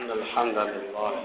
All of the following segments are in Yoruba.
إن الحمد لله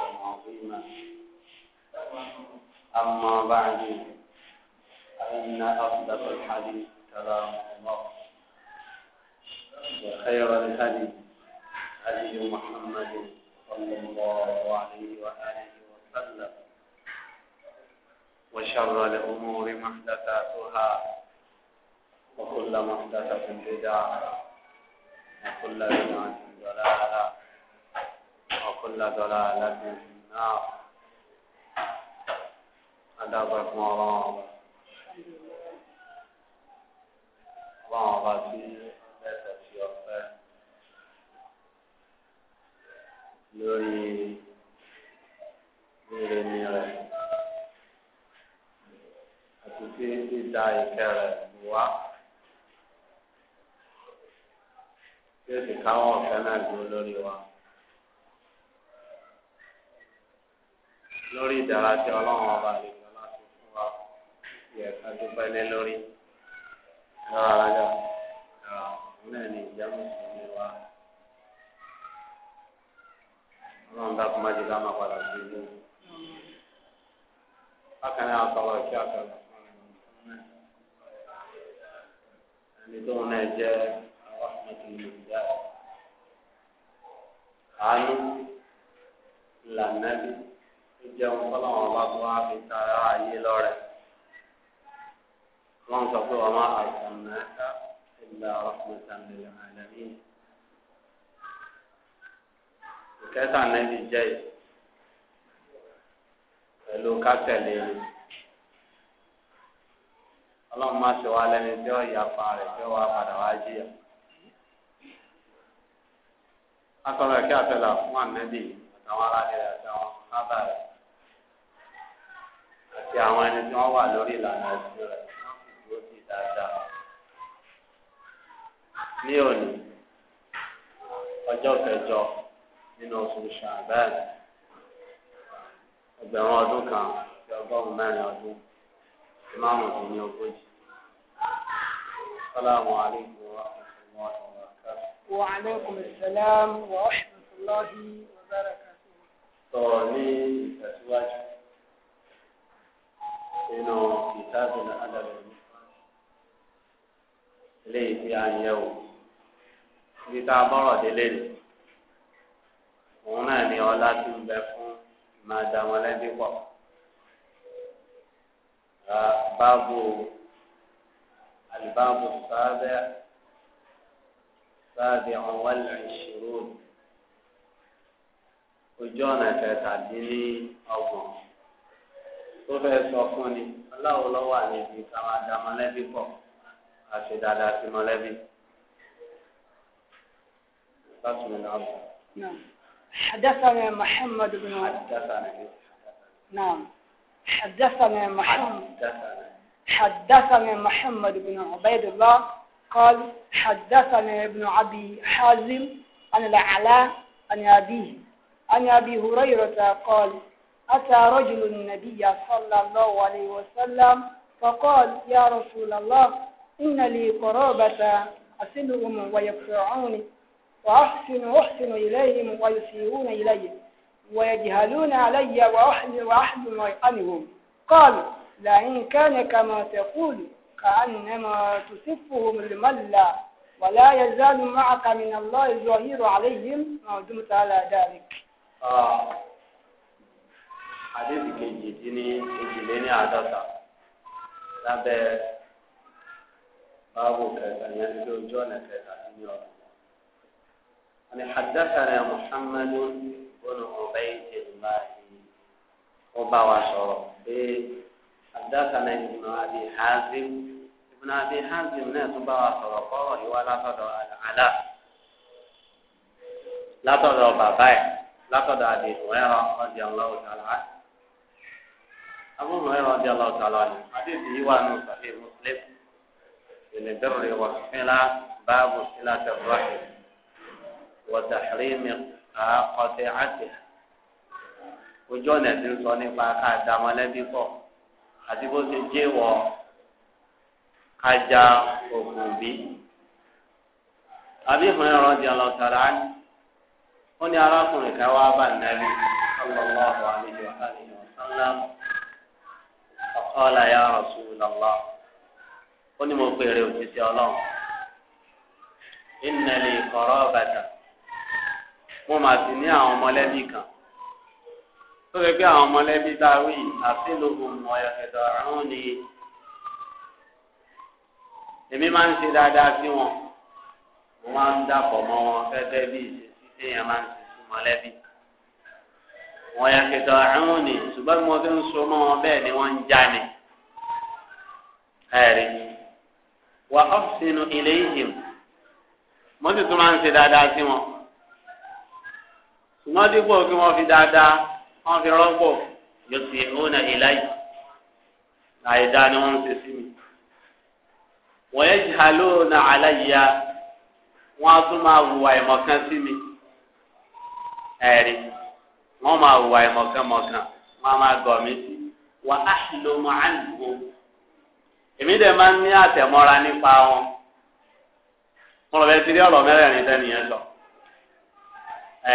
أما بعد فإن أصدق الحديث كلام الله وخير الهدي هدي محمد صلى الله عليه وآله وسلم وشر الأمور محدثاتها وكل محدثة بدعة وكل بدعة ضلالة وكل ضلالة náà adágbà fún ọlọ́run ọlọ́run ọba tí ẹsẹ̀ sí ọ̀fẹ́ lórí rere ní rẹ̀ àti tí dídá ìkẹ́ rẹ̀ wá. Yóò sì káwọn ọ̀fẹ́ náà dúró lórí wa. lórí ìdára tí ọlọ́run ọba àlejò láti fún wa yẹ ká dúpẹ́ lé lórí rárá náà ni ìjà mùsùlùmí wa ọlọ́run dá kúmá jẹ ká máa padà sí ilé bákan náà àtọwọ́ kí àtọwọ́ ẹni tó ń náà jẹ́ àwọn ọmọkùnrin ìjà àánú làǹdàbí ìjẹun fọlọ́wọn ọba tó wá fi tara ayé lọ́rẹ̀ wọ́n sọ pé wọ́n máa àìsàn náà ká ìlà ọ̀pọ̀ta nílẹ̀ àlẹ́mí. ìkẹta nẹ́bí jẹ́ yìí pẹ̀lú kátẹ̀lé e. ọlọ́run má ṣe wá lẹ́ni tí ó yà pa rẹ̀ tí ó wá padà wá jìyà. akọ̀rọ̀ kí àtẹ̀là fún ànẹ́bí àtàwọn aráàlú àtàwọn sábà àti àwọn ẹni tí wọ́n wà lórí ìlànà ẹ̀sìn rẹ̀ náà kò dúró sí dáadáa. ní òní ọjọ́ kẹjọ nínú oṣù ṣàbẹ́ẹ̀ ẹgbẹ̀rún ọdún kan ti ọgọ́rùn-ún mẹ́rin ọdún ti márùn-ún dín ní ogójì. Assalamu alaikum wa rahmatullahi wa barakatuh. Wa alaikum assalam wa rahmatullahi wa barakatuh. Sọ̀rọ̀ ní ìtẹ̀síwájú nínú ìtàgé náà dàbẹ̀ mú. eléyìí fi àyẹ̀wò ibi tá a bọ́rọ̀ délé rè òun náà ni ọlá ti ń bẹ fún máa dà wọn lẹ́bí pọ̀. báàbò àlùbáàbò sáábẹ́ sáábẹ́ ọ̀wọ́n ìṣòro ojú ọ̀nà kẹtàdínlọ́gbọ̀n tó fẹ́ sọ fún ni aláwo lọ́wọ́ àlejò ká máa da mọ́lẹ́bí pọ̀ ká dáadáa sí mọ́lẹ́bí. حدثنا محمد بن حدثنا نعم حدثنا محمد حدثنا محمد بن عبيد الله قال حدثنا ابن ابي حازم عن العلاء عن ابيه عن ابي هريره قال أتى رجل النبي صلى الله عليه وسلم فقال يا رسول الله إن لي قرابة أسلهم ويكفرعوني وأحسن أحسن إليهم ويسيئون إلي ويجهلون علي وأحل وأحلم عنهم قال لئن كان كما تقول كأنما تصفهم الملا ولا يزال معك من الله الظهير عليهم ما دمت على ذلك. آه àdéhùn kejì tí ní ojìlé ní àádọ́ta lábẹ́ báàbò kẹta yẹn ní bí ojú ọ̀nà kẹta sí ní ọ̀dọ̀. àní حدثنا محمد بن عبيد الله ó bá wa sọ̀rọ̀ pé حدثنا ابن أبي حازم ابن أبي حازم náà tún bá wa sọ̀rọ̀ kọ́rọ̀ yìí látọ̀dọ̀ àlàálà látọ̀dọ̀ bàbá ẹ̀ látọ̀dọ̀ àdéhùn ẹ̀rọ ọ̀dẹ̀ ọ̀lọ́wọ̀ tààlà abúlé rẹ rọdí aláwọta aláwọ àdéhùn yìí wà nù sàfẹ mùsùlùm ìlẹ bẹrù rẹ wà fínlá báàbù sílá tẹfúráhì wọtà xìrìmì àkọtẹ àti ojú ọ̀nà tí ń sọ nípa ká da mọ̀lẹ́bí pọ̀ àti bó ṣe jẹ́ wọ kájà òkú bí. àbí ìfúnni rọdí aláwọta aláwọ ó ní arákùnrin kan wá bá nàbí sallallahu alaihi wa sallam ọ̀la ya Rasulullah ó ní mo pèrè òṣìṣẹ́ ọlọ́run ìnàlè kọ̀rọ̀ bàtà mo mà sí ní àwọn ọmọlẹ́bí kan tó fi pé àwọn ọmọlẹ́bí tá a wí àti lóògùn mọ̀ ẹ̀dọ̀ ọ̀run ni èmi máa ń ṣe dáadáa sí wọn mo máa ń dàpọ̀ mọ́ wọn gẹ́gẹ́ bí ìṣesí téèyàn máa ń ṣe sí mọ̀lẹ́bí wọn yà kẹtọ àrùn ni ṣùgbọ́n mo ti ń so mọ́ wọn bẹ́ẹ̀ ni wọ́n ń já ni Eri wa ọ́fíìsìnù ilé ìhìn mo sì tún dáadáa sí wọn ṣùgbọ́n dípò kí wọ́n fi dáadáa wọ́n fi rọ́pò yóò sì ọ̀nà Na àìdáa ni wọ́n ń ṣe wọ́n yẹ jìhálò na aláyíyá wọ́n á máa hùwà ìmọ̀kan sí wọ́n máa mọ̀kan wọ́n máa gọ̀ mí wà á èmi dẹ̀ máa ń ní àtẹ̀mọ́ra nípa wọn mo lọ bẹ ti rí ọ̀rọ̀ mẹ́rẹ̀ẹ̀rin tẹ́nìyẹn lọ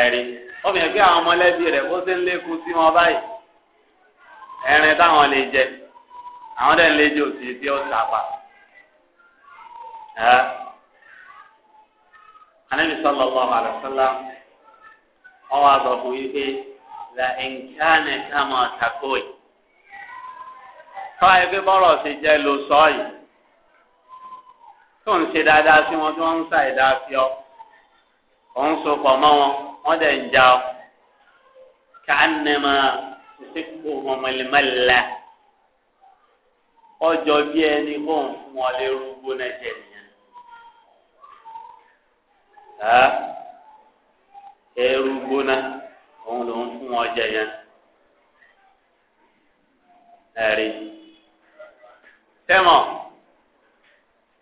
ẹ̀rí obìnrin pé àwọn ọmọlẹ́bí rẹ̀ bó ṣe ń lékun sí wọn báyìí ẹ̀rin táwọn lè jẹ àwọn dẹ̀ ń lé jẹ òsì tí ó sàpà ẹ̀ anábì sallallahu alaihi wasallam wọn wá sọ fún yín pé la nǹkan nìkan mọ̀ ṣàkóyè tọ́wá yẹ pé bọ́rọ̀ ṣe jẹ́ ló sọ yìí tó ń ṣe dáadáa sí wọn tí wọ́n ń sa ìdá fi ọ òun so pọ̀ mọ́ wọn wọ́n dẹ̀ ń ja ọ ká ní ma ṣe kó wọn mọ̀lẹ́mọ̀lẹ́ ọjọ́ bí ẹni kó ń fún wọn lé rúgbó náà jẹ nìyẹn ẹrú gbóná òun ló ń fún wọn jẹ yẹn ẹ̀rí tẹ́mọ̀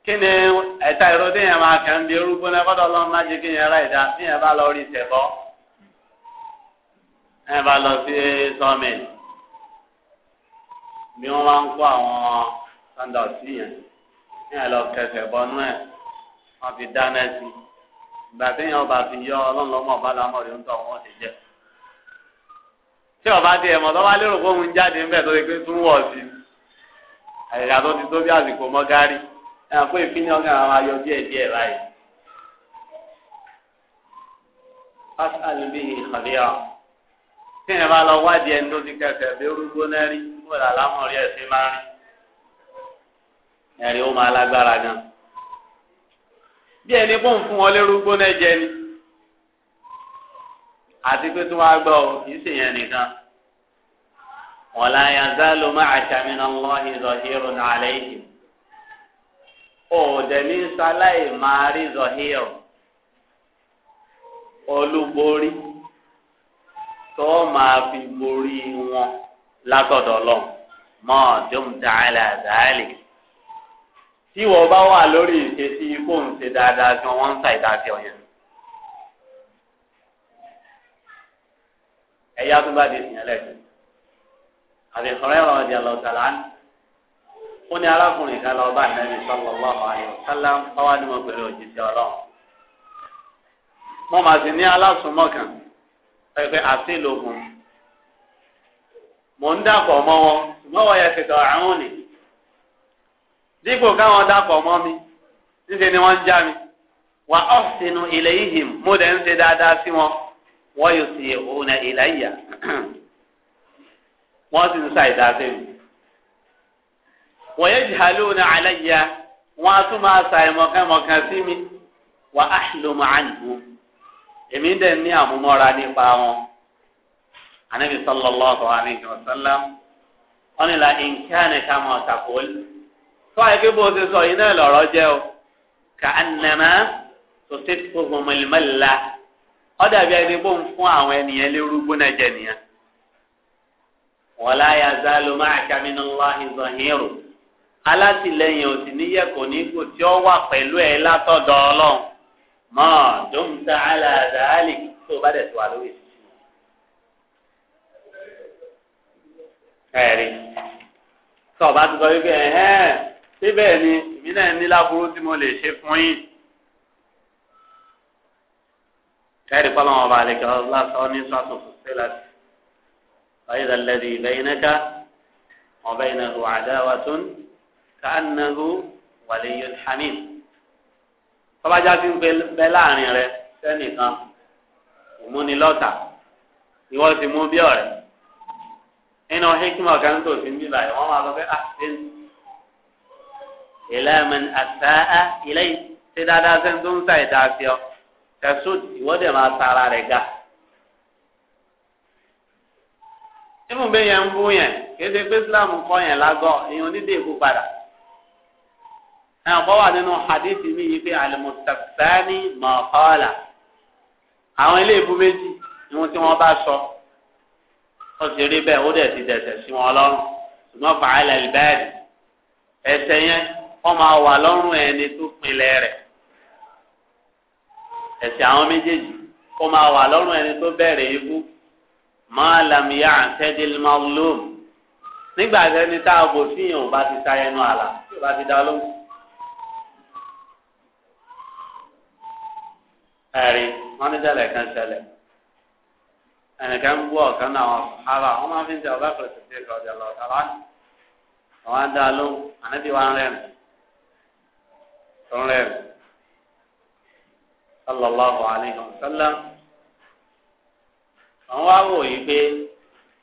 kí ni ẹ̀ta ìró yẹn máa kàn bí orúkọ náà kọ́dọ̀ lọ́n má jẹ́ kí yẹn ra ìdá tí yẹn bá lọ rí ìṣẹ̀bọ́ ẹ̀ bá lọ sí sọ́mìn bí wọ́n máa ń kó àwọn sandọ̀tì yẹn yẹn lọ kẹsẹ̀ bọ́nú ẹ̀ wọ́n fi dáná sí ìgbà tí yẹn ọba fi yọ ọlọ́lọ́mọ̀ bá lámọ̀ ń tọ̀ wọ́n ti jẹ́ tí ọba ti ẹ̀mọ́ tó lérò pé òun jáde ńbẹ̀ tó ti pé tún wọ̀ sí i. àyẹ̀yà tó ti tó bí àsìkò mọ́gárì ẹ̀ hàn pé ìfínní ọ̀gá àwọn ayọ̀ díẹ̀ díẹ̀ báyìí. pásítọ̀lù bíi tí bá lọ wádìí ẹni tó ti kẹsẹ̀ bí orúgbó náà rí kó là lámọ̀rí máa rí ẹ̀rí ó máa lágbára gan. bí ẹni kó ń fún wọn lérúgbó náà jẹ ni àti pé gbọ́ kì í nìkan. ولا يزال معك من الله ظهير عليهم òdẹ̀mí sáláì máa rí zọ̀híọ̀ olúborí tó máa fi borí wọn látọ̀dọ̀ lọ mọ́ ọ̀dún dáhàlà dáhàlì tí wọ́n bá wà lórí ìṣesí ikú ń ṣe dáadáa tí wọ́n ń ṣàìdá sí ọ̀yẹ́. ẹ̀yà tó bá di ìsìn ẹlẹ́sìn àbí ìfọ̀rẹ́ ọ̀rọ̀ ọ̀dì àlọ́tàlá ni ó ní arákùnrin kan lọ bá ànábì sallallahu alaihi wasallam ọwọ́ ni mo pèrè òjijì ọlọ́run mo mà sì ní alásùnmọ́ kan pẹ̀pẹ́ àti lògùn mò ń dàpọ̀ mọ́ wọn ṣùgbọ́n wọ́n yẹ kẹtọ̀ àrùn ni dípò káwọn dàpọ̀ mọ́ mi níṣẹ́ ni wọ́n ń já mi wà ahsinu ilayhim mo dẹ̀ ń ṣe dáadáa sí wọn wọ́n yóò sì òun ilẹ̀ yà. wọ́n sì ń ṣàìdá sẹ́yìn wọ́n yẹ jìhálóhùn alayya, wọ́n á tún máa ṣàì mọ̀kànmọ̀kàn sí mi wà á lò máa nìkú èmi dẹ̀ ní àmúmọ́ra nípa wọn anabi sallallahu alayhi wa sallam wọ́n ní la nǹkan ẹ̀ka mọ̀ ṣàkóyè tó àyíké bó ṣe sọ yìí náà jẹ́ o tó tó fún ẹni bó ń fún àwọn ènìyàn lérúgbó náà jẹ wọlá ya zálù máa kàmínú láhi zọhírù alátìlẹ́yìn òsì níyẹ kò ní kò tí ó wà pẹ̀lú ẹ látọ̀dọ̀ Ọlọ́run mọ dùmtà aláàdáálì tó bá dẹ̀ tó wà lórí ìsìn. ẹ̀rí tó o bá ti sọ wípé ẹ̀hẹ́n síbẹ̀ ni èmi náà ní láburú tí mo lè ṣe fún yín. ẹ̀rí pálọ̀ wọn bá lè ní sọ́tò fún sílẹ̀. فإذا الذي بينك وبينه عداوة كأنه ولي حميم tọ́ba já sí bẹ láàrin rẹ sẹ́nìkan òmúnilọ́ta ìwọ ti mú bí ọ̀rẹ́ nínú hikima kan tó fi ń bí báyìí wọ́n máa lọ fẹ́ àṣìṣe ìlẹ́mìn àṣàá ilé ṣé dáadáa sẹ́ni ń sa ìdá sí ọ tẹ̀sùn ìwọ́dẹ̀ máa ta ara rẹ̀ ga. ìmú bẹ́ẹ̀ yẹn ń bú yẹn kéde pé islam kọ́ yẹn lágọ́ èèyàn onídìí èkó padà ẹ̀ ọ̀pọ̀ wà nínú hadithi mi yìí pé alimusafani mọ̀ọ́kọ́là àwọn ilé ìbú méjì ni wọ́n ti wọ́n bá sọ ó sì rí bẹ́ẹ̀ ó dẹ̀ ti dẹ̀sẹ̀ sí wọn lọ́rùn ṣùgbọ́n fàálà ìbáàdì ẹsẹ̀ yẹn wọ́n máa wà lọ́rùn ẹni tó pinlẹ̀ rẹ̀ ẹsẹ̀ àwọn méjèèjì wọ́n máa wà lọ́rùn ẹni tó bẹ̀rẹ̀ ibú máa làmìyà àtẹ́dìl mazlum nígbà tẹ́ni tá a bò síyàn ò bá ti ta ẹnu àlà tí ò bá ti dá lóhùn. ẹ̀rí wọ́n ní tẹ́lẹ̀ kan ṣẹlẹ̀ ẹnìkan ń bú ọ̀kan náà wọn ara wọn máa fi ń tẹ ọba pẹ̀lú ṣe é kọjá lọ ọ̀tá láti àwọn á dá lóhùn ànábì wa ń tó ń rẹ́rìn sallallahu alayhi wa sallam. àwọn wá wò yí pé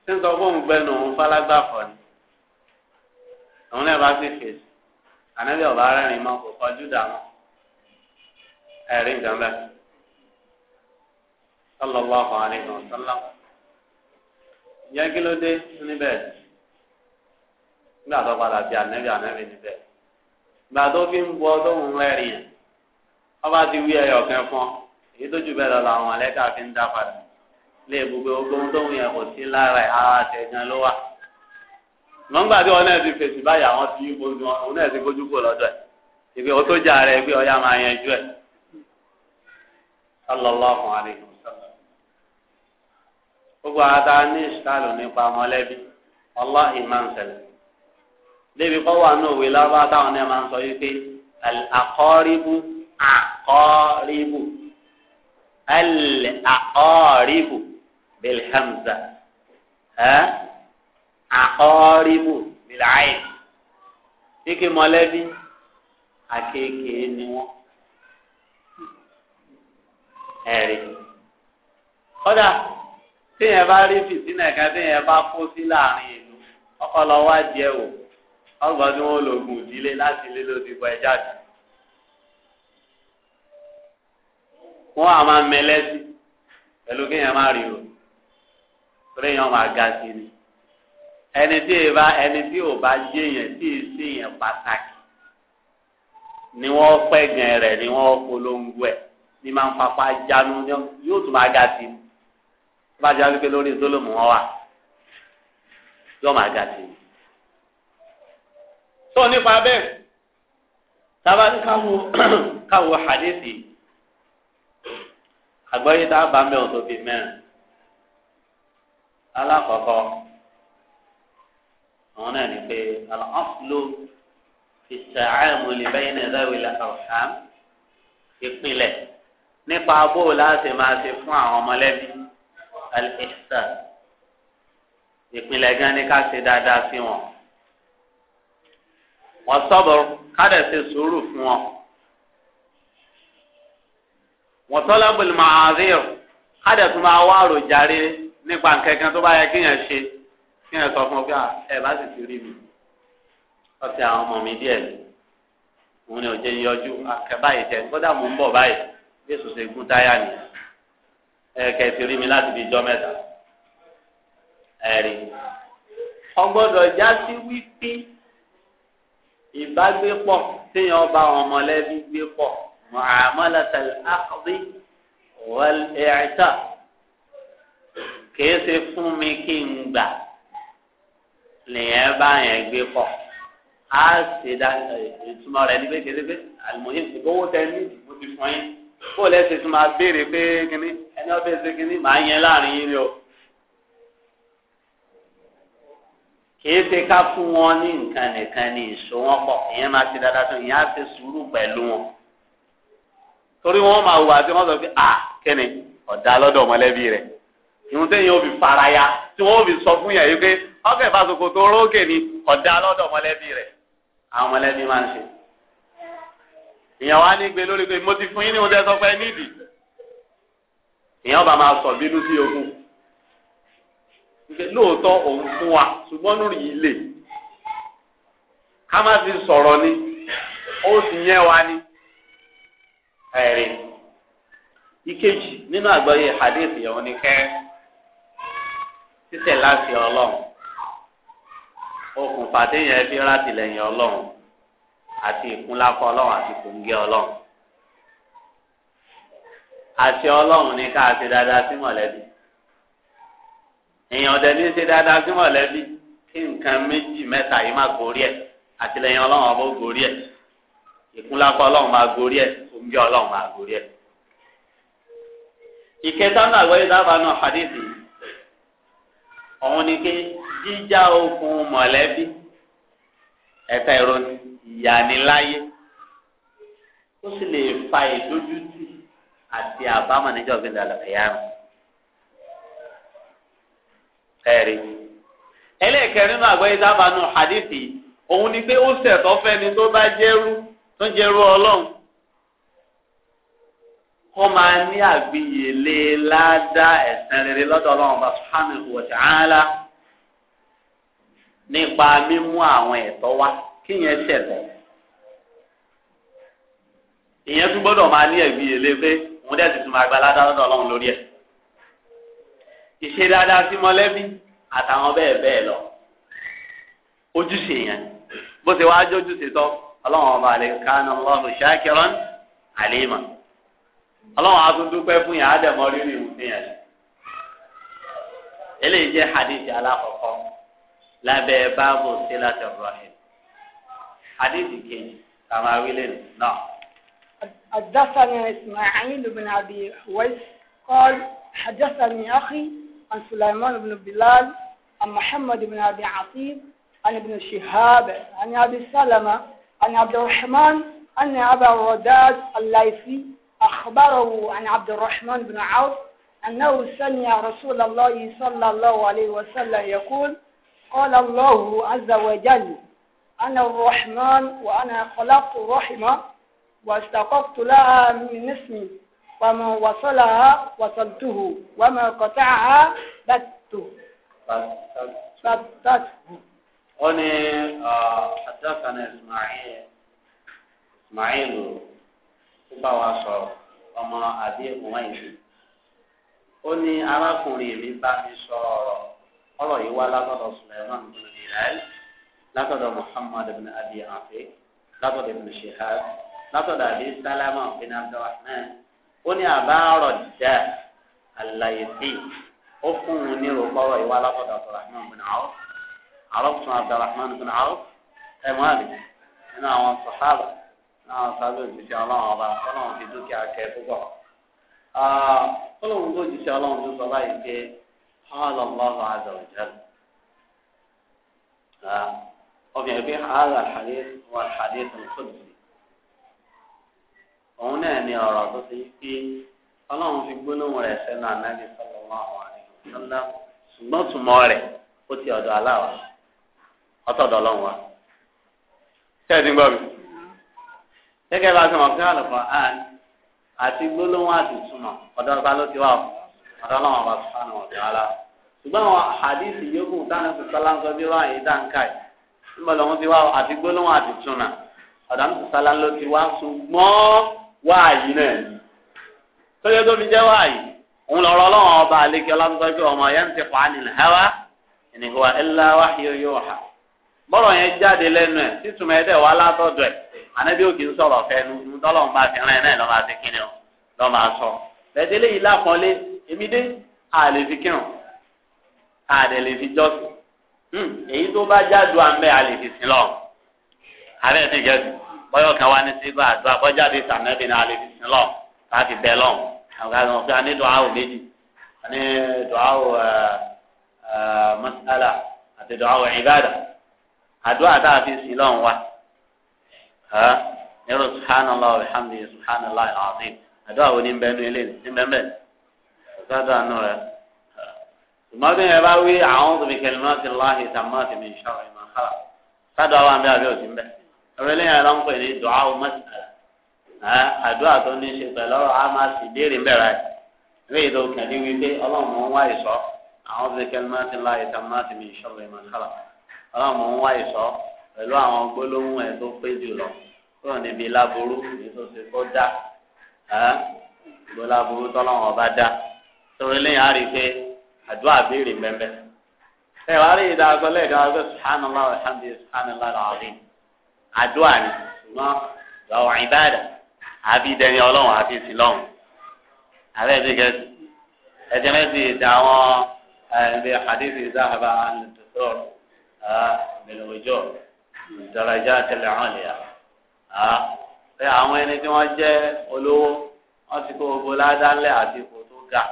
ṣé ń sọ fún òun gbẹnu òun fálágbá fọ ni òun náà bá sì fèsì ànábì ọba arẹ́rìn mọ́ kò kọjú dàmú ẹ̀rí nǹkan kí ló dé nígbà tó padà ànábì ànábì tó fi ń bu ọdún rìn ọba ti wí ẹyọ èyí tó jù lé gbogbo ọgbọ́n tó ń yẹ kò sí lára ẹ̀ ara tẹ̀gán ló wà. nọ́mbà tí wọn náà ti fèsì báyà wọn ti yí gbogbo wọn òun náà ti gbójú kò lọ́dọ̀ ẹ̀ ìgbé wọn tó jà rẹ̀ gbé ọyá máa yanjú ẹ̀. sallallahu alayhi wa sallam. gbogbo ata ní ìṣàlù nípa mọ́lẹ́bí ọlọ́hì máa ń ṣẹlẹ̀. débi kọ́ wà ní òwe lábá táwọn náà máa ń sọ yìí pé àkọ́rìbù àkọ́rìbù àkọ́rìbù bilhamza ẹ àkọ́rìbù bilayi kíkì mọ̀lẹ́bí akéèké ni wọ́n ẹ̀rí kódà téèyàn bá rí fìtínà kan téèyàn bá kó sí láàrin ìlú ọkọ lọ wá jẹ o ọgbọ́n tí wọ́n lò gùn ìdílé láti ilé ló ti bọ ẹ jáde wọ́n á máa kéèyàn má rí o torí èèyàn máa ga sí ni ẹni tí ì bá ẹni tí ò bá jẹ yẹn tí ì sí yẹn pàtàkì ni wọ́n pẹ́ gan rẹ̀ ni wọ́n polongo ẹ̀ ní máa ń papá jánu yóò tún máa ga sí ni bá a jáde lórí ìdólòmù wọn wà yóò máa ga sí ni. sọ nípa bẹ́ẹ̀ tábà ní káwo káwo hadithi àgbáyé tá a bá mẹ́wọ̀n tó fi mẹ́rin alákọ̀ọ́kọ́ àwọn náà ní pé al-aslu fi ta'amuli bayna zawil arham ìpìlẹ̀ nípa bó láti máa ṣe fún àwọn ọmọlẹ́bí al-ihsan ìpìlẹ̀ gan ni ká ṣe dáadáa sí wọn wọ́n sọ́bọ̀ kádẹ̀ ṣe sùúrù fún wọn wọ́n tọ́lá bùlùmọ̀ àríyọ̀ kádẹ̀ tún máa wá àròjàre nípa nǹkankan tó bá yẹ kéèyàn ṣe kéèyàn sọ fún ọ pé ah, ẹ bá sì ti rí mi ọtí àwọn ọmọ mi díẹ̀ òun ni ò jẹ yọjú akẹ ah, báyìí jẹ kódà mò ń bọ̀ báyìí bí èso ṣe táyà ni ẹ kẹ ti rí mi láti fi jọ mẹ́ta ẹ rí ọgbọ́dọ̀ já sí wípé ìbágbépọ̀ téèyàn bá wọn gbé pọ̀ mọ àmọlẹtẹlẹ àkọbí wọlé ẹ̀ẹ́ta kìí ṣe fún mi kí n gbà lèyẹn bá yẹn gbé pọ̀ á ṣe dá ìtumọ̀ rẹ̀ ní pé kìí ṣe pé àlùmọ́yìn ti gbówó tẹ ní ìdìbò ti fún yín kó lẹ́ ṣe tún máa béèrè pé kíní ẹni ọbẹ̀ ṣe kíní màá yẹn láàrin yín ni o. kìí ṣe ká fún wọn ní nǹkan nìkan ní ìṣó wọn pọ̀ ìyẹn máa ṣe dáadáa tó ìyẹn á ṣe sùúrù pẹ̀lú wọn torí wọn máa wà tí wọn sọ pé à kíni ọ̀dà lọ́dọ̀ mọ̀lẹ́bí rẹ̀ ìhun téèyàn ó fara ya tí wọ́n ó sọ fún yàn yìí pé ọkọ̀ ìfàsókò tó rókè ni ọ̀dà lọ́dọ̀ mọ̀lẹ́bí rẹ̀ àwọn mọ̀lẹ́bí máa ń ṣe. ìyàn wa ní gbé lórí pé mo ti fún yín ní oúnjẹ sọ nídìí ìyàn bá máa sọ bínú sí ogun lóòótọ́ òun fún wa ṣùgbọ́n lórí ni ó sì yẹ wa ni ìkejì nínú àgbáyé hadith yẹn títẹ̀ láti ọlọ́run okùnfà téèyàn fi rántí lẹ́yìn ọlọ́run àti ìkúnlákọ ọlọ́run àti kòńgẹ́ ọlọ́run àti ọlọ́run ní ká ṣe dáadáa sí mọ̀lẹ́bí èèyàn ọ̀dẹ ní ṣe dáadáa sí mọ̀lẹ́bí kí nǹkan méjì mẹ́ta yìí má gorí ẹ̀ àtìlẹ́yìn ọlọ́run ọmọ gorí ẹ̀ ìkúnlákọ ọlọ́run máa gorí ẹ̀ kòńgẹ́ ọlọ́run máa gorí ẹ̀. ìkẹta náà wọ́n yóò dábàá náà hadith yìí. òun ni pé jíjá okùn mọ̀lẹ́bí ẹ̀ka ìròyìn ìyániláyé ó sì lè fa ìdójútì àti àbámọ̀ níjọ́ bí lálẹ́ ẹ̀rí ẹlẹ́ẹ̀kẹrin náà àgbáyé sábà òun ni pé ó ṣẹ̀tọ́ fẹ́ni tó bá jẹ́rú tó jẹ́rú kó máa ní àgbìyèlé ládá ẹ̀sẹ̀ rere lọ́dọ̀ ọlọ́run bá subhanahu wa ta'ala nípa mímú àwọn ẹ̀tọ́ wá kí yẹn ṣẹ̀tọ́. ìyẹn tún gbọ́dọ̀ máa ní àgbìyèlé pé òun dẹ̀ tuntun máa gba ládá lọ́dọ̀ ọlọ́run lórí ẹ̀. ìṣe dáadáa sí mọ́lẹ́bí àtàwọn bẹ́ẹ̀ bẹ́ẹ̀ lọ ojúṣe yẹn bó ṣe wáá jójúṣe tán ọlọ́run ọba àlè kánà Allahu shakiran ọlọ́run adúndúpẹ́ fún yàrá dẹ̀mọ́ rírì ìwúsí yẹn lọ. eléyìí jẹ́ hadith alákọ̀ọ́kọ́ lábẹ́ báàbò sílátẹ̀ ibrahim hadith kejì sàmáwílẹ̀ náà. حدثني إسماعيل بن أبي ويس قال حدثني أخي عن سليمان بن بلال عن محمد بن أبي عطيب عن ابن شهاب عن أبي سلمة عن عبد الرحمن أن أبا الرداد الليثي أخبره عن عبد الرحمن بن عوف أنه سمع رسول الله صلى الله عليه وسلم يقول قال الله عز وجل أنا الرحمن وأنا خلقت الرحمة واستقفت لها من اسمي ومن وصلها وصلته وما قطعها بته بتته هنا حدثنا إسماعيل إسماعيل ó bá wa sọ̀rọ̀ ọmọ àbí ìwọ̀n ìlú ó ní arákùnrin mi bá mi sọ ọ̀rọ̀ ọ̀rọ̀ yìí wá látọ̀dọ̀ Sulaiman bin Bilal látọ̀dọ̀ Muhammad bin Abi Afi látọ̀dọ̀ ibn Shihab látọ̀dọ̀ àbí Salama bin Abdulrahman ó ní àbá ọ̀rọ̀ dá àlàyé sí ó fún un ní rògbọ́rọ̀ yìí wá látọ̀dọ̀ Abdulrahman bin Auf àrọ́fún Abdulrahman bin Auf ẹ̀ mọ́ àlè nínú àwọn sọ̀hábà náà sábẹ́ òjijì ọlọ́run ọba ọlọ́run fi dúkìá kẹ púpọ̀. ọlọ́run tó jìṣẹ́ ọlọ́run tó sọ báyìí pé ọlọ́ lọ́rọ̀ àzọ̀ òjẹ́lu. obìnrin bí ààrẹ àṣàlẹ́ wà àṣàlẹ́ tó ń sọ̀dùn. òun náà ni ọ̀rọ̀ tó ti pé ọlọ́run fi gbólóhùn rẹ̀ sẹ́nu ànábì sallallahu alaihi wasallam ṣùgbọ́n tùmọ̀ rẹ̀ ó ti ọ̀dọ̀ aláwa ọ̀tọ̀dọ̀ ọlọ́run wa. ṣé ẹ ti ń gbọ́ mi? gẹ́gẹ́ bá a sọ wọn fún àlùkò àn àti gbólóhùn àtìtúmọ̀ ọ̀dọ̀ ọba ló ti wà ọ̀dọ̀ ọlọ́wọ́n ọba sùpánù ọ̀dọ̀ ara ṣùgbọ́n àwọn àdìsí yòókù dáná tó sálá ń sọ bí wọ́n àyè dáńkà yìí níbo lòun ti wà àti gbólóhùn àtìtúmọ̀ ọ̀dọ̀ àmì tó sálá ló ti wà ṣùgbọ́n wáàyí náà tóyẹ tó fi jẹ́ wáàyí òun lọ́rọ̀ ọlọ́wọ́n ọba àlekè ọlọ́mọdé ọmọ ànábì òkè ń sọ̀rọ̀ fẹ́nu ńdọ́lọ́run bá fi rán ẹ náà lọ́ máa fi kíni o lọ́ máa sọ lẹ́tẹ́lẹ́ yìí lápọ́nlé èmi dé àlè fi kírun àlè lè fi jọ́sìn hmm, èyí tó bá jáde àmì àlè fi sin lọ àbẹ́ ti jẹ́ bọ́yọ̀ kan wá ní sígbà àdó àkọ́jáde sàmẹ́bí ní àlè fi sin lọ láti bẹ́ lọ àwọn àgbà wọn fi méjì àní dùn mọ́sálà àti dùn áwò ìbàdà àdó àtàfi sin lọ́hùn wa nírú subhanallah alhamdulilayi subhanallah alazim àdó àwọn oníbẹ̀nu ilé níbẹ̀nbẹ̀ ọ̀sádọ̀ àánú rẹ̀. ṣùgbọ́n bí yẹn bá wí àwọn tóbi kẹlẹ́mọ́ ti láàyè tàmá ti mi ṣàrọ̀ ìmọ̀ kálá sádọ̀ àwọn àbí àbí òsì ń bẹ̀. ọ̀rẹ́ lẹ́yìn ẹ̀rọ ń pè ní dùá o mọ́sítàlá àdó àtọ́ ní ṣe pẹ̀lú ọ̀rọ̀ á máa sì déèrè ń bẹ̀rẹ̀ ìwé ìdó kẹ̀lé wí pé ọlọ́run ń wá ìsọ́ àwọn tóbi kẹlẹ́mọ́ ti láàyè tàmá ti mi ṣàrọ̀ ìmọ̀ kálá ọlọ́run ń wá ìsọ́ pẹ̀lú àwọn gbólóhùn ẹ̀ tó pé jùlọ kúrò níbi láburú èyí tó ṣe kó dá gbó láburú tọ́lọ́wọ́n ọba dá torí lẹ́yìn àárí pé àdúrà béèrè mẹ́mẹ́. ẹ wàá rí ìdá agbọ́ lẹ́ẹ̀dá agbọ́ subhanallah alhamdulilayi subhanallah alazim àdúrà ni ṣùgbọ́n ìwà ìbáàdà àbí dẹni ọlọ́run àti ìsìn lọ́run. àbẹ́ ẹ̀dí gẹ̀ẹ́sì ẹ̀jẹ̀ mẹ́sì ìdá àwọn ẹ̀ ẹ̀ ẹ̀ daraja tẹlẹ hàn lẹ́yà pé àwọn ẹni tí wọ́n jẹ́ olówó wọ́n ti kó gbogbo ládàálẹ̀ àti ipò tó ga.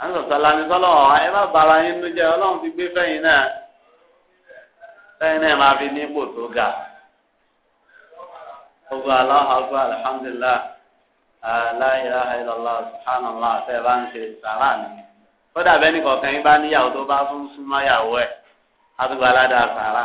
à ń sọ̀tọ̀ lani sọ́lọ̀ ẹ má bàrà yín nu jẹ́ ọlọ́run ti gbé fẹ́yìn náà fẹ́yìn náà máa fi ní ipò tó ga. gbogbo aláhùn àgbà alhamdulilah aláìlá ilọ̀lá subhanallah àti ẹ̀bá ń ṣe sàrà ni. kódà bẹ́ẹ̀ ni kọ̀ọ̀kan yín bá níyàwó tó bá fún súnmọ́ yàwó ẹ̀ á aládàá sàrà.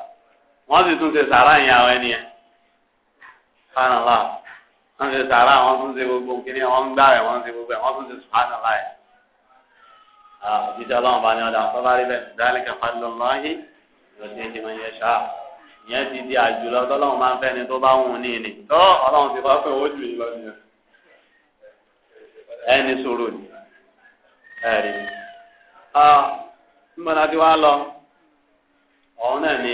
wọ́n sì tún ṣe sàrà yẹn àwọn ẹni yẹn sàrànlá wọ́n ṣe sàrà wọ́n tún ṣe gbogbo kìnìún wọ́n gbà rẹ̀ wọ́n ṣe gbogbo ẹ̀ wọ́n tún ṣe sàrànlá yẹn. òjijì ọlọ́run bá ní ọjà sọ́lá rí bẹ́ẹ̀ dáríkà fadlullahi lọ́sẹ̀ tí wọ́n yẹ ṣá ìyẹn ti di àjùlọ tọ́lọ́run máa ń fẹ́ ni tó bá wù ní ni tó ọlọ́run ti bá fẹ́ owó jù yín ẹni sọ̀rọ̀ ni ẹ̀rí. mbọ̀nà tí wàá lọ ọ̀hún náà ni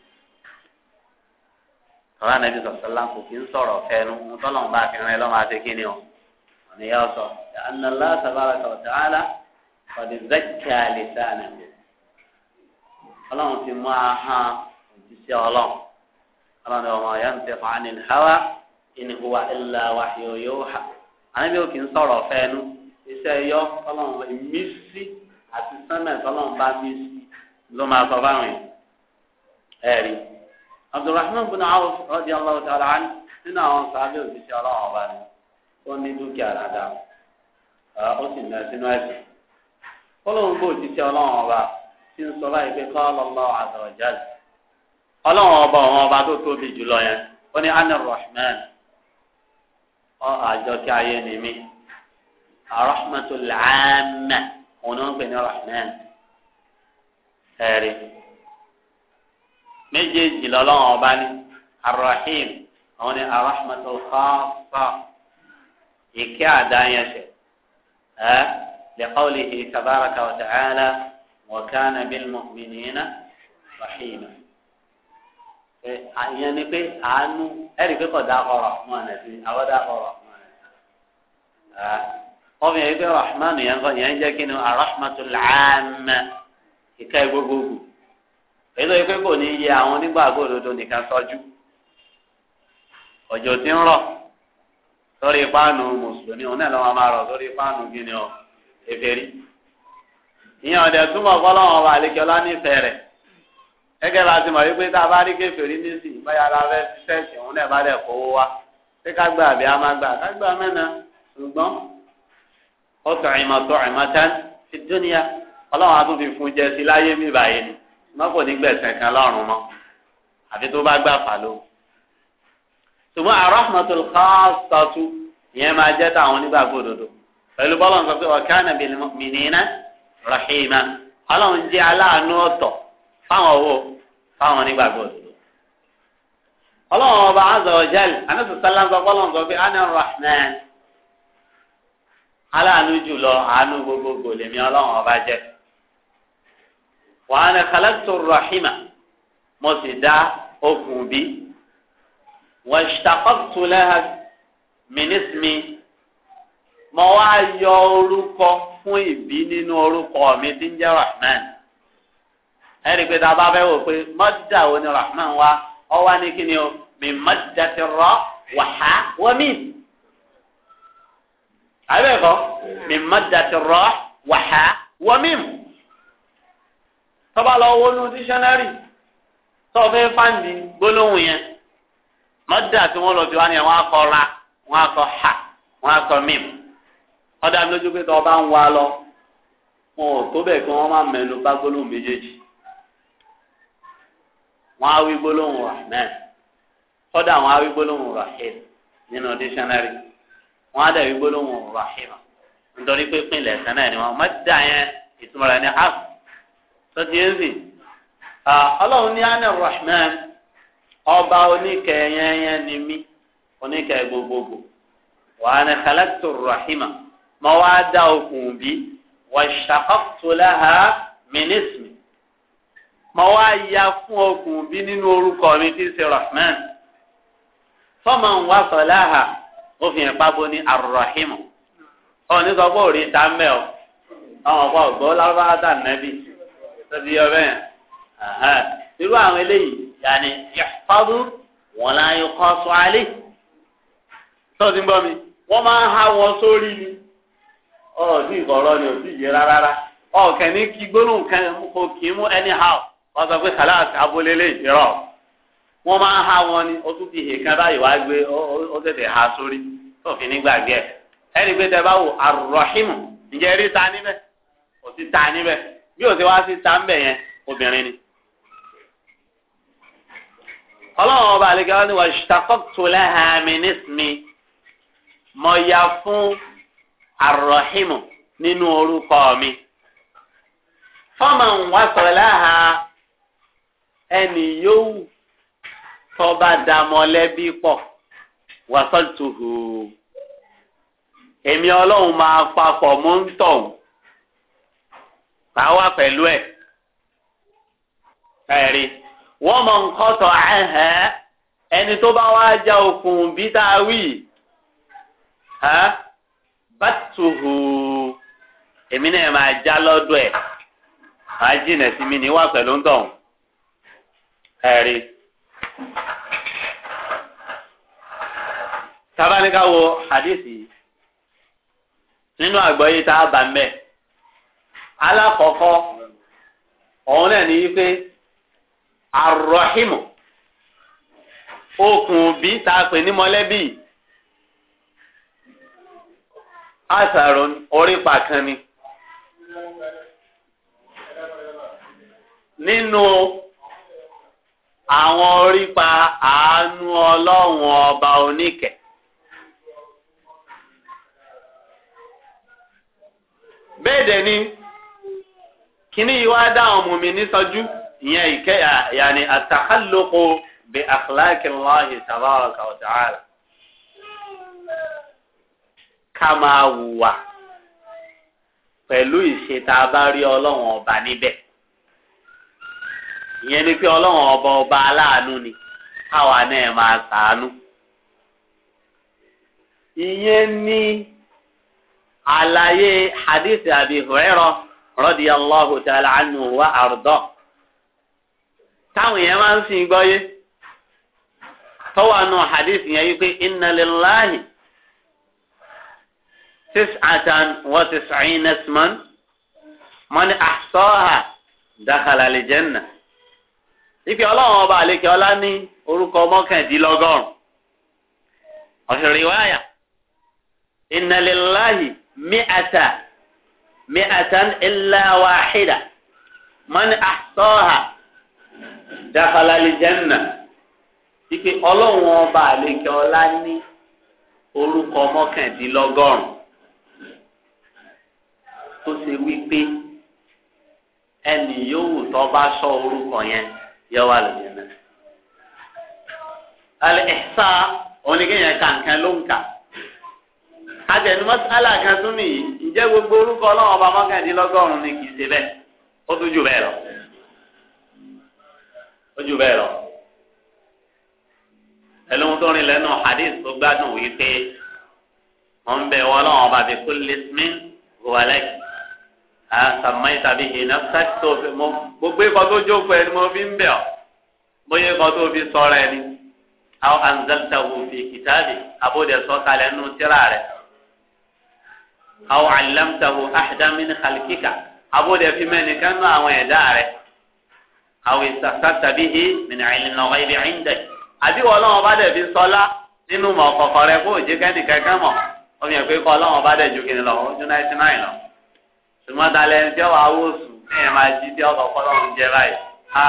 tọ́lá nàbí sọ̀sọ́lá kò kí ń sọ̀rọ̀ fẹ́nu mo tọ́lọ̀ ń bá fi rìn lọ́mọ àti kíni o ọ̀nà ìyá ọ̀sọ̀ anàlá sàbára sọ̀rọ̀ tààlà ọ̀dì zẹ́kìá lè sá ànàbì ọlọ́run ti mú ahọ́n òjíṣẹ́ ọlọ́run ọlọ́run ọmọ ọ̀yá ń tẹ̀ fún anil hawa in huwa illa wahyu yuha ànàbí ò kì ń sọ̀rọ̀ fẹ́nu iṣẹ́ yọ ọlọ́run ìmísí abdulrahman bin awf radiyallahu ta'ala anhu nínú àwọn sábẹ́ òṣìṣẹ́ ọlọ́run ọba ni ó ní dúkìá dáadáa ó sì ná sínú ẹ̀sìn kọ́lọ́run bó òṣìṣẹ́ ọlọ́run ọba ti ń sọ báyìí pé qala Allahu azza wa jalla ọlọ́run ọba ọ̀hún ọba tó tóbi jùlọ yẹn ó ní ana ọ àjọkẹ́ ayé ni mí arahmatul òun ni ń pè ní rahman ẹ̀rí méjèèjì lọ́lọ́run ọba ní arahim àwọn ní arahmatul khassa ìkẹ́ àdáyẹsẹ̀ ẹ lẹ́kọ́ọ̀lì ìtabaraka wa ta'ala wa kana bil mu'minina rahima. àyẹn ni pé àánú ẹ̀rí pé kò dákọ̀rọ̀ mọ́ ọ̀nà sí àwọn dákọ̀rọ̀ mọ́ ọ̀nà sí. wọ́n fi pé rahman yẹn kọ́ jẹ́ kí ni arahmatul 'amma ìkẹ́ gbogbogbò. èyí tó kò ní yẹ àwọn onígbàgbọ́ òdodo nìkan sọ́jú ọjọ́ tí ń rọ̀ sórí páànù mùsùlùmí òun náà lọ́wọ́ máa rọ̀ sórí páànù gíní ọ èfèrí ìyẹn ọ̀dẹ̀ túmọ̀ ọba nífẹ̀ẹ́ rẹ̀ gẹ́gẹ́ bá ti mọ̀ wípé tá a bá rí nísìnyí báyà òun náà bá dẹ̀ kówó wá pé ká gbà àbí a ká fi ṣùgbọ́n kò ní gbẹ̀sẹ̀ kan lọ́rùn mọ́ àfi tó bá gbà fà ló. ṣùgbọ́n arahmatul khaasatu ìyẹn máa jẹ́ táwọn onígbàgbọ́ òdodo pẹ̀lú bọ́lá ń sọ pé wa kana bil mu'minina rahima ọlọ́run jẹ́ aláàánú ọ̀tọ̀ fáwọn owó fáwọn onígbàgbọ́ òdodo. ọlọ́run ọba azza wa jal anásù sálá ń sọ bọ́lá ń pé ana rahman aláàánú jùlọ àánú gbogbogbò lèmi ọlọ́run ọba jẹ́ wàá ní kàlẹ́tò rahima mo sì dá okùn bí wọ́n ṣàkóso lẹ́hà mínísìmì mo wá yọ orúkọ fún ìbí nínú orúkọ mi tí ń jẹ́ rahman ẹ̀rí pé tá a bá fẹ́ wò pé mọ́dà wo ni rahman wá ọ wá ní kíni o mi mọ́dà ti rọ wàhá wọ́mí àbẹ̀kọ́ mi mọ́dà ti rọ wàhá wọ́mí tọ́ba lọ wọnú dísẹ́nárì tọ́ fẹ́ fáǹdì gbólóhùn yẹn mọ́dà tí wọ́n lọ bí wá ni wọ́n á ra wọ́n á ha wọ́n á kọ mím ọ̀dà mi lójú pé tọ́ba ń wá lọ wọn ò tó bẹ́ẹ̀ kí wọ́n má mẹ́nu bá gbólóhùn méjèèjì wọ́n á wí gbólóhùn rahman kọ́dà wọ́n á wí gbólóhùn rahim nínú dísẹ́nárì wọ́n á wí gbólóhùn rahim nítorí pé pínlẹ̀ sẹ́nà ni wọ́n mọ́dà yẹn ìtumọ̀ sọtí ẹnzì ọlọ́run ní anna rahman ọba oníkẹyẹyẹ ni mí oníkẹ gbogbogbò wàá ní kàlẹ́tù rahima mọ wá dá okùn bí wà ṣàkóso-láha mínísìmì mọ wá ya fún okùn bí nínú orúkọ mi tí ṣe rahman fọmọ ń wá sọláha ó fi ní arrahimu ọ ní sọ pé òrìta mẹ ọ àwọn ọgbà ọgbà ọlọ́wọ́ adá tọ́bi ọbẹ̀ irú àwọn eléyìí yàní ìfọ́dù wọn là ń kọ́ sọ alẹ́ tọ́sí ń mi máa ń ha wọn sórí ni ò rárá anyhow sọ pé kàláàsì abúlé lè ha wọn ni tún fi báyìí gbé ó tètè ha sórí ẹni pé tẹ bá wò ta kò sí bí o ti wá sí ta ń bẹ̀ yẹn obìnrin ni. ọlọ́run ọba àlejò wọn ni wọ́n ṣàkóso lẹ́hàmì nísìmí mọ̀ ya fún àròhìmù nínú orúkọ mi. fọ́mọ̀ ń wá sọ̀rọ̀ láha ẹnì yòówù tọ́ba dàmọ́lẹ́bí pọ̀ wàsọ́tùhù èmi ọlọ́run máa papọ̀ mọ́ ń tọ̀hún bá wà pẹ̀lú ẹ̀ ẹ̀rí wọ́n mọ̀ nǹkan tọ̀ ẹ̀hẹ́ ẹni tó bá wá já okùn bí tá a wí bàtùhù èmi náà máa já lọ́dọ̀ ẹ̀ máa jìnà sí mi ní wà pẹ̀lú ń tọ̀hún ẹ̀rí. hadisi nínú àgbọ́yé tá a bá ń alákọ̀ọ́kọ́ ọ̀hún náà ní wípé arọ́hìmù okùn òbí tá a pè ní mọ́lẹ́bí àṣàrò orípa kan ni nínú àwọn orípa àánú ọlọ́run ọba oníkẹ. bẹ́ẹ̀ dẹ̀ ni kíní yìí wá dá àwọn mùmí ní sọjú ìyẹn ìkẹ́ yàní àtàkàlùkù bí akhlaqi Allahi tabaraka wa ta'ala. ká máa wùwà pẹ̀lú ìṣe tá a bá rí ọlọ́run ọba níbẹ̀ ìyẹn ni pé ọlọ́run ọba ọba aláàánú ni káwa náà máa ṣàánú. ìyẹn ni àlàyé hadith Abi Hurairah radiyallahu ta'ala anhu wa arda táwọn yẹn máa ń sìn gbọ́ yé tọ́wọ́ àánú hadith yẹn yí pé inna lillahi tis'atan wa tis'ina isman man ahsaha dakhala al-jannah ìpè ọlọ́run ọba àlekè ọlá ní orúkọ mọ́kàndínlọ́gọ́rùn ọ̀sẹ̀ rìwáyà inna lillahi mi'ata mi'atan إلا واحدة من ahsaha dakhala الجنة. ipe ọlọ́run ọba àlekè ọlá ní orúkọ mọ́kàndínlọ́gọ́rùn tó ṣe wípé ẹnì yòówù tó bá sọ orúkọ yẹn yọ wà lóyún náà. Al-Ihsa oníkéyàn kàǹkan ló ń kà. Àtẹnumọ́sálà kan tún nìyí ǹjẹ́ gbogbo orúkọ ọlọ́run ọba mọ́kàndínlọ́gọ́rùn-ún ni kì í ṣe bẹ́ẹ̀ ó tún jù bẹ́ẹ̀ lọ ó jù bẹ́ẹ̀ lọ ẹlòmú tó rìn lẹ́nu hadith tó gbádùn wí pé wọ́n ń bẹ wọ́n ọlọ́run ọba bíi kulli ismin àtàmáyé tàbí ìnáfẹ́ tó fi mọ́ gbogbo ikọ̀ tó jókòó ẹni mo fi ń bẹ̀ ọ́ bóyá ikọ̀ tó fi sọ̀rọ̀ ẹni àwọn anzaltahu fi kìtàbí abóde sọ̀kalẹ̀ nù tírà rẹ̀ aw alamtahu ahda min khalkika abóde fi mẹ́ni kánú àwọn ẹ̀dá rẹ̀ aw istasata bihi min ilmi al-ghaybi indak àbí wọ́n lọ́wọ́ bá dẹ̀ fi sọ́lá nínú mọ̀ kọ̀kọ̀ rẹ̀ kó òjì kẹ́ni kankan mọ̀ omi ẹ̀ pé kọ́ lọ́wọ́ bá dẹ̀ ju kìnìún lọ ojú náìtì náì lọ ṣùgbọ́n dalẹ̀ ń jẹ́ wàá wò sùn ní ẹ̀ máa jí jẹ báyìí ha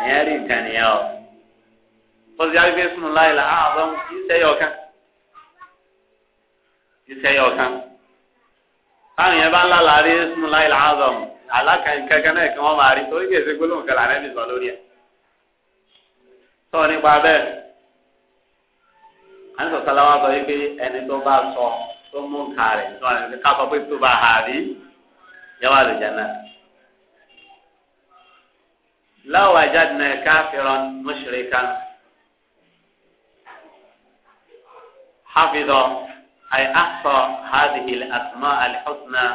àyẹn rí nǹkan nìyẹn o tó ti yá wípé sùn láìla àwọn ọ̀rọ̀ kì í sẹ́yọ̀ kan kì í sẹ́yọ̀ kan táwọn yẹn bá ń lálàá rí sùn láì láàzọ̀ alákànkẹ́kẹ́ náà kí wọ́n máa rí torí kèsì gbólóhùn kẹlẹ́ àrẹ́ mi sọ lórí ẹ̀. sọ nípa bẹ́ẹ̀ àníṣọ sáláwá sọ wípé ẹni tó bá sọ tó mú nǹkan rẹ̀ tó rẹ̀ ní kápá pé tó bá hà rí yẹ́wà lè jẹ́ náà. láwọn àjáde káfíran mọ́ṣẹ̀rẹ̀ kan. حفظ أي أحصى هذه الأسماء الحسنى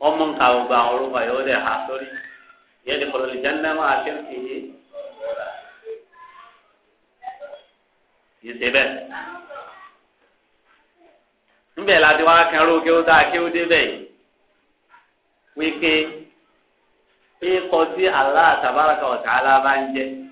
ومن قوبا عروبا يودي حاصل يدخل الجنة مع شركه يسيبه nbẹ láti wá kẹrù kí ó dáa kí ó dé wípé kíkọ tabaraka wa ń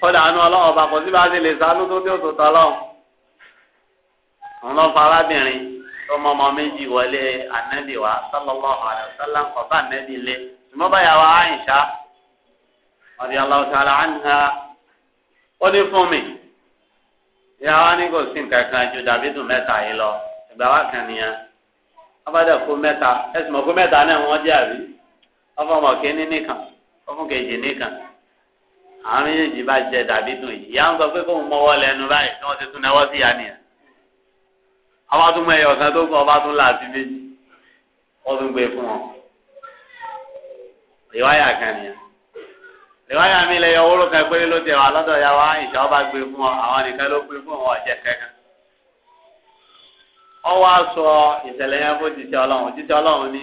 kódà àánú ọlọ́wọ́ ọba kò sí bá ṣe lè tó tí ó tó tọ́ arábìnrin tó ọmọ méjì wọlé ànábì wa sallallahu alaihi wasallam kò ànábì lé ṣùgbọ́n báyà wa àyìnṣá radiyallahu ó ní fún mi kò sí nǹkan kan ju dàbí dùn mẹ́ta yìí lọ ìgbà wa nìyẹn abájá mẹ́ta ẹ̀sìn mọ̀ mẹ́ta náà wọ́n jẹ́ ọfọmọ nìkan ọfún kejì nìkan. àárín èjì bá jẹ dàbí dùn yìí ìyá ń sọ pé kóun mọ́wọ́ lẹ́nu báyìí tí wọ́n ti tún náwó sí ìyá nìyẹn ọba tún mọ ẹyọ kan tó kún ọba tún láti méjì wọ́n tún gbé fún ọ ìwáyà kan nìyẹn ìwáyà mi lẹ́yọ owóró kan péré ló tẹ̀ wá lọ́dọ̀ ìyá wa ìṣá ọba gbé fún ọ àwọn nìkan ló pín fún ọ ọ̀jẹ̀ kankan ọwọ́ aṣọ ìṣẹ̀lẹ̀ yẹn fún jíjẹ ọlọ́run jíjẹ ọlọ́run ní.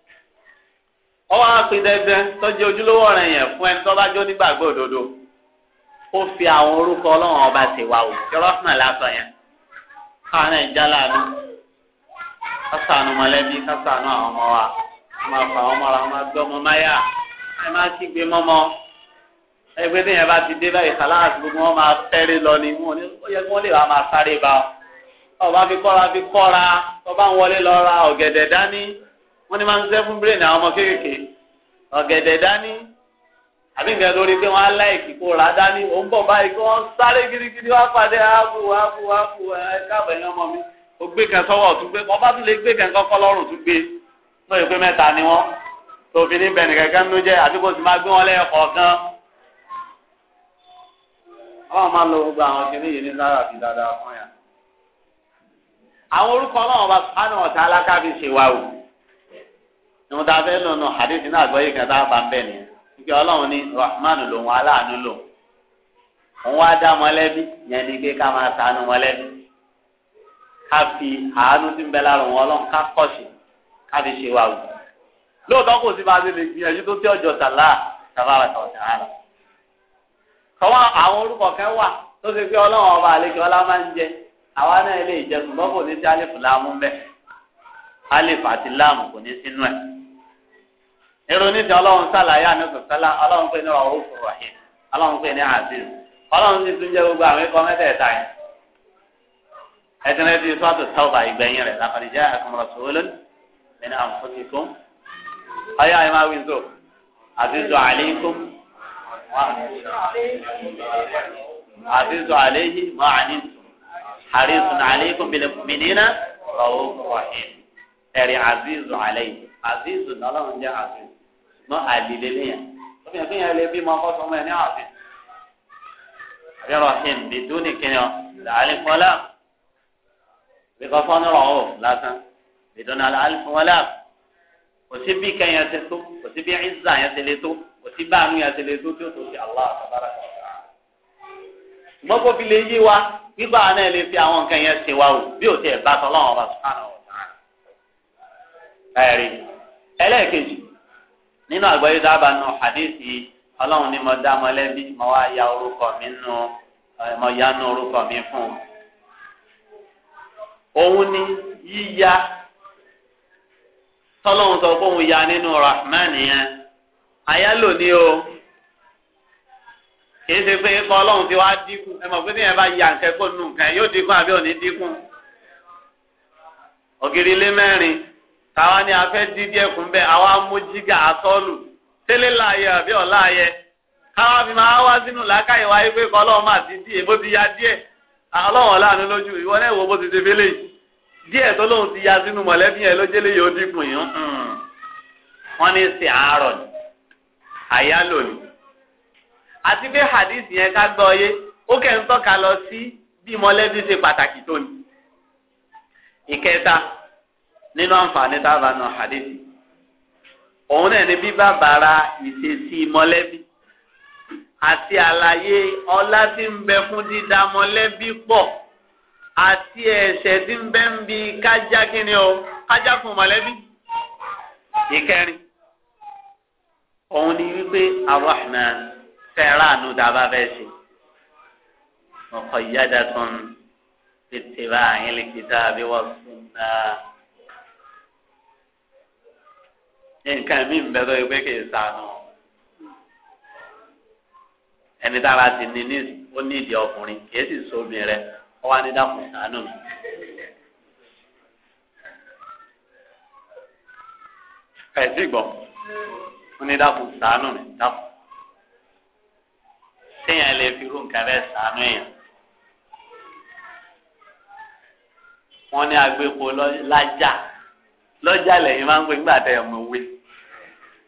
ọwọ́ àfi dandan tọ́jú ojúlówó ọ̀rẹ́ yẹn fún ẹni tó bá jó nígbàgbọ́ òdodo ó fi àwọn orúkọ ọlọ́run ọba ṣe wà ó yọrọ sàn lásán yẹn káàánú ìjà láàánú kásánù mọ̀lẹ́bí kásánù àwọn ọmọ wa máa fà wọ́n mọ́ra máa gbé ọmọ máyà ẹ máa kígbe mọ́mọ́ ẹgbẹ́ tí yẹn bá ti dé báyìí sàláàtì gbogbo wọn máa fẹ́rẹ́ lọ ni wọn ó yẹ kí wọ́n lè wá máa sáré bá ọ ọba fi kọ́ra fi kọ́ra ọba ń wọlé lọ ra ọ̀gẹ̀dẹ̀ dání wọ́n ní máa ń ṣiṣẹ́ fún brain àwọn ọmọ kéékèèké ọ̀gẹ̀dẹ̀ dání àbí nǹkan lórí pé wọ́n á láìkì kó ra dání òun bọ̀ báyìí kí wọ́n sáré girigiri wá pàdé áàbù áàbù áàbù káàbọ̀ ẹ̀yìn ọmọ mi ó gbé kan sọ́wọ́ ọ̀tún gbé ọba tún lè gbé kan kọ́kọ́ lọ́rùn tún gbé lóye pé mẹ́ta ni wọ́n tóbi ní bẹ̀rẹ̀ kankan ló jẹ́ àbí kó sì máa gbé wọn lẹ́yìn kọ̀ọ̀kan. ọlọ́run máa lo gbogbo àwọn kìnìún yìí ní sára fi dáadáa fún yà. àwọn orúkọ ọlọ́run ọba sánà ọ̀tá alákàbí ṣèwà òkú ìwọ̀n tá a fẹ́ lò nù hadith náà gbọ́ yìí kan tá a bá ń bẹ̀ nìyẹn ìgbà ọlọ́run ní rahman lòun aláàánú lò òun wá dá mọ́lẹ́bí yẹn ni pé ká máa ṣàánú mọ́lẹ́bí ká fi àánú tí ń bẹ lára òun ọlọ́run ká kọ̀ sí ká fi ṣe wà wù lóòótọ́ kò sí bá a ti lè tó tí ọjọ́ tàlá tàbára tàbára tọ́wọ́ àwọn orúkọ kan wà tó ṣe pé ọlọ́run ọba àlejò ọlá máa ń jẹ àwa náà lè jẹ ṣùgbọ́n kò ní sí alif láàmú bẹ́ẹ̀ alif àti láàmù kò ní sínú ẹ̀. irun nídìí ọlọ́run sàlàyé àníkùnsálà ọlọ́run pé ní ọ̀rọ̀ òfò ràyè ọlọ́run pé ní àdìr ọlọ́run ti tún jẹ́ gbogbo àwọn ikọ̀ mẹ́tẹ̀ẹ̀ta yẹn ẹ̀dínlẹ́ bíi sọ́ọ̀tù ìgbẹ̀yìn rẹ̀ àǹfọ̀tìkún máa wíńdò mọ́ àdìdé léyàn lómi ẹ̀ kéèyàn lè bímọ ọkọ sọmọ ẹ̀ ní àfin àbẹ̀rọ̀ hin bìtú nìkan yọ làálí kọ́lá bíkọ́ fọ́nrán ọ̀ lásán bìtú náà làálí kọ́lá kò sí bí kẹ́yìn ẹsẹ̀ tó kò sí bí ìzà yẹn ti lè tó kò sí bá àánú yẹn ti lè tó tí tó ti Allah àtàbára kọ̀ọ̀kan. ṣùgbọ́n fi lè yé wa gbígbà náà lè fi àwọn nǹkan yẹn ṣe wa o bí ò tiẹ̀ bá tọ́lọ́wọ́n bá sùn àná ọ̀tá. ẹlẹ́ẹ̀kejì nínú àgbáyé dábàá nù hadithi ọlọ́run ni mo dá mọ́lẹ́bí mo wá ya orúkọ mi nù mo ya nù orúkọ mi fún un. òun ni yíya tọ́lọ́hún sọ fún òun ya nínú rahman yẹn àyálò ni o kì í ṣe pé kọ́ ọlọ́run ti wá dínkù ẹ mọ̀ pé bí yẹn bá ya nǹkan kó nù nǹkan yóò dínkù àbí òní dínkù ògiri lé mẹ́rin táwa ni a fẹ́ dídí ẹkùn bẹ́ẹ̀ àwa mú jígà àtọ́lù tẹ́lẹ̀ láàyè àbí ọ̀la ayẹ káwa fi máa wá sínú làákàyè wáyé pé kọ́ ọlọ́run máa ti dí èbó ti ya díẹ̀ ọlọ́run ọ̀làánú lójú ìwọ náà wo bó ti ṣe fẹ́lẹ̀ díẹ̀ tó lóun ti ya sínú mọ̀lẹ́bí yẹn ló jẹ́lẹ̀ yóò dínkù yín wọ́n ní sí àárọ̀ ni àyálò ni àti pé hadith yẹn ká gbọ́ yé ó kẹ́ ń tọ́ka lọ sí bí mọ̀lẹ́bí ṣe pàtàkì tó ni ìkẹta nínú àǹfààní tábà nù hadithi òun náà ní bíbá bàrà ìṣesí mọ̀lẹ́bí àti àlàyé ọlá tí ń bẹ fún dídá mọ̀lẹ́bí pọ̀ àti ẹ̀ṣẹ̀ tí ń bẹ ń bi kájá kínní o kájá fún mọ̀lẹ́bí ìkẹrin òun ni wípé arahman fẹ́ràn àánú dábàá fẹ́ ṣe ọkọ̀ ìyá dàtún tètè bá àyìnlẹ̀ kìtà àbí wọ́n sùn náà. nǹkan mi ń bẹ tó yẹ pé kì í sànù ẹni tára ti ní ní ó ní ìdí ọkùnrin kì í sì sómi rẹ ó wá ní dàpọ̀ sànù. kàìsí gbọ́ ó ní dàpọ̀ sànù mi dàpọ̀ téèyàn lè fi irú nǹkan bẹ́ẹ̀ sànù èèyàn. wọ́n ní agbépo lájà lọ́jà lẹ́yìn máa ń pè nígbà tẹ̀ ọmọ òwe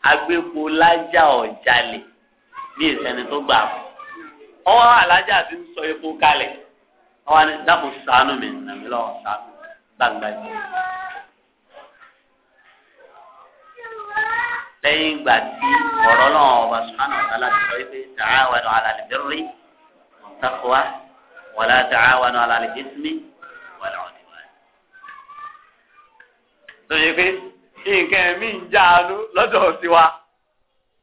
agbépo lájà ọ̀jalè bí ìsẹ́ni tó gbà fún ọwọ́ alájà ti ń sọ epo kalẹ̀ ọwọ́ ni dákun ṣàánú mi nà mí lọ́wọ́ ṣàánú gbangba yìí. lẹ́yìn ìgbà tí ọ̀rọ̀ náà ọba sùnánà ọ̀tàlá ti sọ pé ta'awanu ala al-birri wat-taqwa wala ta'awanu ala al-ithmi wal-'udwan. tó yẹ pé nǹkan ẹ̀mí ń já àánú lọ́dọ̀ sí wa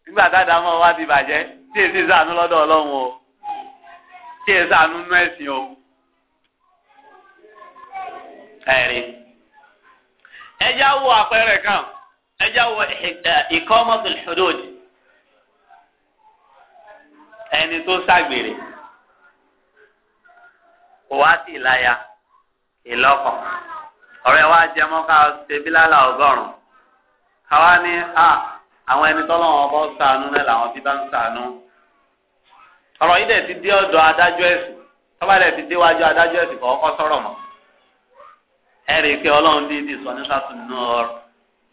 nígbà dáadáa mọ́ wa ti bàjẹ́ tí èsì lọ́dọ̀ o tí èsì sànú nú ẹ̀sìn o. ẹ̀rí ẹjá wo àpẹẹrẹ kan ẹjá wo ìkọ́mọ́tò ṣòdòdì ẹni tó ṣàgbèrè kò wá sí ìláya ọ̀rẹ́ wa jẹ mọ́ ká ṣe bílálà ọgọ́rùn-ún káwa ní a àwọn ẹni tọ́lọ́ wọn bọ́ sànú náà làwọn ti bá ń sànú. ọ̀rọ̀ yìí dẹ̀ ti dé ọ̀dọ̀ adájọ́ ẹ̀sìn tọ́ba dẹ̀ ti déwájú adájọ́ ẹ̀sìn kọ́kọ́ sọ̀rọ̀ mọ́. ẹ rí i pé ọlọ́run bíi ti sọ ní sátún nù ọ̀rọ̀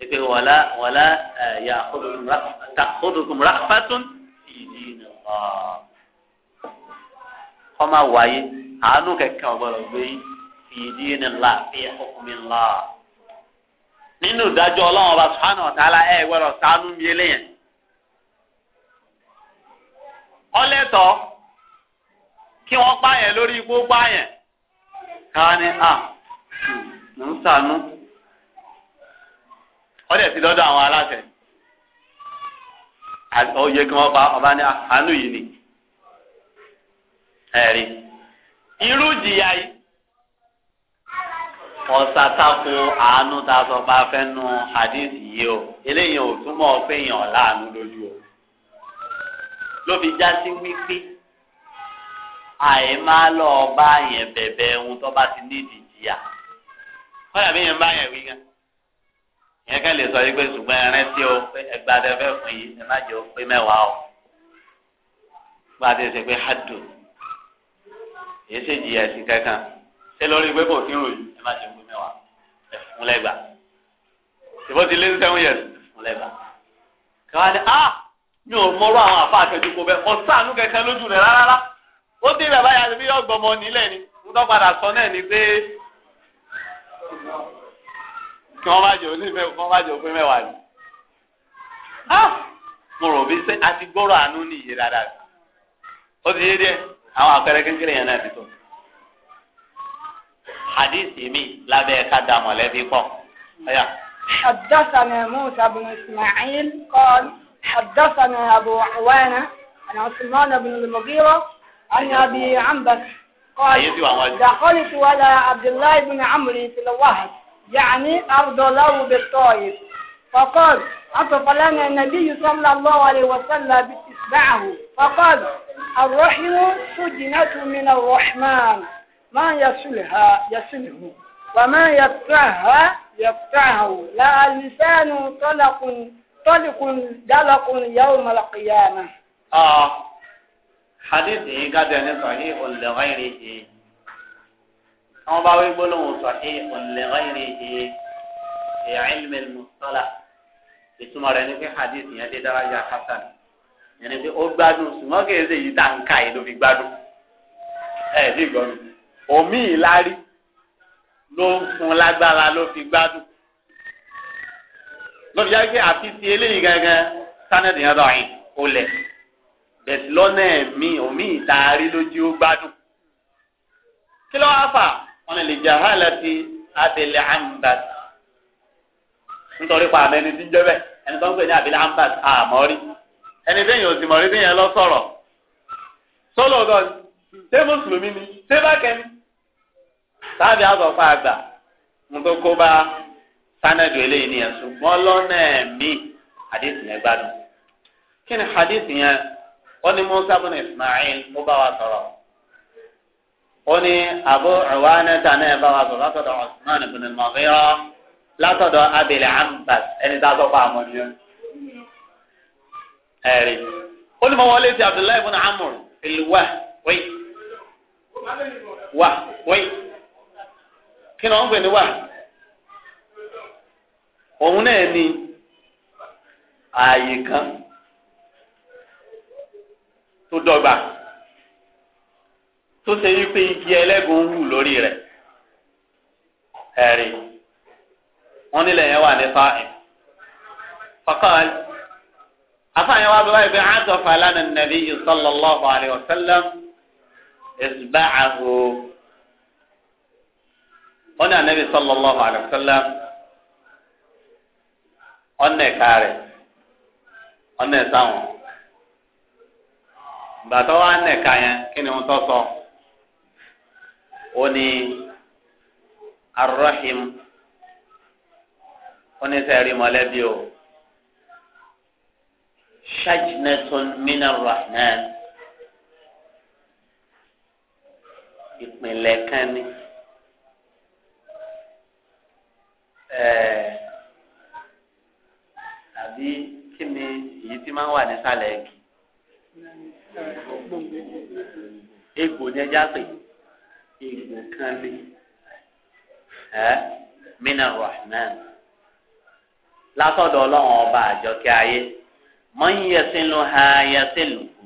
ìpè wàlá wàlá ẹ̀yà àkódùkùn ráfàtún ìdí nìkan. kọ́ máa wáyé àánú kẹ̀kẹ́ ọ̀gbọ́dọ̀ gbé yín. fi dinillah fi hukmillah. nínú ìdájọ́ ọlọ́run ọba sùhánà ọ̀tàlá ẹ̀ gbọ́dọ̀ sánú mi eléyẹn. ọlẹ́tọ̀ kí wọ́n pààyàn lórí igbó pààyàn káwa ni ń sànú. ọlẹ́ ti àwọn ọba ní àánú yìí ni ọ̀sà àánú tá a sọ pé a fẹ́ nu àdéhùn yìí o eléyìí ò túmọ̀ pé èèyàn láàánú lójú o ló fi já sí wípé àyè máa bá yẹn bẹ̀bẹ̀ ohun tó bá ti ní ìdìjìyà kọ́yà bí yẹn bá yẹn wí gan yẹn kẹ́ lè sọ yìí ṣùgbọ́n ẹran tí o ẹgbàdẹ fẹ́ fún yìí ẹ má jẹ́ o pé mẹ́wàá o gbàdé ṣe pé hádùn èyí ṣèjìyà sí kankan ṣé lórí pé kò sí ròyìn ẹ má jẹun. ẹfun lẹgba ìbọn ti lé ní seven years ẹfun lẹgba káwọn ni ah mi ò mọrú àwọn àfa àtẹjú bẹ ọsàánú kẹkẹ lójú rẹ rárá ó dé bàbá yàrá bí gbọmọ ni mo padà sọ náà ni pé kí wọ́n bá jẹ onífẹ kí wọ́n bá jẹ òpin mẹ́wàá ni ah! mo rò bí àti dáadáa hadisi mi lábẹ́ ká da mọ̀lẹ́bí pọ̀. حدثنا موسى بن إسماعيل قال حدثنا أبو عوانة عن عثمان بن المغيرة عن أبي عنبس قال دخلت ولا عبد الله بن عمرو في الوهد يعني أرض له بالطائف فقال عطف لنا النبي صلى الله عليه وسلم بإتباعه فقال الرحم سجنة من الرحمن máa yẹsùlẹ̀ ha yẹsùlẹ̀ hù wàmọ́ yẹtọ́ ha yẹtọ́ ha o làlìsẹ́nu tọ́lẹ̀kùn tọ́lẹ̀kùn dálọ́kùn yàwó malakiyama. ọ hadith yìí gábẹ́ ní sọ̀hí olùlẹ̀wáyìrì yìí wọ́n bá wí gbólóhùn sọ̀hí olùlẹ̀wáyìrì yìí ìyàílmẹ̀ mùsọ́lá ìtumọ̀ rẹ̀ ní pé hadith yẹn dé daraja hasan yẹn ni pé ó gbádùn ṣùgbọ́n kì í ṣe yìí tá à ń ka yìí ló fi gbádùn ẹ̀ ẹ̀ sì omi ìlárí ló ń fún lágbára ló fi gbádùn lọ́bi yá pé àfi ti eléyìí gangan sánẹ́dì yẹn dọ̀ yìí ó lẹ̀ bẹ̀sì lọ́nà ẹ̀mí omi ìtaari lójú ó gbádùn kí ló wá fà wọn lè jà hàlẹ́ ti abẹ́lẹ̀ àǹbàtì nítorí pa àmẹ́ni tí ń jẹ́ bẹ́ẹ̀ ẹni tó ń pè ní abilé ambas àmọ́rí ẹni tí èèyàn ò sì mọ̀ rí bí yẹn lọ sọ̀rọ̀ sólò gan ṣé mùsùlùmí ni ṣé bákẹ́ni sábì àzọ̀pá àgbà mo kó bá sánẹ́dù eléyìí nìyẹn ṣùgbọ́n lọ́nà ẹ̀mí hadith yẹn gbádùn kí ni hadith yẹn ó ní musa bin ismail ó bá wa sọ̀rọ̀ ó ní abu ọ̀wánẹ́ta náà bá wa sọ̀rọ̀ látọ̀dọ̀ osman bin látọ̀dọ̀ ambas ẹni tá a ẹ̀rí ó ní mo wọlé ti abdullahi bin amur ìlú wa wẹ́ẹ̀ wa kí ni wọ́n ń pè ní wà òun náà ni ààyè kan tó dọ́gba tó ṣe wípé igi ẹlẹ́gùn wù lórí rẹ̀ ẹ̀rí wọ́n nílẹ̀ yẹn wà ní fáìm fọkàn afáàyàn wa bíwáyé bí àtọ̀fà lánàá nàbí sallallahu alayhi wa sallam isba'ahu wọn ní anabi sallallahu alayhi wa sallam ọ̀nà ẹ̀ka rẹ̀ ọ̀nà ẹ̀sà wọn bàtà wà nà ẹ̀ka yẹn kí ni wọn tọ́ sọ ó arrahim ó ní sẹ́ẹ̀rì o shajnatun min arrahman ìpínlẹ̀ kan ni. Tàbí eh, kí ni èyí tí máa ń wà nísàlẹ̀ ẹ̀gì egbò ni ẹja pè egbò kan ni. ẹ eh, mina rahman látọ̀dọ̀ ọlọ́run ọba àjọkẹ́ ayé mọ́n yẹsìn ló ha yẹsìn lò kù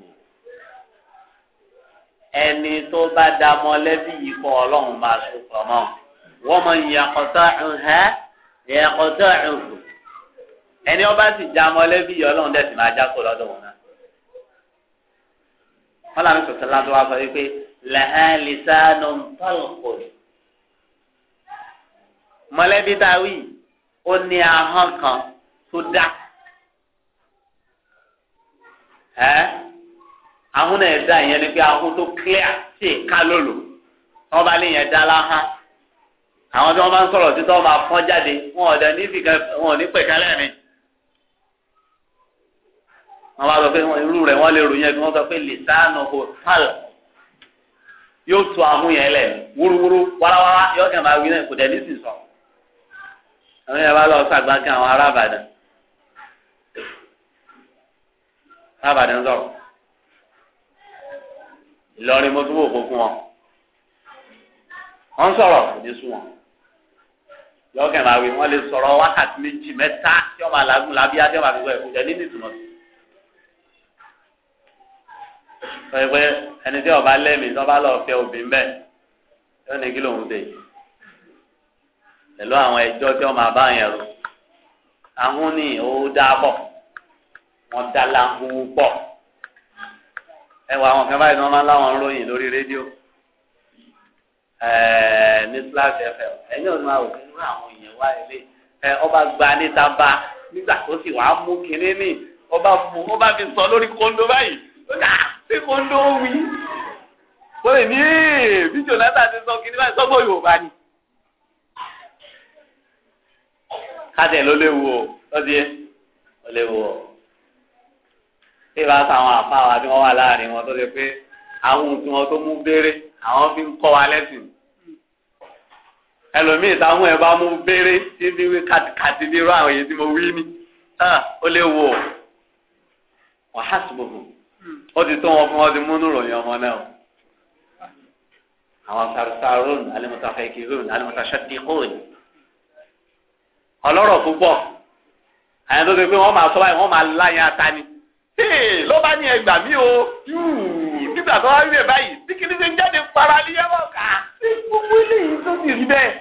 ẹni tó bá dá lẹ́bí yìí kọ́ ọlọ́run máa sọ pọ̀ mọ́ wọ́n mọ̀ yàtọ̀ ha. ẹ̀kọ́tọ̀ ẹ̀fọ́ ẹni ọba sì já mọ́lẹ́bí yọ ọlọ́run dẹ̀ sì máa já kó lọ́dọ̀ wọn náà. wọ́n làwọn sọ̀tún ládùn wá sọ wípé lẹ́hìn lisanu tọ́lùkù mọ́lẹ́bí tá a wí ó ní ahọ́n kan tó dá. ahọ́n náà dá ìyẹn ni pé ahọ́n tó clear sí ìka lólo wọ́n bá lè dá láhán àwọn tí wọ́n bá ń sọ̀rọ̀ títọ́ máa fọ́n jáde wọn ò dẹ̀ ní fìkan wọn ò ní pẹ̀kan lẹ́ẹ̀mí. wọ́n bá sọ pé irú rẹ̀ wọ́n lè ròyìn ẹ̀gbọ́n sọ pé lìsánù hòtál yóò tu ahun yẹn lẹ̀ wárawárá yóò kàn máa wí náà kò dẹ̀ sì sọ. àwọn yẹn bá lọ sàgbá kí àwọn ará àbàdàn àbàdàn sọ̀rọ̀ Ìlọrin mo tún wò fún wọn wọ́n sọ̀rọ̀ kò ní sún wọn yọ kẹ máa wí wọn lè sọ̀rọ̀ wákàtí méjì mẹ́ta yọ máa làágùn lábí adé máa fi wọ ẹkú jẹ nínú ìtumọ̀ sí. pẹpẹ ẹni tí ọba lẹ́mìí tó bá lọ fẹ́ obì mbẹ yọ ní kí lòun dé pẹ̀lú àwọn ẹjọ́ tí wọ́n máa bá yẹn rò àwọn ní ó dábọ̀ wọ́n dá láńgbó pọ̀ ẹ wọ àwọn kan báyìí ni wọ́n máa ń láwọn ròyìn lórí rédíò ní slash fm ẹ̀yin ò máa wò nínú àwọn èèyàn wá ilé ọba gba níta bá nígbà tó sì wàá mú kinní mi ọba mú ọba fi sọ lórí kóńdó báyìí ó dà sí kóńdó wí wọ́n lè ní bí jonathan ti sọ kinní báyìí sọ́gbọ́n yorùbá ni. kájẹ ló léwu o lọ́dí ẹ ó léwu o bí ìbá sáwọn àfa wa bí wọ́n wà láàrin wọn tó ṣe pé àwọn ohun wọn tó mú béèrè àwọn fi ń kọ́ wa lẹ́sìn ẹlòmíì táwọn ẹ bá mú béèrè tí bí wí kàtìkàtì bí irú àwọn èyí tí mo wí ni ah, ó lè wò ó wà á sì gbogbo hmm. ó ti tó wọn fún wọn ti múnú ròyìn ọmọ náà o àwọn sarusaron alimusafekirun alimusasadiqun ọlọ́rọ̀ púpọ̀ àyàn tó ti pé wọ́n máa sọ báyìí wọ́n máa láyàn ata ni ló bá ní ẹgbàá mi o yúù dókítà tó wá rí rẹ̀ báyìí bí kìíní ṣe ń jáde para ní yẹ́wọ́ ká ní gbogbo eléyìí tó sì rí bẹ́ẹ̀.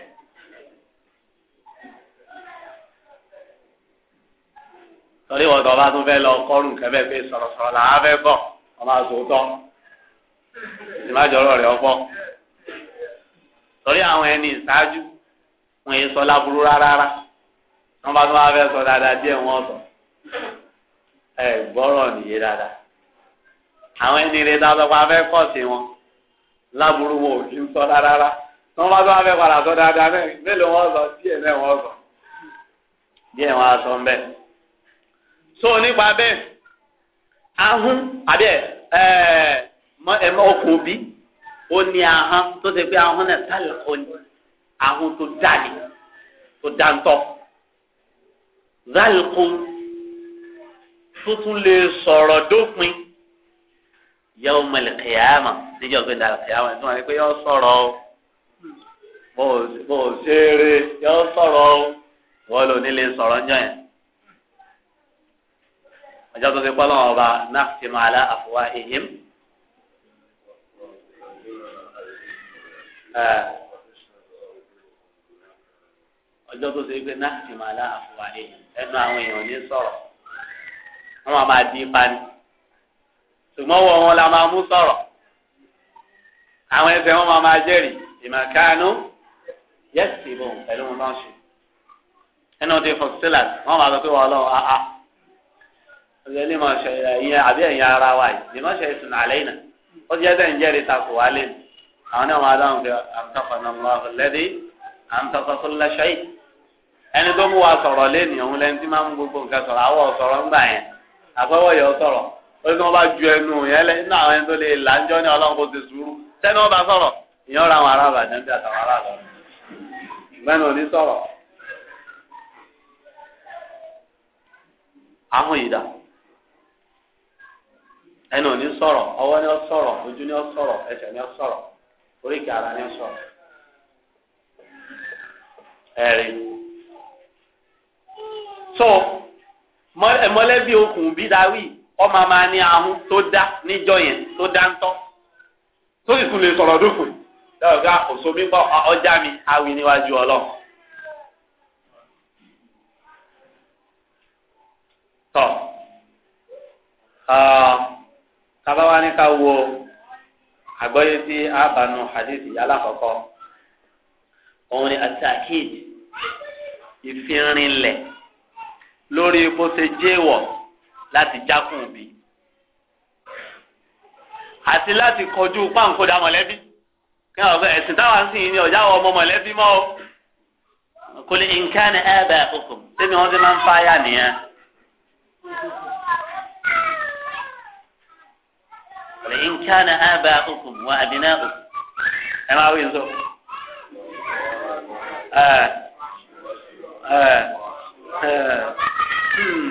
torí wọn tó bá tún fẹ́ lọ kọ́rùn kẹ́fẹ́ pé sọ̀rọ̀sọ̀rọ̀ làá fẹ́ bọ̀ wọn máa sọ tọ́ ìmájọ́rọ̀ rẹ̀ ọ̀pọ̀ torí àwọn ẹni ìṣáájú wọn yìí sọ láburú rárá wọn bá tún wá fẹ́ sọ dáadáa díẹ̀ wọn sọ ẹ gbọ́rọ̀ nìyé dáadáa àwọn ẹni rẹ̀ dáa lọ́pọ̀ afẹ́ kọ̀ sí wọn láburú wọn ò kí sọ rárá wọn bá tó afẹ́ padà sọ dáadáa náà mélòó wọn sọ díẹ̀ náà wọn sọ díẹ̀ wọn sọ ń bẹ̀. so nípa bẹ́ẹ̀ ahun àbí ẹ̀ ọkùn bí ó ní ahọ́n tó ṣe pé ahọ́n náà sálẹ̀ kọ́ ni ahọ́n tó dá ni tó dá ń tọ́ zálìkún tó lè sọ̀rọ̀ dópin yawm al-qiyamah níjọ́ gbẹ̀dẹ̀ al-qiyamah ìtumọ̀ ni pé yọ sọ̀rọ̀ o bó o ṣe eré yọ sọ̀rọ̀ o wọ́n lò nílé sọ̀rọ̀ ń jọ yẹn. ọjọ́ tó ti pọ́lọ́ ọba nakhtimu ala afwahihim. ọjọ́ tó ṣe pé nakhtimu ala afwahihim ẹnu àwọn èèyàn ní sọ̀rọ̀ wọ́n máa di ipa ṣùgbọ́n wọ wọn la máa mú sọ̀rọ̀ àwọn ẹsẹ̀ wọn máa máa jẹ́rìí ìmọ̀kánú yẹ́sì bò pẹ̀lú wọn lọ́n ṣe ẹnu ti fún sílẹ̀ wọn máa lọ pé wọn lọ́wọ́ áá ọ̀sẹ̀ ní mọ̀ ṣe ìyẹn àbí ẹ̀yìn ara wa yìí ní mọ̀ ṣe ìsìn àlẹ́ yìí náà ó ti ẹsẹ̀ ń jẹ́rìí takò wá lé àwọn náà máa dáhùn pé àǹtọ̀kọ̀nàmọ́ lẹ́dí àǹtọ̀kọ̀kọ̀lẹ́ṣọ́ yìí ẹni tó mú wa sọ̀rọ̀ lé ó sì ju ẹnu yẹn lẹ àwọn ẹni tó lè là ń jọ ní ọlọ́run kó ti sùúrù sẹ́ni wọn sọ̀rọ̀ ìyẹn ra àwọn aráàlú àti ẹni àtàwọn aráàlú ìgbẹ́ni ò ní sọ̀rọ̀ àwọn ìdá ẹni ní sọ̀rọ̀ ọwọ́ ni ó sọ̀rọ̀ ojú ni ó sọ̀rọ̀ ni ó sọ̀rọ̀ oríkì ni ó ọmọ máa ní ahun tó dá níjọ yẹn tó dá ń tọ́ tó sì tún lè sọ̀rọ̀ dúkùn lọ́wọ́ gá òṣò mi gbọ́ ọjà mi awì níwájú ọlọ́run. tọ́ tábà ní ká wo àgbọ́yé tí abanu hadithi alákọ̀ọ́kọ́ òun ni atakid ìfirinlẹ̀ lórí bó ṣe jẹ́wọ̀ọ́. láti jákùn òbí àti láti kọjú páńkódà mọ̀lẹ́bí kí wọ́n fẹ́ ẹ̀sìn táwọn sì ní ọ̀já ọmọ mọ̀lẹ́bí mọ́ o kò lè nǹkan ní ẹ̀ẹ́dà àkókò tẹ́mi wọ́n ti máa ń fáyà nìyẹn. nǹkan ní ẹ̀ẹ́dà àkókò wọ́n àbínà àkókò ẹ máa wí nsọ. Hmm.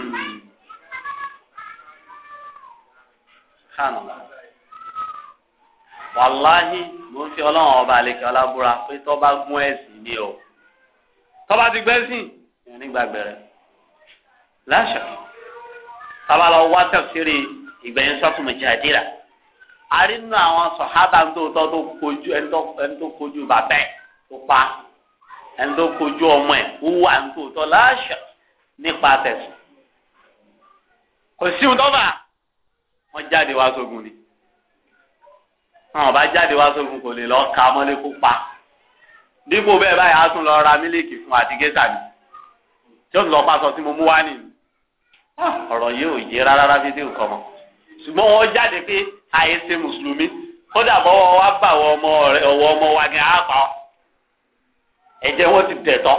subhanallah wàláhì mo ń fi ọlọ́run ọba àlekè ọlábúra pé tó bá gún ẹ̀sìn mi o tó bá ti gbẹ́sìn nígbàgbẹ́ rẹ̀ láṣà tábà lọ wá tẹ̀síìrì ìgbẹ̀yìn sọ́tùmù jàdíra àrínú àwọn sọ̀hábà ń tóótọ́ tó kojú ẹni tó kojú bàbá ẹ̀ tó pa ẹni tó kojú ọmọ ẹ̀ wúwà ń tóótọ́ láṣà nípa tẹ̀sùn kò sí ohun tó bá wọ́n jáde wá sógun ni wọn bá jáde wá sógun kò lè lọ ka mọ́lé kó pa dípò bẹ́ẹ̀ báyìí á tún lọ ra mílíkì fún àti gẹ́sà mi tí ó lọ pàṣọ tí mo mú wá nìyí ah, ọ̀rọ̀ yìí ò yé rárá fi dé nǹkan mọ́ ṣùgbọ́n wọ́n jáde pé àyèsè mùsùlùmí kódà bọ́wọ́ wa bá àwọn ọmọ rẹ ọwọ́ ọmọ wa gan á pa ọ́ ẹ̀jẹ̀ wọn ti tẹ̀tọ́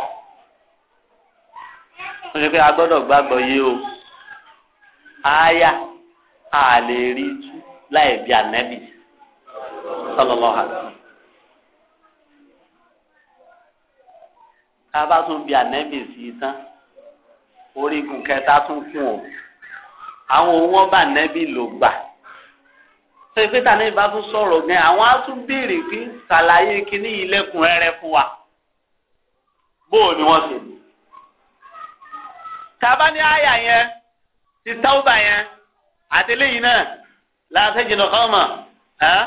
wọ́n ṣe pé a gbọ́dọ̀ gbàgbọ́ yìí o àáyá a lè rí tú láì bí ànábì sallallahu alaihi wasallam. ká bá tún bí ànábì sí i tán orígun kẹta tún kún o àwọn ohun ọba ànábì ló gbà ṣé pé tàní ìbá tún sọ̀rọ̀ gan àwọn á tún béèrè pé ṣàlàyé kínní ilẹ̀kùnrẹ́rẹ́ fún wa bóò ni wọ́n ṣe. tá bá ní àyà yẹn ti táwùbà yẹn àti lẹ́yìn náà láti jìnnà kọ́mọ̀ ẹ́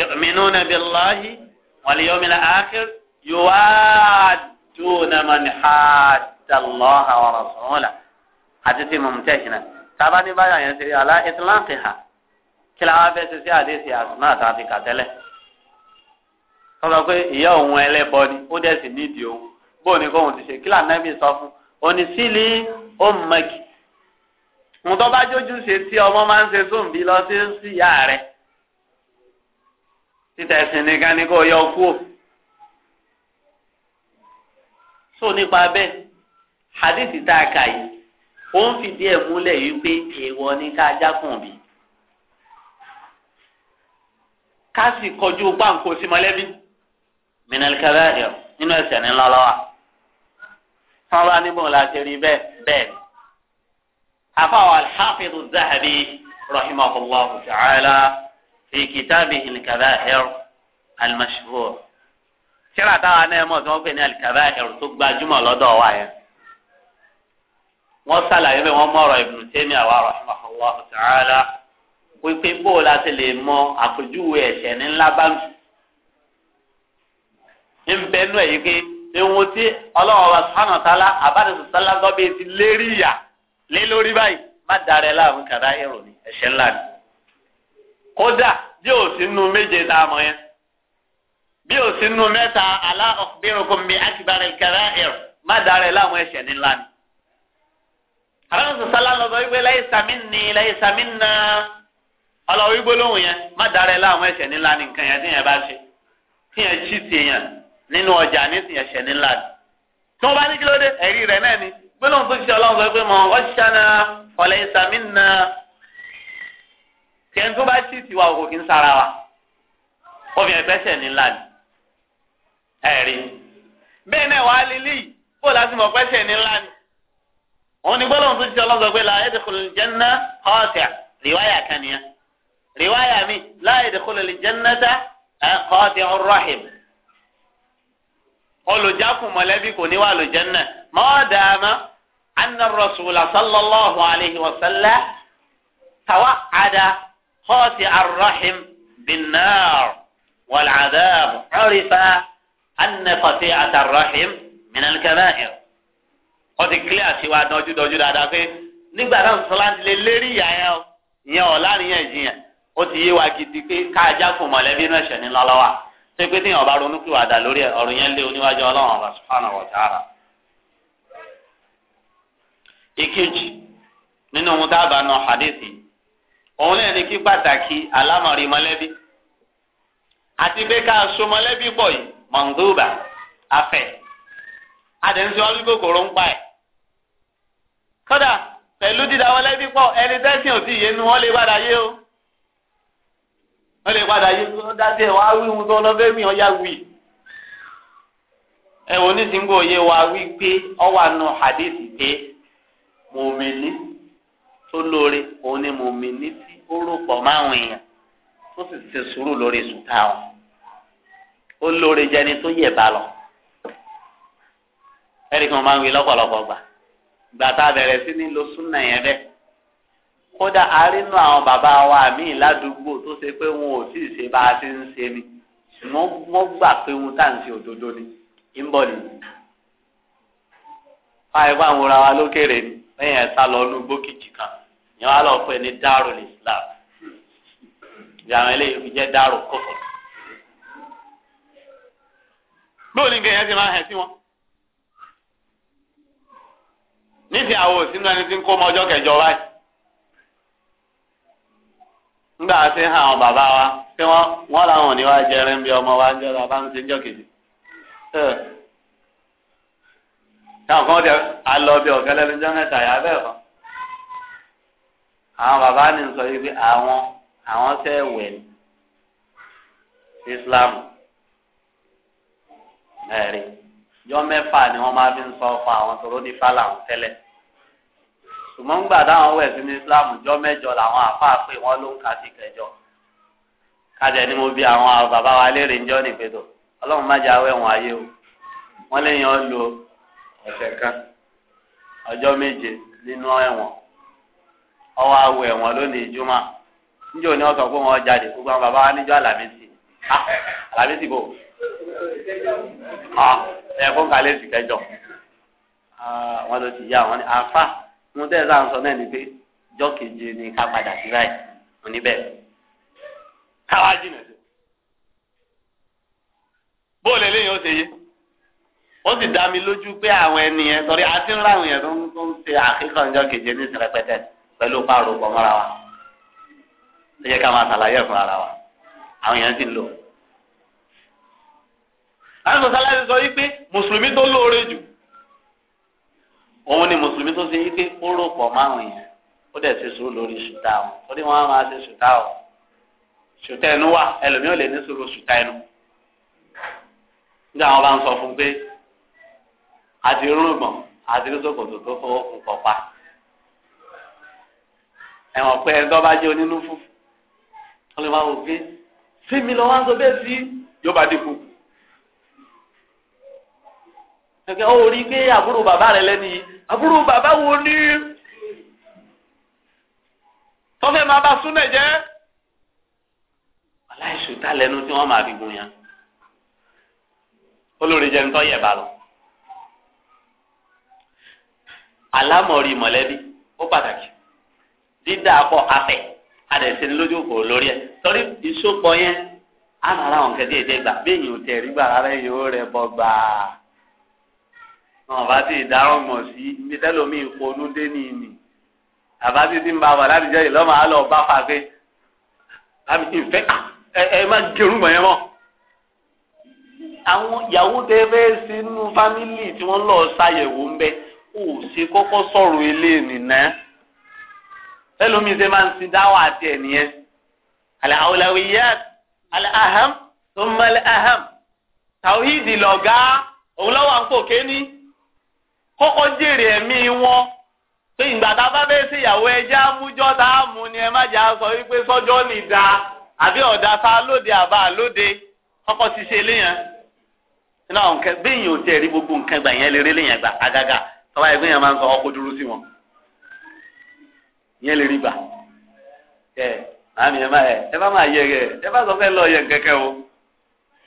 yu'minuna billahi wal yawmil akhir yuwadduna man hadda Allaha wa rasulahu àti ti mumtahina sábà ní báyà yẹn ṣe ala itlaqiha kí la wá fẹ́ ṣe sí àdéhìí àsùnà àti àfikà tẹ́lẹ̀ wọ́n sọ pé ìyá òun ẹlẹ́bọ ni ó dẹ̀ sì nídìí òun bóun ni kóun ti ṣe kí lànà bí sọ fún onísìlì ó mọ̀kì ńtọ́ bá jójú ṣe tí ọmọ máa ń ṣe sóǹbí lọ sí sí ìyá rẹ̀ títa ẹ̀sìn nìkan ni kò yọ kú ò so nípa bẹ́ẹ̀ hadithi tá a kà yìí ó ń fìdí ẹ̀ múlẹ̀ wípé èèwọ̀ ni ká jákùn bí ká sì kọjú páńkó sí mọ́lẹ́bí mìnàlíkàbẹ́ nínú ẹ̀sẹ̀ ńlá lọ́wọ́ tí wọ́n níbọn la ṣe rí bẹ́ẹ̀ bẹ́ẹ̀ afáwọn alḥafidu zahabi rahimahullah ta'ala fi kitabi ilkabahir almashhur tíra táwa náà mọ̀ tí wọ́n pè ní alikabahir tó gbajúmọ̀ lọ́dọ̀ wa yẹn wọ́n sàlàyé bẹ́ẹ̀ wọ́n mọ̀rọ̀ Ibnu Taymiyyah àwa rahimahullah ta'ala wípé bóò la ti lè mọ àpèjúwe ẹ̀ṣẹ̀ ní ńlá bá mi ń bẹ́ẹ̀ nú ẹ̀ yìí pé ewu tí Ọlọ́run wa sànà sálá àbádẹ́sọ̀ sálá gbọ́ bíi ti lérí ìyá lé lórí báyìí má darẹ láàmú kàdá èrò ni ẹ̀ṣẹ̀ ńlá ni kódà bí ò sí nu méje tá a mọ̀ yẹn bí ò sí nu mẹ́ta alá ọ̀bẹ̀rùkùn bíi akíbarẹ̀ kàdá èrò má darẹ láàmú ẹ̀ṣẹ̀ ní ńlá ni. àrùn sọ̀sálà lọ́dọ̀ wípé laysa minni laysa minna ọlọ́wọ́ gbólóhùn yẹn má darẹ láàmú ẹ̀ṣẹ̀ ńlá ni nǹkan yẹn tí bá ṣe tí ṣì tì nínú ọjà ní tì yẹn ńlá ni. tí wọ́n bá ní kí ló dé ẹ̀rí rẹ̀ náà ni gbólóhùn fún ìṣẹ́ ọlọ́run sọ pé mọ ọ̀ṣánà ọ̀lẹ́ ìsàmínà tiẹ̀ tó bá sì tiwa òkò kí ń sara wa obìnrin ẹgbẹ́sẹ̀ ní ńlá ni ẹ̀rí bẹ́ẹ̀ náà wàá lílì bó láti mọ̀ pẹ́sẹ̀ ní ńlá ni òun ni gbólóhùn fún ìṣẹ́ ọlọ́run sọ pé la yadkhulu al-janna khati'a rìwáyà kan rìwáyà mi la yadkhulu al-jannata khati'ur rahim olùjákùn mọ̀lẹ́bí kò ní wà lójẹ́ náà mọ́ọ̀dàmá anna rasula sallallahu alayhi wa sallam tawa'ada kọ́ọ̀tì arrahim binnar wàlcadaab curifa anna qati'at arrahim minal kabaa'ir. ó ti kílẹ̀ àtiwá dọ́jú dọ́jú dáadáa pé nígbà náà sọláńtì lè lérí ìyá yẹn o ìyẹn ọ̀ láàrin ìjiyàn ó ti yé wa gidi pé káàjá kò mọ̀lẹ́bí inú ẹ̀ṣẹ̀ ní lọ́lọ́wà ṣé pé téèyàn bá ronú pìwàdà lórí ọ̀rọ̀ yẹn lé oníwájú ọlọ́run ọba subhanahu wa ta'ala. ekeji nínú ohun tá a bá nọ hadithi òun ní kí pàtàkì alámọ̀rí mọ̀lẹ́bí àti pé ká so mọ̀lẹ́bí pọ̀ yìí mọ̀ndúbà afẹ́ àdéhùnsí wọn ń pa ẹ̀ kódà pẹ̀lú dídá mọ̀lẹ́bí pọ̀ ẹni tẹ́sí ò o wọ́n lè padà o ẹ̀ wá wí ohun tó lọ mi ní òye wa wí hadithi pé. mòmìnì tó lóore òun ni mòmìnì tí ó rò pọ̀ máwọn èèyàn tó sì ti sùúrù lórí sùtà wọn ó lóore jẹni tó yẹ̀ bá lọ ẹ̀rí kan máa ń wí lọ́pọ̀lọpọ̀ gbà gbà tá a bẹ̀rẹ̀ sí ní lo súnà yẹn bẹ́ẹ̀ kódà arínú àwọn bàbá wa míì ládùúgbò tó ṣe pé wọn ò tí ṣe bá a ti ń ṣe ni wọ́n gbà pé wọn tá à ń ṣe òdodo ni ń bọ̀ nìyí. fáyọ̀ bá ń wa lókèrè ni lẹ́yìn ẹ̀ lọ inú gbókìjì kan ìyẹn wà lọ́ọ́ pẹ́ ní dárò islam ìyàwó eléyìí fi jẹ́ dárò kófò. bóun ni kẹ́hìn ẹ ti máa hẹ̀ sí wọn. àwọn òsínú ẹni tí kó ọmọ wa pé wọ́n làwọn ò ní wá jẹrin bí ọmọ wa ń jẹ́ kejì. táwọn kan tẹ alọ bí ọ̀gá lẹ́nu jẹ́ mẹ́ta yà bẹ́ẹ̀ kan àwọn bàbá ni sọ yìí pé àwọn àwọn fẹ́ wẹ̀ Islam ẹ̀rí yọ mẹ́fà ni wọ́n máa fi ń sọ fún àwọn tòró ní fàlà ń tẹ́lẹ̀ ṣùgbọ́n gbà táwọn wẹ̀ sí ní Islam jọ mẹ́jọ làwọn àfáà pé wọ́n ló ń kà sí kẹjọ kájẹ ni mo bi àwọn bàbá wa léèrè ń jọ́ nípètò ọlọ́run má jẹ́ awẹ́ wọn ayé o wọ́n lè yan lo ọ̀sẹ̀ kan ọjọ́ méje nínú ẹ̀wọ̀n ọwọ́ awọ ẹ̀wọ̀n lónìí ìjùmọ̀ níjọ́ ni wọ́n sọ pé wọ́n jáde gbogbo àwọn bàbá wa níjọ́ àlàmísì ah, àlàmísì bò ah, ẹ̀ fún kálẹ̀ sì kẹjọ ah, wọ́n ló ti yá wọn ni àfa mo tẹ́ sáà ń sọ náà ni pé jọ́ keje ni ká padà sí báyìí mo níbẹ̀ káwá jìnnà sí bóòlù eléyìí ó ṣe yé ó sì dá mi lójú pé àwọn ènìyàn sọrí àti ńlá àwọn èèyàn tó ń tó ń ṣe àkíkọ̀ ọjọ́ keje ní ìsìnrẹpẹtẹ pẹ̀lú pààrọ̀ pọ̀ mọ́ra wa ẹ jẹ́ ká máa ṣàlàyé fún ara wa àwọn èèyàn sì ń lò. àwọn sọ̀sálà ti sọ wípé mùsùlùmí tó lóore jù òun ni mùsùlùmí tó ṣe wípé ó rò pọ̀ mọ́ àwọn èèyàn ó dẹ̀ ṣe sùúrù lórí ṣùtá o ó wọ́n á máa ṣe ṣùtá o ṣùtá ẹnu wà ẹlòmíì lè ní sùúrù ṣùtá ẹnu. nígbà wọn bá ń sọ fún pé àti rúgbọ̀n àti sókòtò tó fọwọ́ kún kọ́pa ẹ̀wọ̀n pé ẹ̀dọ́ bá jẹ́ onínú fún ọ lè máa wò pé fíìmì lọ wá ń sọ bẹ́ẹ̀ sí yóò bá dínkù. ẹ̀kẹ́ ó rí pé àbúrò bàbá rẹ lẹ́nu yìí àbúrò bàbá wo ní tọ́fẹ́ máa bá súnlẹ̀ jẹ́ aláìsùn tá lẹ́nu tí wọ́n máa fi gun yẹn olórí jẹun tó yẹ bá lọ. alámọ̀rí mọ̀lẹ́bí ó pàtàkì dídá akọ afẹ àdẹ̀sẹ̀ lójú kò lórí ẹ̀ torí ìsopọ̀ yẹn á nà ara wọn kẹ́tẹ́ ìdẹ́gbà béèyàn ò tẹ̀rí gbà rárá yóò rẹ̀ bọ́ gbà á wọn bá ti dáhùn mọ̀ sí ibi tẹ́lómi ìfonú dé ní ìmì àbá ti ti ń bá wà láti jẹ́ ìlọ́mọ àlọ́ bá fà pé àmì ìfẹ́ ah, ẹ ẹ má gerun mọ̀ yẹn mọ́ àwọn ìyàwó tẹ́ fẹ́ sínú fámìlì tí wọ́n lọ ṣàyẹ̀wò ń bẹ́ẹ̀. kò sí kókó sọ̀rọ̀ eléyìí náà ẹlòmíì ṣe máa ń ti dáwọ́ àti ẹ̀ nìyẹn al-awlawiyat al-aham thumma al ahem tàwíìdì lọ̀gá òun lọ́wọ́ à ń pò kéènì kókó jèrè ẹ̀mí wọn pé ìgbà tá a bá bẹ́ẹ̀ sí ìyàwó ẹja mújọ́ tá a mú ni ẹ má jà sọ wípé sọ́jọ́ ní da àbí ọ̀dà tá a lóde àbá sise lóde kọ́kọ́ ti ṣe léyàn. iná nǹkan ò tẹ̀ rí gbogbo nǹkan gbà yẹn lérè léyàn gbà tọ́ba ẹgbẹ́ yẹn máa ń sọ ọkọ̀ dúró sí wọn yẹn lè rí gbà ẹ àmì ẹ má ẹ ẹ bá máa yẹ ẹ ẹ bá sọ fẹ́ lọ yẹ kẹ̀kẹ́ o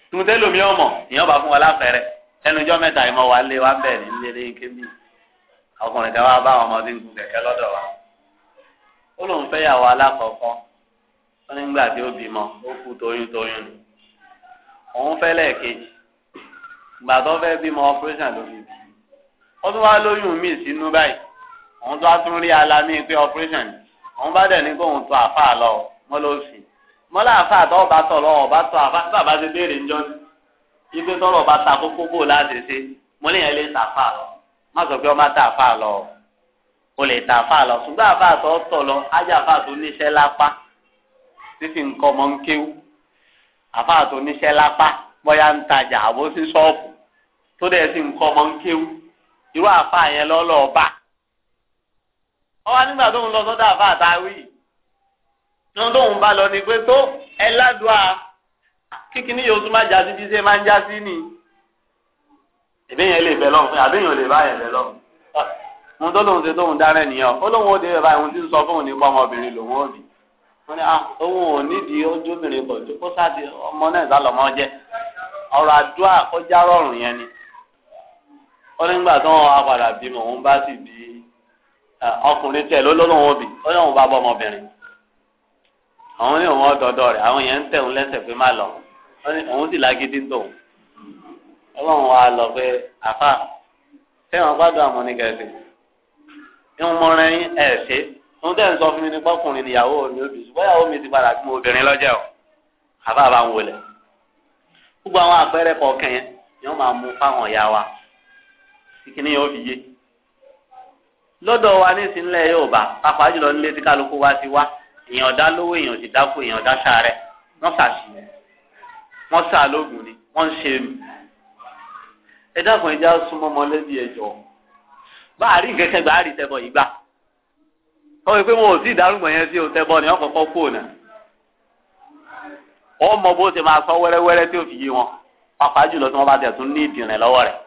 tùmùtẹ́ lomi ọmọ ìyẹn bá fún wa láfẹ̀rẹ̀ ẹnujọ́ mẹ́ta ìmọ̀ wa lé wa bẹ̀ ní lé lé kébì ọkùnrin kan wá bá àwọn ọmọdé ń gun kẹ̀kẹ́ lọ́dọ̀ wa ó lóun fẹ́ yàwó alákọ̀ọ́kọ́ ó ní gbà tí ó bímọ ó kú toyún toyún òun fẹ́ lẹ́ẹ̀kejì gbàtọ́ fẹ́ bímọ ọpẹ́rẹ́sàn ló fi bíi ó tún wá lóyún míì sínú báyìí òun tó wá tún rí alamí pé operation ni òun bá dẹ̀ ní kó òun tó àfa lọ mọ́ ló sì mọ́lá àfa àtọ́ ọba tọ̀ lọ́wọ́ ọba tọ̀ àfa tí bàbá ti béèrè ń jọ́ni ibi tọ́rọ̀ ọba ta kókó bò láti ṣe mọ́lẹ̀ yẹn lè ta àfa lọ má sọ pé ọba ta àfa lọ o lè ta àfa lọ ṣùgbọ́n àfa àtọ́ tọ̀ lọ ajá àfa tó níṣẹ́ lápá títí ń kéwú àfa ń tajà àbó tó dẹ̀ irú àfa yẹn lọ́lọ́ bá ọwọ́ nígbà tó ń lọ sọ́dọ̀ àfa àtàwí tó ń tóun bá lọ ni pé tó ẹ ládùá kíkiní yóò tún má já sí bí ṣe máa ń já sí ni ìbéyàn lè bẹ lọ́hùn fún àbéyàn lè bá yẹn bẹ lọ́hùn ohun tó lóun ṣe tóun dára nìyẹn ó lóun ó dé bàbá ìhun tí ń sọ fóun nípa ọmọbìnrin lòun ó bì wọn ni ohun ò nídìí ojúbìnrin bọ̀ tó kó sáà di ọmọ náà sálọmọ jẹ ọ̀rọ̀ àdúrà kọjá rọrùn yẹn ni ó ní gbà tó wọn wá padà bímọ òun bá sì bí ọkùnrin tẹ ló lọ́lọ́wọ́ ó ní òun bá bọ́ ọmọbìnrin àwọn ní òun ọ̀dọ́dọ́ rẹ̀ àwọn yẹn ń tẹ̀ òun pé má lọ òun sì lágídí tó ọlọ́run wa lọ pé àfà tẹ́wọ̀n gbádùn àmọ́ ní gẹ̀ẹ́sì ìmọ̀ràn ẹ̀ ṣe òun tẹ̀ ń sọ fún mi ní pọ́kùnrin níyàwó mi òbí ṣùgbọ́n ìyàwó mi ti padà bí obìnrin lọ́jọ́ o àfà bá ń wọlé gbogbo àwọn àpẹẹrẹ kọ̀ọ̀kan yẹn ni wọ́n máa mú fáwọn ìyá wa kíkíní yóò fi yé lọ́dọ̀ wa ní ìsínlẹ̀ Yorùbá pàápàá jùlọ nílé tí kálukú wa ti wá èèyàn dá lówó èèyàn ti dákú èèyàn dá sáré wọ́n sàṣì wọ́n sà lóògùn ni wọ́n ń ṣe mí ẹ dákun ẹja súnmọ́ mọ́lẹ́bí ẹjọ́ bá a rí nǹkan kẹgbẹ́ a rí tẹ́bọ̀ yìí gbà wọ́n wí pé wọn ò sí ìdárúgbọ̀n yẹn sí o tẹ́bọ̀ ni wọ́n kọ́kọ́ kú ònà wọ́n mọ bó ṣe máa sọ wẹ́rẹ́wẹ́rẹ́ tí ò fi yé wọn pàápàá jùlọ tí wọ́n bá tẹ̀ tún ní ìdìrín lọ́wọ́ rẹ̀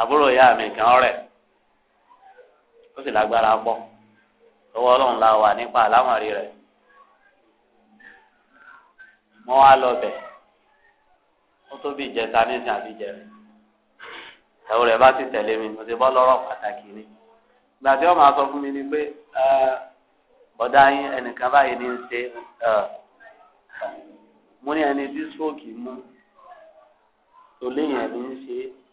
àbúrò ìyá mi kan rẹ̀ ó sì lágbára pọ̀ owó ọlọ́run la wà nípa àlámọ̀rí rẹ̀ wọ́n wá lọ bẹ̀ ó tó bí ìjẹta nísìn àbí jẹrẹ ẹ̀wọ̀n rẹ̀ bá ti tẹ̀lé mi mo ti bọ́ lọ́rọ̀ pàtàkì ni ìgbà tí wọ́n máa sọ fún mi ni pé bọ̀dá yín ẹnìkan báyìí ní í ṣe mo ní ẹni tí stroke mú tòlẹ́yìn ẹni ń ṣe é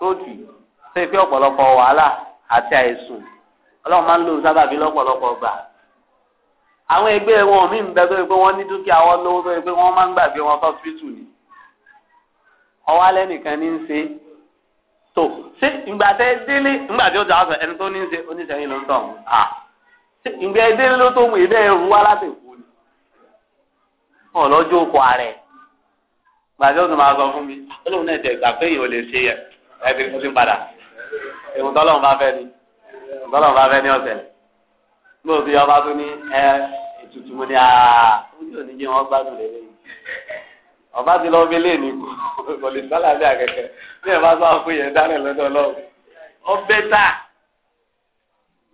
sóòtì tó ìpín ọ̀pọ̀lọpọ̀ wàhálà àti àìsùn ọlọ́run máa ń lo sábàbí lọ́pọ̀lọpọ̀ gbà àwọn ẹgbẹ́ wọn mí ń bẹ tó yẹ pé wọ́n ní dúkìá wọn lówó tó yẹ pé wọ́n máa ń gbàgbé wọn sọ́sibítù ni ọwọ́ alẹ́ nìkan ní ń ṣe tó ṣé ìgbà tẹ délé ìgbà tí ó dà ọ̀sẹ̀ ẹni tó ní ń ṣe oníṣẹ́yìn ló ń tọ̀ ọ̀hún à ṣé ìgbà délé ló tó mú ìdẹ́ ẹrù wá láti èkó ni ọ̀lọ́jọ́ oko ààrẹ ẹbí kò sí padà èwù tọ́lọ́run bá fẹ́ ni tọ́lọ́run bá fẹ́ ní ọ̀sẹ̀ gbọ́dọ̀ bí ọba tó ní ẹ ètùtù mu ni àà ojú òní jẹ́ wọn gbádùn lélẹ́ yìí ọba ti lọ fi léèní kò lè sálà bí akẹkẹ bí ẹ bá sọ àpò yẹn dálẹ̀ lọ́dọ̀ ọlọ́run ọbẹ̀ tà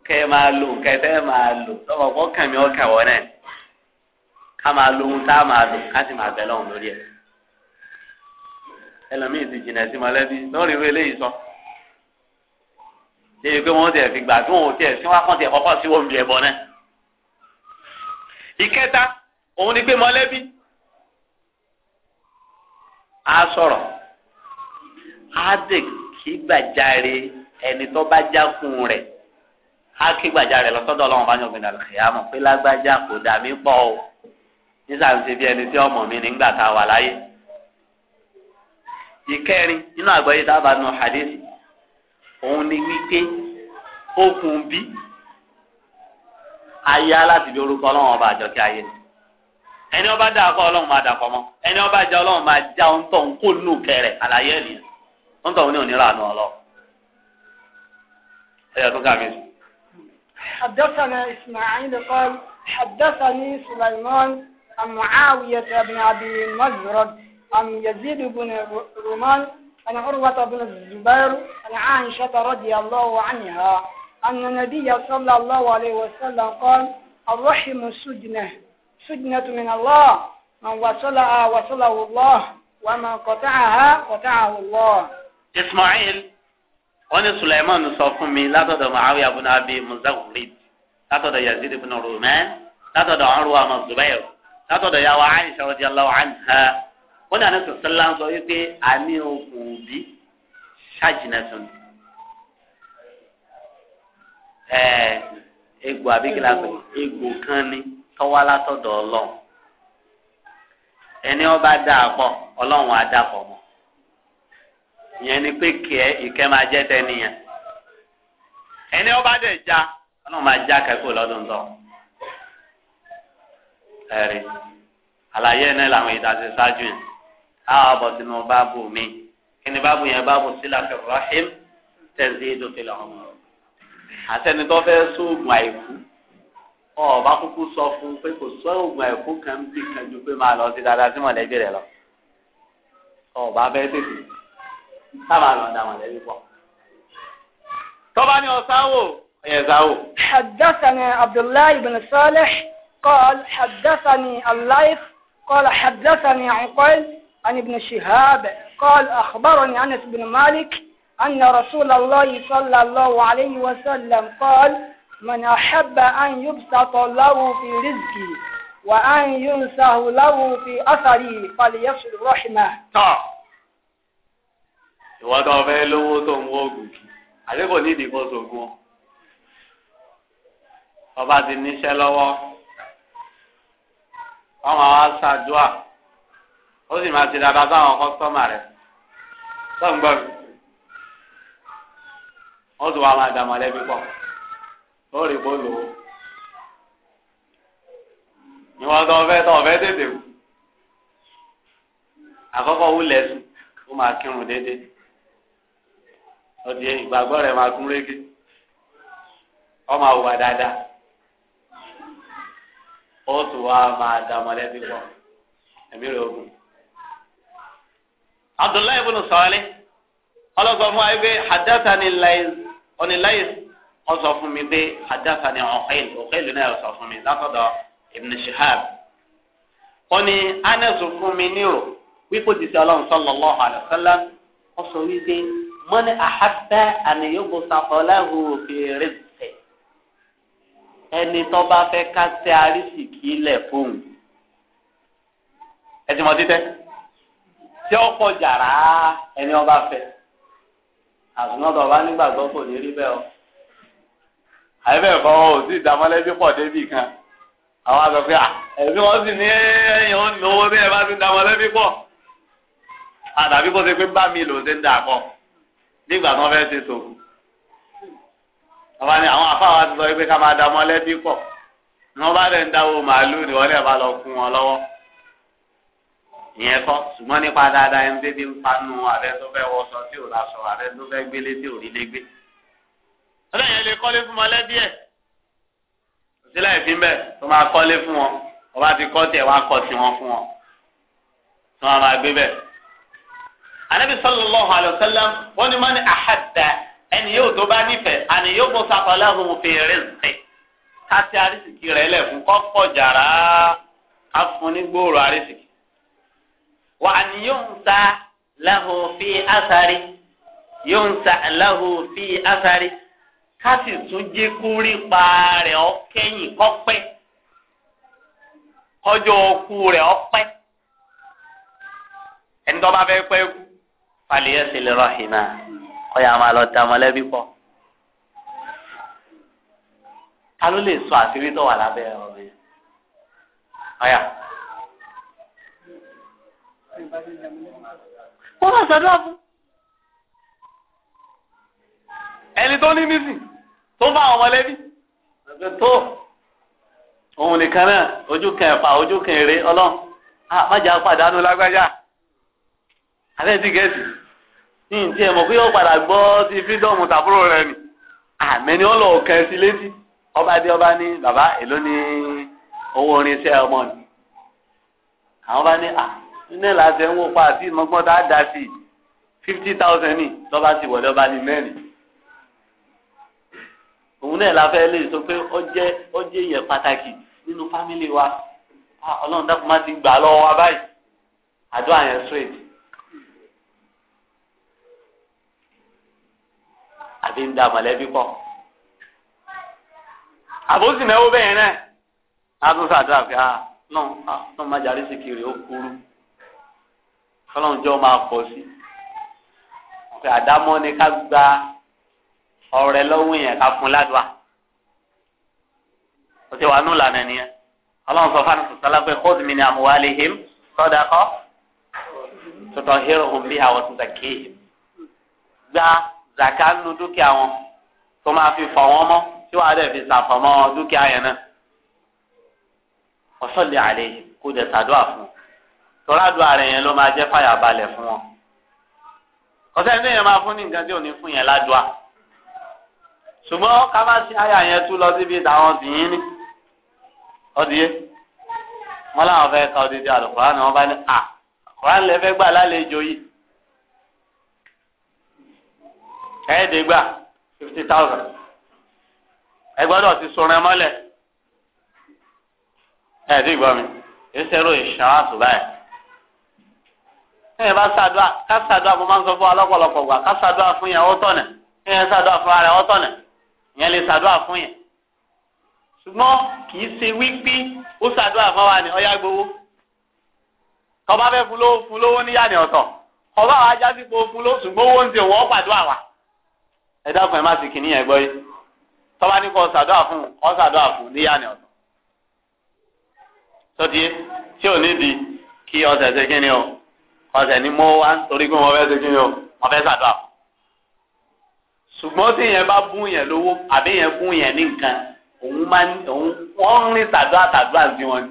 kẹ́ ẹ máa lò kẹtẹ́ ẹ máa lò lọ́wọ́ kọ́ kàn mí wọ́n náà ká máa lo ohun tá a máa lò ká sì máa bẹ̀ lọ́hùn lórí ẹ̀ ẹlòmíì ti jìnnà sí mọ̀lẹ́bí lórí ìwé eléyìí sọ ṣe pé wọ́n tẹ̀ fi gbà tó wọn tẹ̀ sí wọn kàn tẹ̀ kọ́kọ́ sí wọn bí ẹ̀bọ náà. ìkẹta òun ni pé mọ̀lẹ́bí á sọ̀rọ̀ á dè kí gbàjáre ẹni tó bá jákun rẹ̀ á kí gbàjáre lọ́sọ́dọ̀ ọlọ́run bá yọ̀gbìn àlùkò yà mọ̀ pé lágbájá kò dà mí pọ̀ o nísàlùsẹ̀ bí ẹni tí ọmọ mi nígbà tá a wà láyé ìkẹrin nínú àgbáyé tá a bá nu hadith òun ni wípé okùn bí aya láti bí orúkọ ọlọ́run ọba àjọkẹ́ ayé ni ẹni ọba dà kọ́ ọlọ́run máa dà kọ́ mọ́ ẹni ọba jẹ́ ọlọ́run máa já ohun tó ń kó nù kẹrẹ àlàyé ènìyàn ohun tó ń ní òníra nù ọlọ́ ẹ̀yà tó kà mí. حدثنا إسماعيل قال حدثني سليمان عن معاوية بن أبي المزرد عن يزيد بن رومان عن عروة بن الزبير عن عائشة رضي الله عنها أن النبي صلى الله عليه وسلم قال الرحم سجنة سجنة من الله من وصلها وصله الله ومن قطعها قطعه الله إسماعيل wọ́n ní Suleiman sọ fún mi látọ̀dọ̀ Muawiya ibn Abi Muzawrid látọ̀dọ̀ Yazid ibn Ruman látọ̀dọ̀ Urwa ibn Zubair látọ̀dọ̀ yàwó Aisha radiyallahu anha kódà ní la ń sọ wípé àmì okùn òbí ṣáàjìnà Ẹ egbò àbíkílà pé egbò kan ní tọ́wá látọ̀dọ̀ ẹni ọba dá a pọ̀ ọlọ́run á dá a mọ. ìyẹn ni pé máa ẹni ọba já máa já àlàyé làwọn ṣáájú àwọn ọbọ sínú báàbù mi kí ni báàbù yẹn báàbù sílà fẹrẹ rahim tẹsí ìdókè lọhùn àtẹnudọ fẹ sóògùn àìkú ọba kúkú sọ fún pé kò sóògùn àìkú kan bí kan ju pé máa lọ sí dáadáa sí mọ̀lẹ́bí rẹ lọ ọba bẹ tètè sábà lọ da mọ̀lẹ́bí pọ̀ tọ́ba ni ọ̀sán wò sáwò. حدثنا عبد الله بن صالح قال حدثني الليث قال حدثني عقيل عن ابن شهاب قال أخبرني أنس بن مالك أن رسول الله صلى الله عليه وسلم قال من أحب أن يبسط له في رزقه وأن ينسه له في أثري فليصل رحمه ọba ti níṣẹ́ lọ́wọ́ wọ́n máa wá ó sì máa ṣe dáadáa sáwọn kọ́sítọ́mà rẹ̀ tó ń gbọ́ mi ó sì wá máa dà mọ̀lẹ́bí pọ̀ ó rí bó lò ó ìwọ́n tó ọ̀fẹ́ tó ọ̀fẹ́ tètè wù àkọ́kọ́ wúlẹ̀ sùn ó máa kírun déédéé ọdí ìgbàgbọ́ rẹ̀ máa kún rége ọ máa wà dáadáa ó tún wá máa dà mọ́lẹ́bí pọ̀ ẹ̀mí rẹ̀ ogun abdullahi ibn sọ́ọ́lẹ́ ọlọ́gbọ́n fún wa pé hadata ni lais ọ̀ni lais ọ̀sọ̀ fún mi pé hadata ni ọ̀hìn ọ̀hìn náà ọ̀sọ̀ fún mi látọ̀dọ̀ ibn shihab ọ̀ni anẹ́sù fún mi nírò wípé ti sẹ́ ọlọ́run sallallahu alaihi wasallam ọ̀sọ̀ wípé mọ́ni àhábẹ́ àníyógbó sàkọ́láhù fèrè tẹ̀ ẹni tó bá fẹ́ ká tẹ́ arísìkí lẹ̀ fóun ẹ ti mọ títẹ́ tí ó kọ jàrá ẹni ọba fẹ́ àtúntò ọba nígbàgbọ́ kò ní rí bẹ́ẹ̀ o àyẹ̀bẹ̀ fọwọ́ ò sí ìdámọ́lẹ́bí pọ̀ débì kan àwọn àgbẹ̀ pé ẹ̀bí wọ́n sì ní ẹ̀yìn òun lówó bí ẹ bá ti ìdámọ́lẹ́bí pọ̀ àdàbí kó ṣe pé bá mi lò ṣe ń dà pọ̀ nígbà tí wọ́n fẹ́ ṣe sòkù ọba ni àwọn afáwa ti sọ pé ká máa dámọ́lẹ́bí pọ̀ ni wọ́n bá dẹ̀ ń dáwó màálù ni wọ́n lè bá lọ fún wọn lọ́wọ́ ìyẹn kọ́ ṣùgbọ́n nípa dáadáa ẹni bíbí ń panu ààrẹ tó fẹ́ wọṣọ tí ò láṣọ ààrẹ tó fẹ́ gbélé tí ò rí lé gbé. ọlọ́yìn lè kọ́lé fún mọ̀lẹ́bí ẹ̀. òsínlẹ̀ ìfínbẹ̀ tó máa kọ́lé fún wọn ọba ti kọ́ tiẹ̀ wá kọ́ tiwọn fún wọn tí wọ́n máa gbé bẹ́ẹ̀. anabi sallallahu alayhi wa sallam wọ́n ní mọ́ni àhàdà ẹni yóò tó bá nífẹ̀ẹ́ àni yóò kó sàkọlá fún wà ní yóò ń sa lẹ́hùn fi àsáré yóò ń sa lẹ́hùn fi àsáré ká sì tún jẹ́ kó rí pa rẹ̀ ọ́ kẹ́yìn kọ́pẹ́ kọjọ́ ọkú rẹ̀ ọ́pẹ́ ẹni tó bá fẹ́ pẹ́ kú falẹ̀ ẹsẹ̀ lè ta ló lè sọ àṣírí tó wà lábẹ́ ọ̀rọ̀ yẹn ọ̀yà wọ́n bá sàdúrà fún. ẹni tó ní mísìn tó bá àwọn ọmọlẹ́bí tó òun nìkan náà ojú kan ẹ̀fà ojú kan èrè ọlọ́run àmájà pàdánù lágbájá àbẹ́ẹ̀tì gẹ̀ẹ́sì ní ìdí ẹ̀ mọ̀ pé yóò padà gbọ́ ti fídọ́ọ̀mù tàbúrò rẹ̀ nì àmẹ́ni ọlọ́ọ̀kan sí létí ọba dé ọba ní bàbá èló ní owó orin iṣẹ́ ọmọ ni àwọn bá ní à nínú ẹ̀ láti ń wò pa àti ìmọ̀gbọ́n tá a dá sí fifty thousand ní lọ́ba ti wọlé ọba ní mẹ́rin òun náà la fẹ́ lè sọ pé ó jẹ́ ó jẹ́ èèyàn pàtàkì nínú fámìlì wa ọlọ́run dákun má ti gbà lọ́wọ́ wa báyìí àdó àyàn straight àbí ń da mọ̀lẹ́bí pọ̀ àbòsí náà ó bẹ̀yẹn náà á tún sàdúrà pé ah náà ah, náà má jarí sí kiri ó kúrú fọlọ́n jọ máa pọ̀ sí pé àdámọ́ ni ká gba ọrẹ lọ́wọ́ yẹn ká fún ládùá ó ti wà nù lànà nìyẹn ọlọ́run sọ fún àwọn sọ̀tàlá pé kóòtù mi ni amwalihim sadaqa tutahhiruhum biha wa tuzakkihim gba zaka nù dúkìá wọn tó máa fi fọ̀ wọ́n mọ́ tí wàá dẹ̀ fi ṣàfọ̀mọ́ dúkìá yẹn náà wa salli alayhim kó dẹ̀ ṣàdúrà fún un tọ́ládùn ààrẹ yẹn ló máa jẹ́ fàyà balẹ̀ fún wọn kọ́sẹ́ ní yẹn máa fún ní nǹkan tí ò ní fún yẹn ládùá ṣùgbọ́n ká má ṣe àyà yẹn tú lọ síbi ìdáwọn tìyín ní ọdíyé wọn làwọn fẹ́ ka odidi àlùkòrán ni wọn bá ní à kòrán lè fẹ́ gbà lálejò yìí ẹ̀ẹ́dẹ́gbà fifty thousand ẹ gbọ́dọ̀ ti sọ̀rọ̀ ẹ mọ́lẹ̀ ẹ̀ẹ́dẹ́gbà mi ìṣẹ́rò ìṣàn àtúbáyé ẹ̀yẹ bá ṣàdúrà ká ṣàdúrà mo máa ń sọ fún wa lọ́pọ̀lọpọ̀ gbà ká ṣàdúrà fún yẹn ó tọ̀nà ẹ̀yẹ ṣàdúrà fún ara ẹ̀ ó tọ̀nà ìyẹn lè ṣàdúrà fún yẹn. ṣùgbọ́n kì í ṣe wípé ó ṣàdúrà fún wa ní ọ̀yá gbowó kọba fẹ́ fún lówó fún lówó níyà ní ọ̀tọ̀ kọba àwọn ajá sí fún lówó ṣùgbọ́n owó ń ti wọ́n pàdúrà wa. ẹ dákun ẹ má sì kìnìyàn gbọ́ yìí tọ́ba ní kọ́ ṣàdúrà fún ọ ṣàdúrà fún níyà di kí ọ̀sẹ̀ ṣe kí ọ̀sẹ̀ ni mo wá torí pé wọ́n fẹ́ ṣe kí o wọ́n fẹ́ ṣàdúrà fún. ṣùgbọ́n tí yẹn bá bùn yẹn lówó àbí yẹn bùn yẹn ní nǹkan òun máa ń òun wọ́n ń rìn ṣàdúrà ṣàdúrà sí wọn.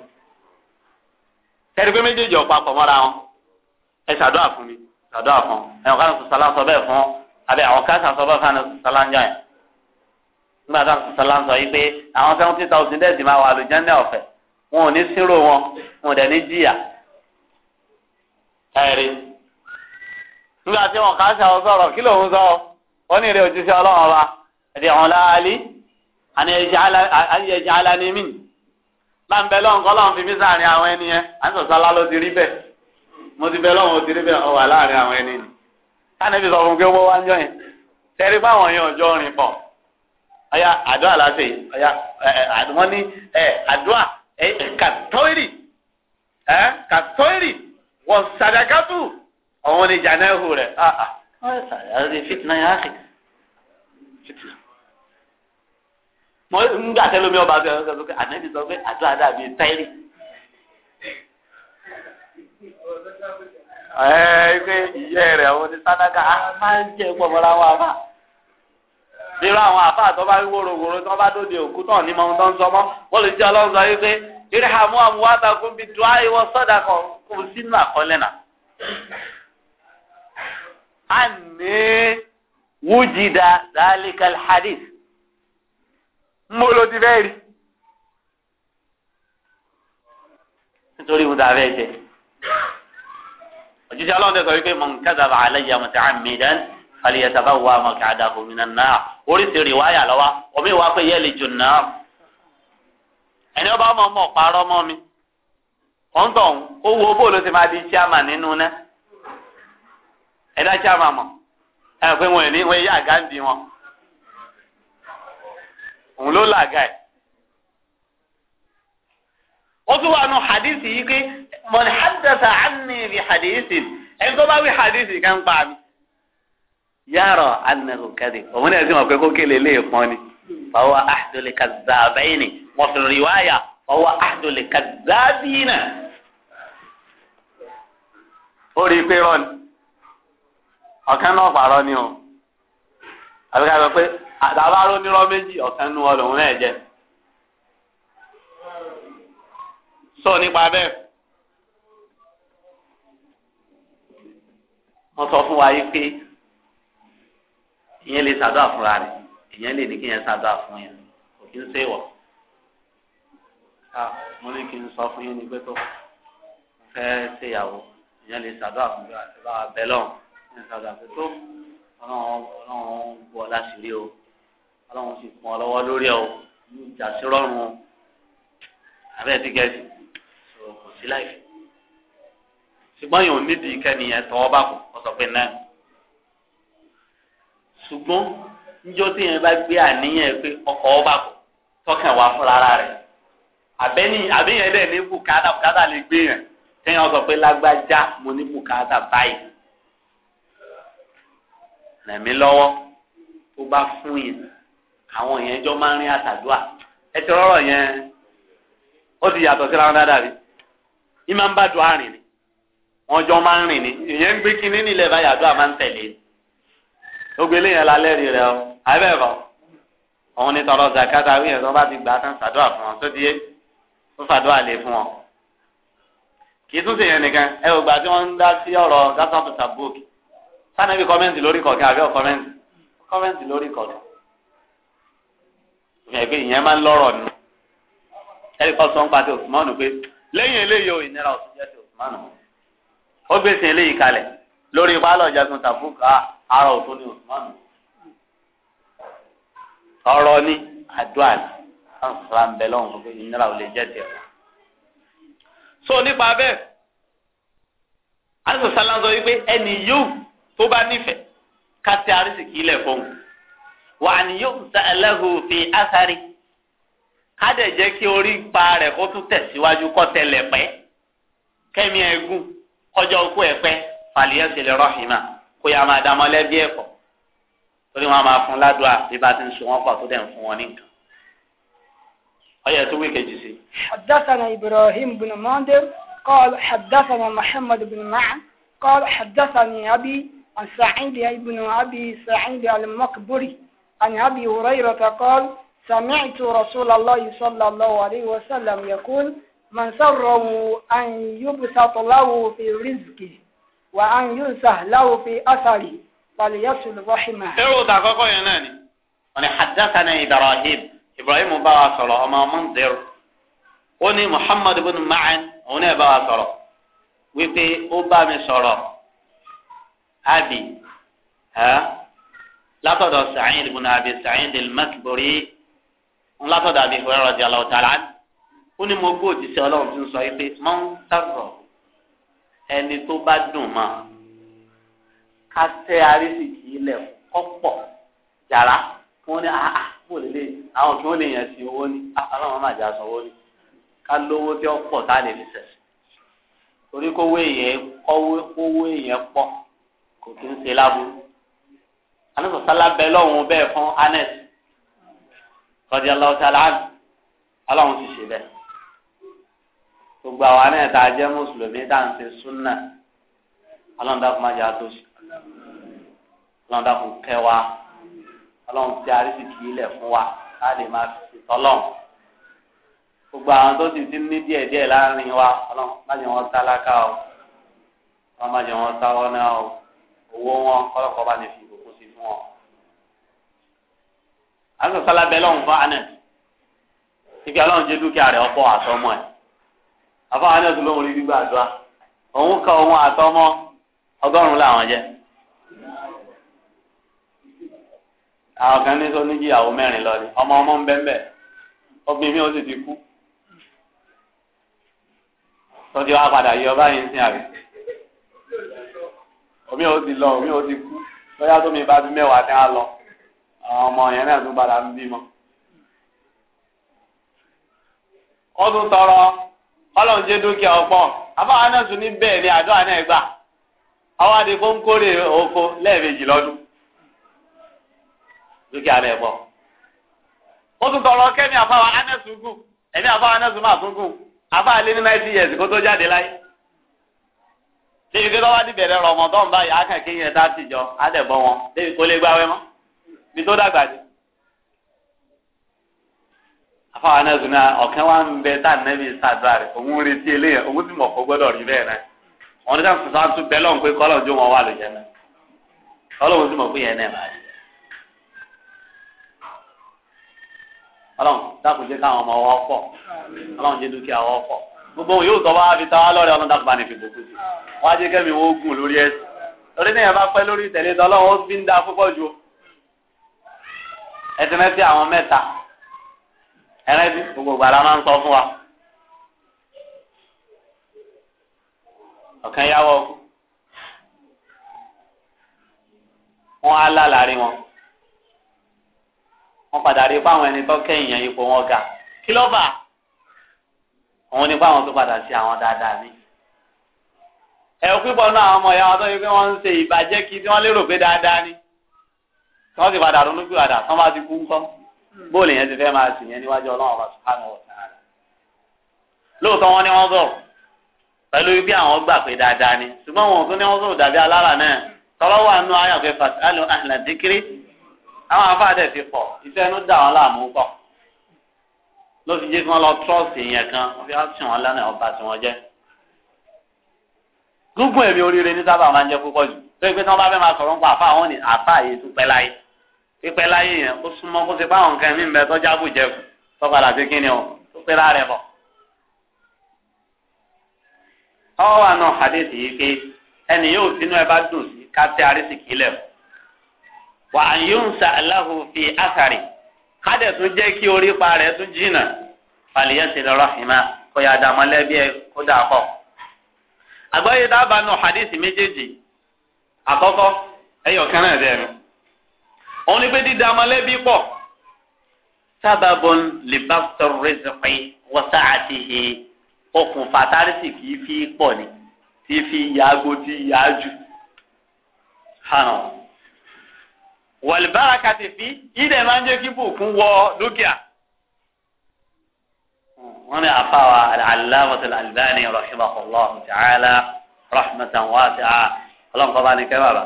sẹ́ni pé méjèèjì ọ̀pá pọ̀ mọ́ra wọn ẹ ṣàdúrà fún mi ṣàdúrà fún ẹ̀wọ̀n kan sọ sálá sọ bẹ́ẹ̀ fún àbí àwọn kan sọ bẹ́ẹ̀ fún sálá ń jà yẹn. nígbà tá sọlá ń sọ yìí pé àwọn seventy thousand dẹ́ẹ̀dì máa wà lójẹ́ ní ọ̀fẹ́ wọn ò ní sírò wọn wọn ò dẹ̀ ní jìyà ẹ̀rí nígbà tí wọn kà sí àwọn sọ̀rọ̀ kí lòun sọ wọn ní ìrẹ òjíṣẹ́ Ọlọ́run ọba ẹdí ọhún láàlí àni ẹjẹ alani mí lọ́hùn kọ́ lọ́hùn fi mí sáàrin àwọn ẹni yẹn àti sọ̀tọ̀ aláló ti rí bẹ́ẹ̀ mo ti bẹ lọ́hùn ó ti rí bẹ́ẹ̀ ọ wà láàrin àwọn ẹni ni káni fi sọ fún pé owó wá ń jọ yẹn tẹ́rí yẹn ọjọ́ rìn pọ̀ àdúrà láti àdúrà wọ́n sàdákàtù ọ̀hún ni jàǹdàhù rẹ̀ àà ah, ah. ọ̀rẹ́ fitna yà á kì fitna. nígbà tẹ́lẹ̀ mi ọba bẹ̀rẹ̀ ọ̀gá sókè ànábì sọ pé àdó àdá mi tẹ́lẹ̀. ẹ pé ìyẹ́ rẹ̀ ọ̀hún ni sàdákà á máa ń jẹ́ pọ̀ mọ́ra wọn àbá nírú àwọn àfa àtọ́ bá wí wóróworó tí wọ́n bá dóde òkú tán ní mọ́tò ń sọmọ́ wọ́n lè jẹ́ ọlọ́run sọ wípé irhamu amwatakum bi du'a wa sadaqa kò sínú àkọlẹ́ náà. a ní wújìdá dálíkàl hadith mbolo ti bẹ́ẹ̀ rí nítorí mo dàbẹ́ jẹ òjijì aláwọ̀ dẹ́sọ̀ wípé man kadhaba alayya muta'ammidan falyatabawwa maq'adahu minan nar oríṣiríṣi wáyà lọ́wọ́ omi wá pé yẹ́lì jù ẹni ọba ọmọ mọ̀ mi wọ́n tọ̀ ń ó wo bóòlù ti máa di chairman nínú chairman mọ̀ ẹ̀ pé wọ́n ní wọ́n yá àga ń wọn òun ló làgà ó tún wà nù hadith yìí pé hadith ẹni tó bá wí hadith kan pa mi yàrá òun náà sì mọ̀ pé kó kéle وفي الرواية فهو أحد الكذابين ó rí i pé rọ ni ọ̀kan náà fàárọ̀ ni o àbíká sọ pé àtàbárò nírọ̀ wọ́n sọ fún wa yìí pé ìyẹn lè rẹ̀ ìyẹn lè ní kí yẹn yẹn kò kí ń ṣe wọ̀. a ah, mo ní kí n sọ fún yín ní pẹ́tọ́ fẹ́ ṣèyàwó ìyẹn lè ṣàdó àfúnjọ àti báwa bẹ́ẹ̀ lọ́n ní ṣàdó àfúnjọ ọlọ́run bu ọ láṣìírí o ọlọ́run sì kún ọ lọ́wọ́ lórí ọ ní ìjà sí rọrùn o abẹ́ ti gẹ̀ẹ́sì so kò sí láìpẹ́ ṣùgbọ́n yóò nídìí kẹ́niyẹn tọ́wọ́ bá kù ọ̀sọ̀ pé náà ṣùgbọ́n níjọ́ tí yẹn bá gbé àníyàn pé ọkọ̀ ọba kù tọkàn wá fúnra rẹ̀ àbẹ́ni àbíyẹn dẹ̀ ní bùkátà bùkátà lè gbé yẹn kéèyàn sọ pé lágbájá mo ní bùkátà báyìí nàmí lọ́wọ́ tó bá fún yẹn àwọn yẹn jọ máa ń rin àtàdúà ẹ ti rọ́rọ̀ yẹn ó ti yàtọ̀ síra wọn dáadáa rí ní máa ń bá dùn àrìn ni wọn jọ máa ń rìn ni ìyẹn ń gbé kinní nílẹ̀ báyìí àdúrà máa ń tẹ̀lé gbogbo eléyàn lálẹ́ rí rẹ ọ àbẹ̀bọ̀ òun ni tọrọ zakata wíyẹn tó bá ti gbà tán ṣàdúrà fún ọ tó ti yé. ó fàdúrà lé fún wọn. kì í tún ṣèyàn nìkan ẹ ò gbà tí wọ́n ń dá sí ọ̀rọ̀ gásàtò tàbóòkì sànẹ́bí kọ́mẹ́ǹtì lórí kọ̀ọ̀kan àbí ọ̀kọ́mẹ́ǹtì kọ́mẹ́ǹtì lórí kọ̀ọ̀kan. ìyẹn ìyẹn máa ń lọ́rọ̀ ni ẹ̀rí kọ́ sọ ń pàtẹ pé lẹ́yìn eléyìí ò ìnira òsùn jẹ́ ti òsùmánù ó gbèsè eléyìí kalẹ̀ lórí pálọ̀ jagun tàbúkà ah, ara òtún ni òsùmánù ni àdúrà ni. àfúrà ń bẹ lọ́hùn pé ìnira ò lè jẹ́ tiẹ̀. so nípa bẹ́ẹ̀ aláṣọ sálá sọ wípé ẹnì yóò tó bá nífẹ̀ẹ́ ká tẹ àrísìkì ilẹ̀ fún un wà ní yóò sa ẹlẹ́hùn fi ásárì ká dẹ̀ jẹ́ kí orí pa rẹ̀ kó tún tẹ̀síwájú kọ́ tẹlẹ̀ pẹ́ kẹ́mi ẹ̀gún kọjọ́ okú ẹ̀pẹ́ fàlíyẹ́ sílẹ̀ rọ́ọ̀hìnmá kó yà máa dá mọ́lẹ́bí ẹ̀kọ́ torí wọn máa fún ládùá bí bá ti ń so wọn pọ̀ tó dẹ̀ ń fún wọn nìkan. أي أتوي كجسي حدثنا إبراهيم بن ماندر قال حدثنا محمد بن معن قال حدثني أبي عن سعيد بن أبي سعيد المقبري عن أبي هريرة قال سمعت رسول الله صلى الله عليه وسلم يقول من سره أن يبسط له في رزقه وأن ينسه له في أثره فليصل رحمه. اعود أقوى يا ناني. أنا يعني حدثنا إبراهيم ibrahim bá wa sọ̀rọ̀ ọmọ mọ́ndẹ́rù ó ní muhammad bin ma'an òun náà bá wa sọ̀rọ̀ wípé ó bá mi sọ̀rọ̀ abi látọ̀dọ̀ sa'id bin abi sa'id al-makburi látọ̀dọ̀ abi hurairah radiyallahu ta'ala ó ní mo gbọ́ òjíṣẹ́ ọlọ́run tí ń sọ wípé mọ́ndẹ́rù ẹni tó bá dùn mọ́ kásẹ̀ arísìkì ilẹ̀ kọ́pọ̀ yàrá wọn ní àhà kó lè àwọn kí wọ́n lè yàn sí owó ní aláwọ̀ ah, máa jà sọ owó ní ká lówó tí ó pọ̀ tá a lè fi sẹ̀sẹ̀ torí kówó èèyàn kówó èèyàn pọ̀ kò kí ń ṣe láburú anúfọ̀sálá bẹ lọ́hùn bẹ́ẹ̀ fún Anas rọ́dí aláwọ̀sálá aláwọ̀ ti ṣe bẹ́ẹ̀ gbogbo àwọn Anas tá a jẹ́ mùsùlùmí tá ń ṣe súnà aláwọ̀ dákun má jà tó sí aláwọ̀ dákun kẹwàá ọlọ́run ti àrísìkì ilẹ̀ fún wa ká lè máa fi tọ́lọ́run gbogbo àwọn tó ti ní díẹ̀ láàrin wa ọlọ́run má jẹ́ wọn tálákà o wọn má jẹ́ wọn táwọ́ náà o owó wọn kọ́lọ́kọ́ bá lè fi ìbùkún sí fún wọn. àtúntò sálábẹ́ lọ́hùn fún anẹ́ ibi ọlọ́run jẹ́ dúkìá rẹ̀ ọ̀pọ̀ àtọmọ ẹ̀ àfọ anẹ́ tó rí gbígbà àdúrà òun kọ òun àtọmọ ọgọ́rùn-ún làwọn jẹ́ àwọn kan ní sọ níjìyàwó mẹ́rin lọ ni ọmọ ọmọ ń bẹ́ẹ̀ bẹ́ẹ̀ mi ò sì ti kú tọ́jú wa padà yọ báyìí ń sìn àrè omi ò ti lọ omi ò ti kú lọ́yà tó mi bá bí mẹ́wàá tí wọ́n lọ àwọn ọmọ yẹn náà tún padà ń bímọ. wọ́n tún tọrọ ọlọ́run jẹ́ dúkìá ọ̀pọ̀ àbáwọn náà tún ní bẹ́ẹ̀ ni àdúrà náà gbà àwọn àdìgbò ń kórè oko lẹ́ẹ̀mejì lọ́dún. dúkìá rẹ̀ pọ̀. ó tún tọrọ kẹ́mi àfáwà anẹ́sùn gùn ẹ̀mí àfáwà anẹ́sùn máa tún gùn àfáà lé ní kó tó jáde láyé. débi kí ti bẹ̀rẹ̀ rọ̀mọ̀dọ́n báyìí akẹ́kẹ́ yẹn dá tìjọ wọn kó lè mọ́ tó dàgbà àfáwà anẹ́sùn náà ọ̀kẹ́ wa ń bẹ tá sàdúrà rẹ̀ òun retí òun sì mọ̀ gbọ́dọ̀ rí ọlọ́run dákun jẹ́ káwọn ọmọ ọwọ́ pọ̀ ọlọ́run jẹ́ dúkìá ọwọ́ pọ̀ gbogbo òun yóò tọ́ wá fi tawá lọ́rẹ̀ ọlọ́run dákun bá ní fi gbogbo sí wọ́n á jẹ́ kẹ́mi wọ́n gùn lórí ẹ̀sìn torí náà yẹn bá pẹ́ lórí ìtẹ̀lé tọ́ ọlọ́run ó fi ń da púpọ̀ ju ẹtẹmẹtẹ àwọn mẹ́ta ẹrẹ́bí gbogbo gbàrà máa ń sọ fún wa ọ̀kan yáwọ́ wọn á lá láàrin wọn wọ́n padà rí fáwọn ẹni tó kẹ́yìn yẹn ipò wọn ga kí ló bà òun ni fáwọn tó padà sí àwọn dáadáa ní. ẹ pípọ̀ náà àwọn ọmọ ìyá wọn tó yẹ pé wọ́n ń ṣe ìbàjẹ́ kí tí wọ́n lérò pé dáadáa ní. tí wọ́n sì padà ronú pé padà tí wọ́n bá ti kú ńkọ́ bóòlù yẹn ti fẹ́ máa sì yẹn níwájú ọlọ́run ọba subhanahu wa ta'ala. lóòótọ́ wọn ni wọ́n sọ̀rọ̀ pẹ̀lú bí àwọn gbà pé dáadáa ní ṣùgbọ́n wọn ò tún ní wọ́n sọ̀rọ̀ dàbí alára náà tọ́lọ́wọ́ àánú ayọ̀ pé àwọn afáàdẹ ti pọ̀ iṣẹ́ inú dà wọn láàmú pọ̀ ló fi jẹ́ kí wọ́n lọ trọ́ọ̀sì yẹn kan wọ́n fi hàn wọ́n lánàá ọba tí wọ́n jẹ́. gúngun èmi oríire ní sábà máa ń jẹ́ púpọ̀ jù lórí pé tí wọ́n bá fẹ́ máa sọ̀rọ̀ nípa àfa àwọn ní àfa yìí tún pẹ́ láyé pípẹ́ láyé yẹn ó súnmọ́ kó ṣe báwọn nǹkan mí bẹ tọ́jà jẹ kù tọ́padà sí kí ni o tó pẹ́ láàrẹ̀ bọ̀. ọwọ́ àna hadith yìí pé ẹnì yóò wà á yóò sa aláhu fi àkàrí kádẹ tún jẹ kí orí pa rẹ tún jìnnà fàlìyẹ ti lọrọ fìmà kó yà dá mọ̀lẹ́bí ẹ kó dà pọ̀. àgbáyé dábàá nù hadith méjèèjì àkọ́kọ́ ẹyọ kẹrin ẹdẹ nu òun ni pé dídá mọ̀lẹ́bí pọ̀ sábàbọn lè bá tọrọ rẹ zọpẹ wọsà àti fi pọ̀ ni tí fi yàgò tí yàá jù wàlìbáraka ti fi ilẹ̀ máa ń jẹ́ kí bùkún wọ dúkìá. wọ́n ní àfàwà aláwọ̀tò Albani rahimahullahu ta'ala rahmatan wasi'a ọlọ́nkọ́ bá ní kẹ́ bàbá.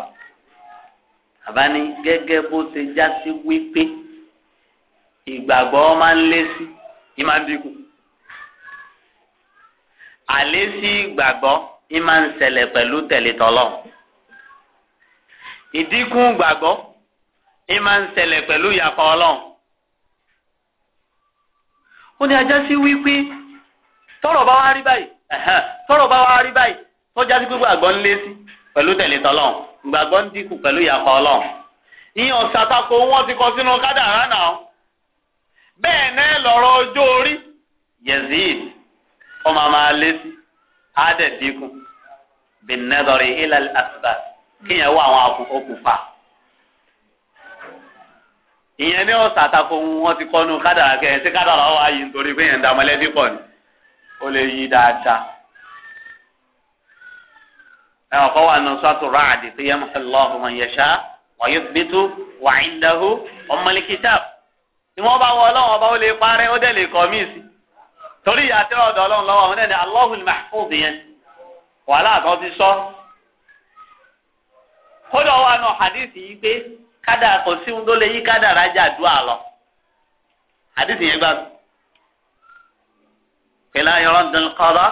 bàbá ní gẹ́gẹ́ bó ṣe já sí wípé ìgbàgbọ́ máa ń lé sí i máa ń dínkù. àlé sí ìgbàgbọ́ i máa ń ṣẹlẹ̀ pẹ̀lú tẹ̀lé tọ́lọ́. ìdínkù gbàgbọ́. Ị ma ń ṣẹlẹ̀ pẹ̀lú ó ní ajá sí wípé tọ́rọ̀ bá wá rí báyìí tọ́rọ̀ bá wá rí báyìí tọ́já sí gbogbo àgbọ̀n lé sí pẹ̀lú tẹ̀lé tọ́lọ́run ìgbàgbọ́ ń dínkù pẹ̀lú ìyàpọ̀ ọlọ́run. ìyàn ṣàtakò wọn ti kọ sínú kádàrá náà náà orí yezid ọmọ máa lé sí ìyẹn ní ọ̀sà àtakò wọn ti kọ́nu kádàrà kẹyìn sí kádàrà ọ̀hún ayé nítorí pé yẹn ń da mọ́lẹ́bí pọ̀ ni ó lè yí dáadáa. ẹ ọ̀kọ́ wà nù sọ́tù ráàdì tó yẹ mọ́sálọ́ọ̀hún man yasha wa yuthbitu wa indahu ummul kitab. ni wọ́n bá wọ ọlọ́run ọba ó lè parẹ́ ó dẹ̀ lè kọ́ mí sí. torí ìyàtọ̀ ọ̀dọ̀ ọlọ́run lọ́wọ́ àwọn ẹni Allahul kádà kò sí ohun tó lè yí kádà rájà dùn àlọ àdìsí yẹn gbàgbọ́ kìlá yọrọ dùn kọdọ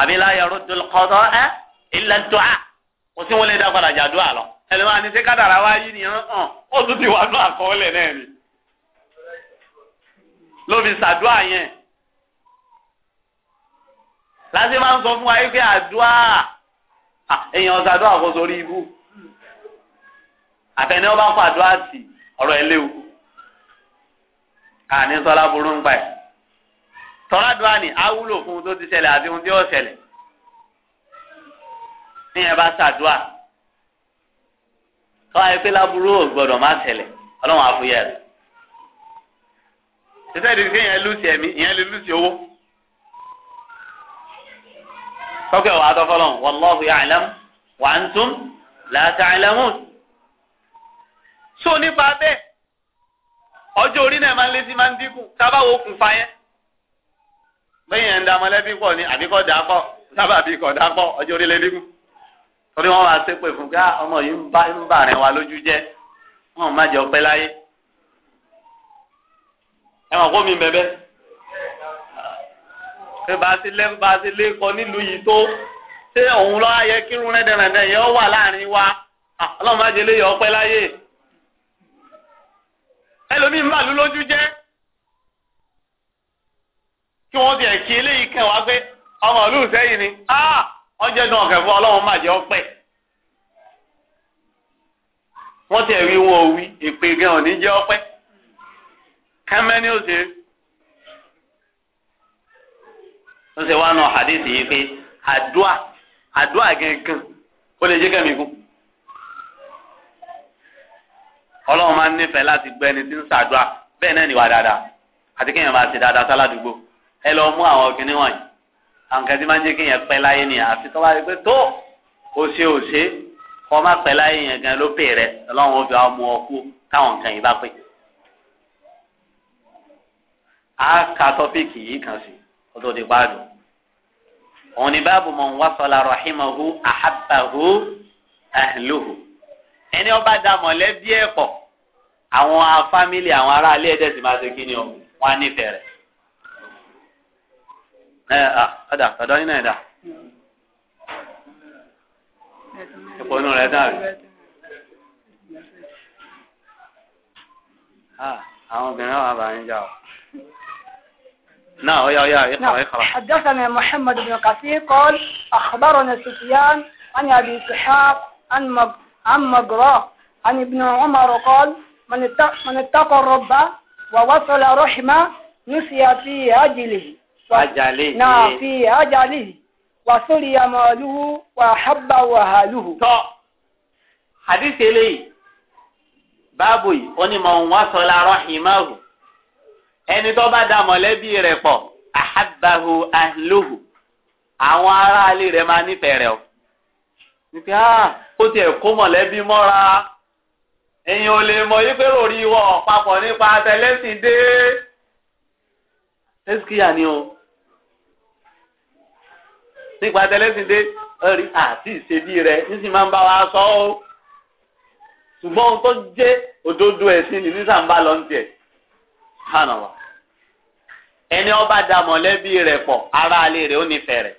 àbí lá yọrọ dùn kọdọ ẹ ilẹ̀ dùà kò sí ohun lè dá padà jà dùn àlọ ẹlẹ́wọ̀n àti ṣé kádà rà wáyé nìyẹn hàn ó tún ti wà ní àkọọ́lẹ̀ náà ni lóbi ṣàdúà yẹn láti máa ń sọ fún wa yìí pé àdúà èèyàn ṣàdúà kò sórí ibú àtẹni ọba ń fàdúrà sí ọ̀rọ̀ ẹ léwu àní sọlá burú ń gbà ẹ tọ́ládùá ni á wúlò fún un tó ti ṣẹlẹ̀ àti ohun tí yóò ṣẹlẹ̀ níyẹn bá ṣàdúrà tọ́ ayé pé láburú ò gbọ́dọ̀ má ṣẹlẹ̀ ọlọ́run àfúyẹ́ rẹ̀ tẹ́tẹ́ ìdí sí ìyẹn lùsì ẹ̀mí ìyẹn lè lùsì owó tọ́kẹ́ wàá tọ́ fọlọ́n wallahu ya'lam wa antum la ta'lamun. so nípa bẹ́ẹ̀ ọjọ́ orí náà máa ń lé sí máa ń dínkù sábà wo kùn fa yẹn bẹ́ẹ̀ yẹn ń da mọ́lẹ́bí pọ̀ ní àbíkọ́ dà pọ̀ sábà bí pọ̀ ọjọ́ orí dínkù torí fún pé ah, ọmọ yìí ń bá ń bà rẹ lójú wọn má jẹ ọpẹ́ láyé ẹ mọ̀ mi bẹ̀bẹ̀ pé bá a ti bá a ti lé kọ nílùú yìí tó ṣé òun lọ́ọ́ kírun wà láàrin wa ah, ọlọ́run má jẹ ẹlòmíín bá lu lójú jẹ́ kí wọ́n ti ẹ̀kí eléyìí kẹwàá pé ọmọ ìlú sẹ́yìn ni ah! wọ́n jẹ́ dùn fún ọlọ́run má jẹ́ ọpẹ́ wọ́n ti ẹ̀rí wọn ò èpè gan ò ní jẹ́ ọpẹ́ kẹ́mẹ́ni ó ṣe ó ṣe wá nù hadith yìí pé àdúà àdúà gangan ó lè jẹ́ kẹ́mi kún ọlọ́run máa ń nífẹ̀ẹ́ láti gbọ́ ẹni tí ń ṣàdúrà bẹ́ẹ̀ náà níwà dáadáa àti kéèyàn máa ṣe dáadáa sáládùúgbò ẹ lọ mú àwọn kinní wọ̀nyí àwọn kẹtí máa ń jẹ́ kéèyàn pẹ́ láyé ni àfi tó bá rí pé tó o ṣe o ṣe kọ́ má pẹ́ láyé yẹn gan ló pè rẹ ọlọ́run ó fi wá mú ọ kú káwọn nǹkan yìí bá pè. a ka tọ́píìkì yìí kan sí ọdún òde gbádùn òun ni báàbù mọ̀ ń wá sọ́la ẹni ọba da mọ̀lẹ́bí ẹ̀ pọ̀ àwọn afámílì àwọn ará ilé ẹ̀dẹ̀ máa ṣe kí ni o wọn á nífẹ̀ẹ́ rẹ̀. ọ̀dà ọ̀dọ́ yín náà ẹ̀dà inú rẹ̀ dàrú. àwọn obìnrin wà bá yín jà o. نعم يا يا اقرا اقرا حدثنا محمد بن كثير قال اخبرنا سفيان عن ابي اسحاق عن عن مجراه عن ابن عمر قال من اتقى الرب ووصل رحمه نسي في أجله أجله نعم في أجله وسري ماله وحب وهاله حديث إليه báàbò yìí ó ní mọ wọn sọlá rahimahu ẹni tó bá da mọ̀lẹ́bí rẹ̀ pọ̀ ahabahu ahluhu àwọn aráalé rẹ̀ máa nífẹ̀ẹ́ rẹ̀ o wípé ah ó tiẹ̀ kó mọ̀lẹ́bí mọ́ra ẹ̀yin ò lè mọ yí pé ròrí wọ̀ papọ̀ nípa tẹlẹ́sìn dé tẹ́síkìyà ni o nípa tẹlẹ́sìn dé ẹ̀rí àti ìṣèbí rẹ̀ níṣì máa ń bá wa sọ ọ́ ṣùgbọ́n ohun tó jẹ́ òdodo ẹ̀sìn ní sísàmbá lọ ń tiẹ̀ hànàwà ẹni ọba da mọ̀lẹ́bí rẹ̀ pọ̀ ara alẹ́ rẹ̀ ó ní fẹ̀rẹ̀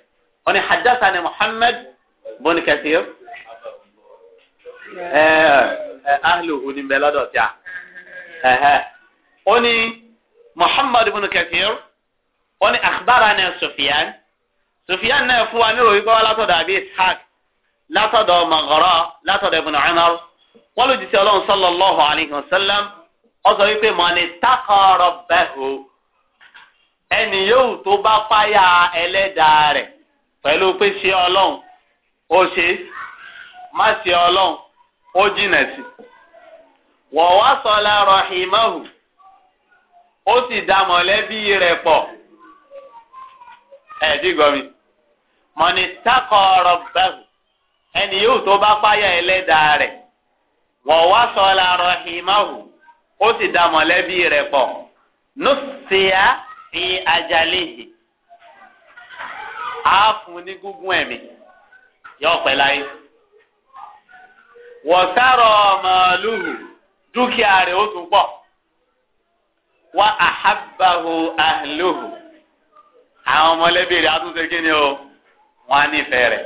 ó ní hadassah ni Muhammad bóni kẹsì yó ahlu onímbẹ lọ́dọ̀ tí a ó ní muhammadu bóni kẹsì yó ó ní akhbarana ní sufiyan sufiyan náà fún wa ní òwe gbọ́wọ́ látọ̀dọ̀ àbí ishaq látọ̀dọ̀ maghara látọ̀dọ̀ ibn umar wọ́n ló jìṣẹ́ ọlọ́run sallallahu alayhi wa sallam ó sọ wípé mọ̀ni takọ̀rọ̀ bẹ́hù ẹnì yóò tó bá fáyà ẹlẹ́dàá rẹ̀ pẹ̀lú pé ṣé ọlọ́run. ose ma si ọlọm o ji na si wọ wasọla o si da rẹ pọ ẹ bi gomi mọ ni ta kọrọ gbahu ẹ ni ba kwaya ịlẹ da rẹ wọ wasọla rọhimahu o si da mọlẹbi rẹ pọ n'osea si adzalị hị a ni gungun emi. yóò pẹ́ láyé wọ̀sárọ̀ màálùú dúkìá rẹ̀ ó tún pọ̀ wá àhábàhù àhlùhù àwọn ọmọlẹ́bí rẹ̀ àtúnṣe kí ni o wọ́n á nífẹ̀ẹ́ rẹ̀.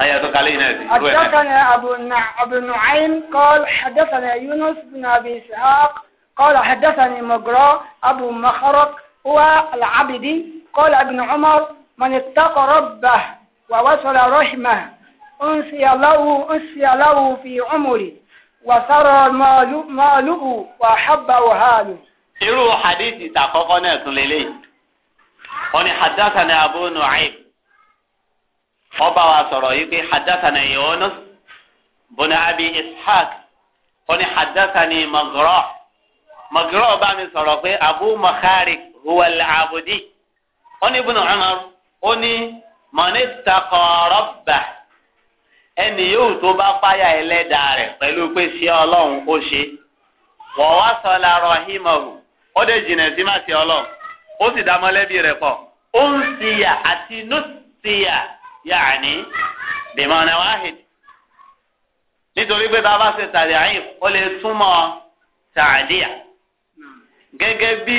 حدثنا أبو أبو نعيم قال حدثنا يونس بن أبي إسحاق قال حدثني مجرى أبو مخرق هو العبدي قال ابن عمر من اتقى ربه ووصل رحمه أنسي الله أنسي الله في عمره وسرى ماله وحبه حاله irú hadithi ta kọ́kọ́ náà tún lélẹ̀ ọ̀ni hadathana abu nu'aym ọba wa sọ̀rọ̀ yìí pé hadathana yunus bùnà abi ishaq ọ̀ni hadathani magrọ magrọ bá mi sọ̀rọ̀ pé abu makhari huwa al-abudi ọ̀ni ibùnà umar ọ̀ni. mọ̀ní takọ̀ rọ́bà ẹni yóò tó bá páyà ẹlẹ́dàá rẹ̀ pẹ̀lú pé ṣé ọlọ́run ó ṣe wọ́n wá sọ̀la rahimahu ó dé jìnnà sí màsí ọlọ́run ó sì dá mọ́lẹ́bí rẹ̀ pọ̀ ó ń ṣìyà àti nùṣìyà yàní bìmọ̀nà wáhìd nítorí pé bàbá ṣe tàdí àyìn ó lè túmọ̀ tàdíà gẹ́gẹ́ bí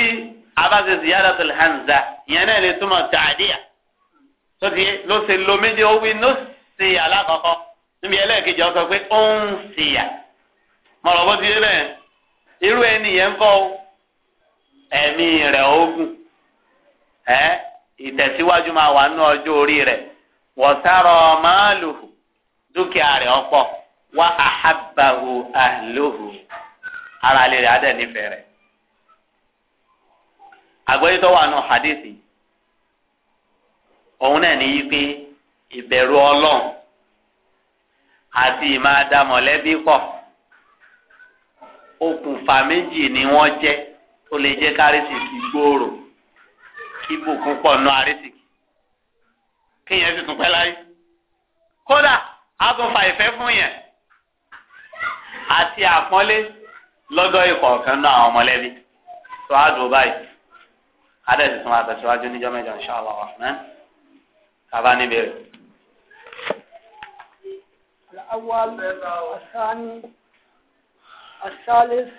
abáṣe ziyadatul hanza ìyẹn tó ti ló ṣe lo méjì ó alákọ̀ọ́kọ́ níbi ẹlẹ́ẹ̀kejì ó sọ pé ó ń ṣìyà mọ̀rọ̀ ti bẹ́ẹ̀ irú ẹni yẹn ń ẹ̀mí rẹ̀ ogun ẹ̀ ìtẹ̀síwájú máa wà nínú ọjọ́ orí rẹ̀ wọ̀sárọ̀ máàlù dúkìá rẹ̀ ọ̀pọ̀ wá àlòhù ara lè nífẹ̀ẹ́ rẹ̀ wà nù hadithi òun náà ní yí pé ìbẹ̀rù ọlọ́run àti ìmáadá mọ̀lẹ́bí pọ̀ okùnfà méjì ni wọ́n jẹ́ tó lè jẹ́ kárísìkì gbòòrò kí bùkún pọ̀ nù àrísìkì kéèyàn sì tún pẹ́ láyé kódà á ìfẹ́ fún yẹn àti àpọ́nlé lọ́dọ̀ ìkọ̀ọ̀kan náà àwọn mọ̀lẹ́bí tó á dùn báyìí adẹ́sìtún àtẹ̀síwájú níjọ́ mẹ́jọ اواني بير الاول الثاني الثالث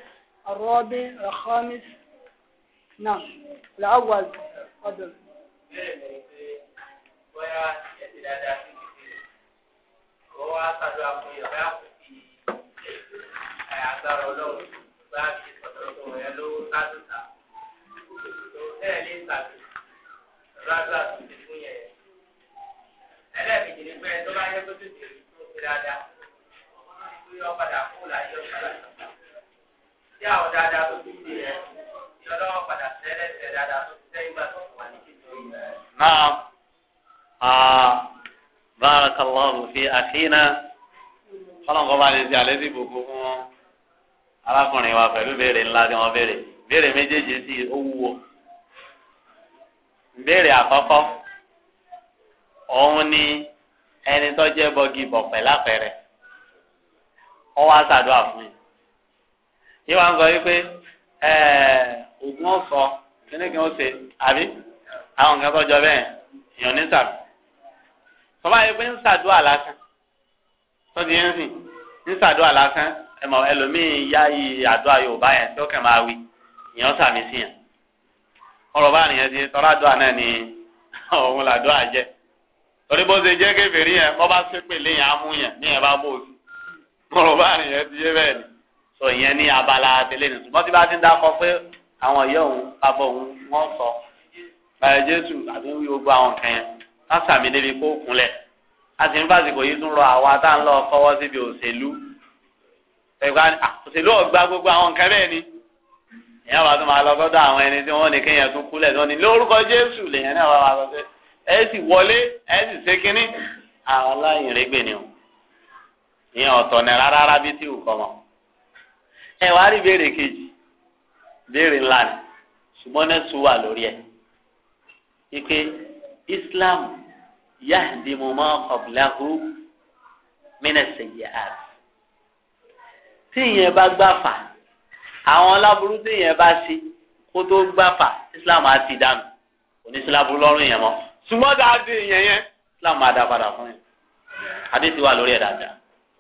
الرابع الخامس نعم الاول ẹlẹ́ẹ̀kejì ni pé tó bá yẹ kó tètè rí tó ṣe dáadáa tó yọ padà kó láyé ọ padà tí àwọn dáadáa tó ti ṣe yẹ tí ọlọ́wọ́ padà tẹ́lẹ̀ tẹ́ dáadáa tó ti sẹ́yìn gbà tó wà ní kíkiri. Naam, ah, barakallahu fi akhina kọ́lọ́nkọ́ bá lè ṣe àlẹ́ sí gbogbo fún arákùnrin wa pẹ̀lú béèrè ńlá tí wọ́n béèrè béèrè méjèèjì sí owó béèrè òun ni ẹni tó jẹ́ bọ́gì bọ̀pẹ̀ lápẹ̀rẹ̀ ọ wá sàdúrà fún yìí yíwá ń sọ wípé ògùn ọ̀sọ́ kíníkìn ó ṣe àbí àwọn nǹkan tó jọ bẹ́ẹ̀ èèyàn ní sàmì tọ́ba yìí pé ń sàdúrà lásán tó ti ń sìn ń sàdúrà lásán ẹmọ ẹlòmíì yá yí àdúrà yorùbá yẹn tó kẹ máa wí ìyẹn sàmì sí yẹn ọ̀rọ̀ bá nìyẹn ti tọ́lá náà ni òun làdúrà jẹ torí bó ṣe jẹ́ kèfèrí yẹn bọ́ bá ṣépè léyìn amú yẹn ní ẹ̀ bá bó sí mọ̀rọ̀ bá rìn yẹn ti yé bẹ́ẹ̀ ni sọ ìyẹn ní abala tẹ́lẹ̀ ní ṣùgbọ́n tí bá ti ń dákọ pé àwọn ìyá òun bàbá òun wọ́n sọ báyìí jésù àti wí gbogbo àwọn kan yẹn lásàmì níbi kó kúnlẹ̀ a sì ń fàsìkò yìí tún rọ àwa tá ń lọ kọ́wọ́ síbi òṣèlú òṣèlú ọ̀gbá gbogbo àwọn nǹkan bẹ́ẹ̀ ni ìyá wa tún máa lọ sọ́dọ̀ àwọn ẹni tí wọ́n ẹ sì wọlé ẹ sì ṣe kínní àwọn aláìrègbè ni o ìyẹn ọ̀tọ̀ ní rárá rárá bí tí ò kọ́ mọ́ ẹ wá rí béèrè kejì béèrè ńlá ni ṣùgbọ́n náà sùn wà lórí ẹ̀ ike Islam yahdimu ma qablahu mina sayyi'at tí ìyẹn bá gbà àwọn láburú tí ìyẹn bá ṣe kó tó gbà Islam á ti dànù onísìláburú lọ́rùn yẹn mọ́ ṣùgbọ́n dáadé yẹn yẹn láwọn máa dá padà fún yẹn adé ti wà lórí ẹ̀ dáadáa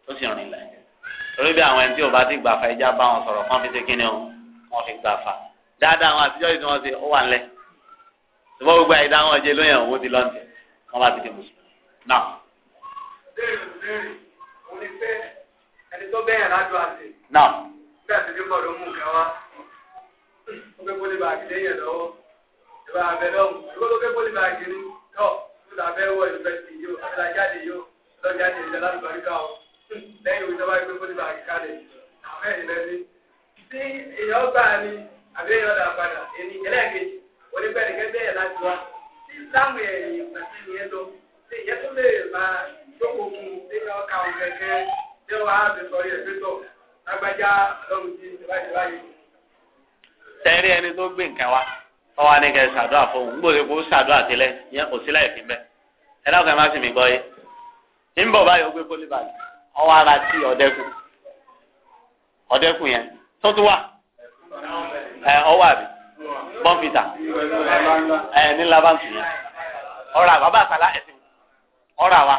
ó sì rìn lẹ́yìn torí bí àwọn ẹni tí ò bá ti gbà fa ẹja bá wọn sọ̀rọ̀ kán fi ṣe kíni o wọn fi gbà fa dáadáa àwọn àtijọ́ yìí tí wọ́n ṣe ó wà ńlẹ̀ ṣùgbọ́n gbogbo àyè dáhùn ọjẹ́ lóyè òun ti lọ́ǹtẹ̀ wọ́n bá ti di mùsùlùmí náà. ẹni tó bẹ́ẹ̀ rájọ àti. náà. bí àti bí kọ́ọ̀dù mú tọ́ kúta fẹ́ wọ yunifásitì yìí o àbílà jáde yìí o lọ́jà jáde ìjà lálùbáríkà o lẹ́yìn òwe sábà gbé fúnibà kíkálẹ̀ na ìrẹsì. tí èèyàn gbà ní àbí èèyàn dà padà èmi ẹlẹ́ẹ̀kejì onípẹ̀lẹ̀ kẹ́tẹ́ yẹn láti wá tí sáàmù pàṣẹ lọ ìyẹn tó lè máa òun kẹ̀kẹ́ á fi sọrí ẹ̀ lágbájá lọ́rùn tí tẹ́rí ẹni tó gbé ọwọ́ anìkẹ́ sàdúrà fún un gbọ́dọ̀ kó sàdúrà sílẹ̀ yẹn kò sílẹ̀ ìfín bẹ́ẹ̀ ẹ dákun ẹ má sì mí gbọ́ yé ń bọ̀ báyìí ó gbé pólíbàlì ọwọ́ ara tí ọ̀dẹ́kùn ọ̀dẹ́kùn yẹn tó tún wà ẹ ọwọ́ àbí bọ́ǹfìtà ẹ ní labantu yẹn ọ̀rọ̀ àwọn bàbá àkàlà ẹ̀sìn ọ̀rọ̀ àwa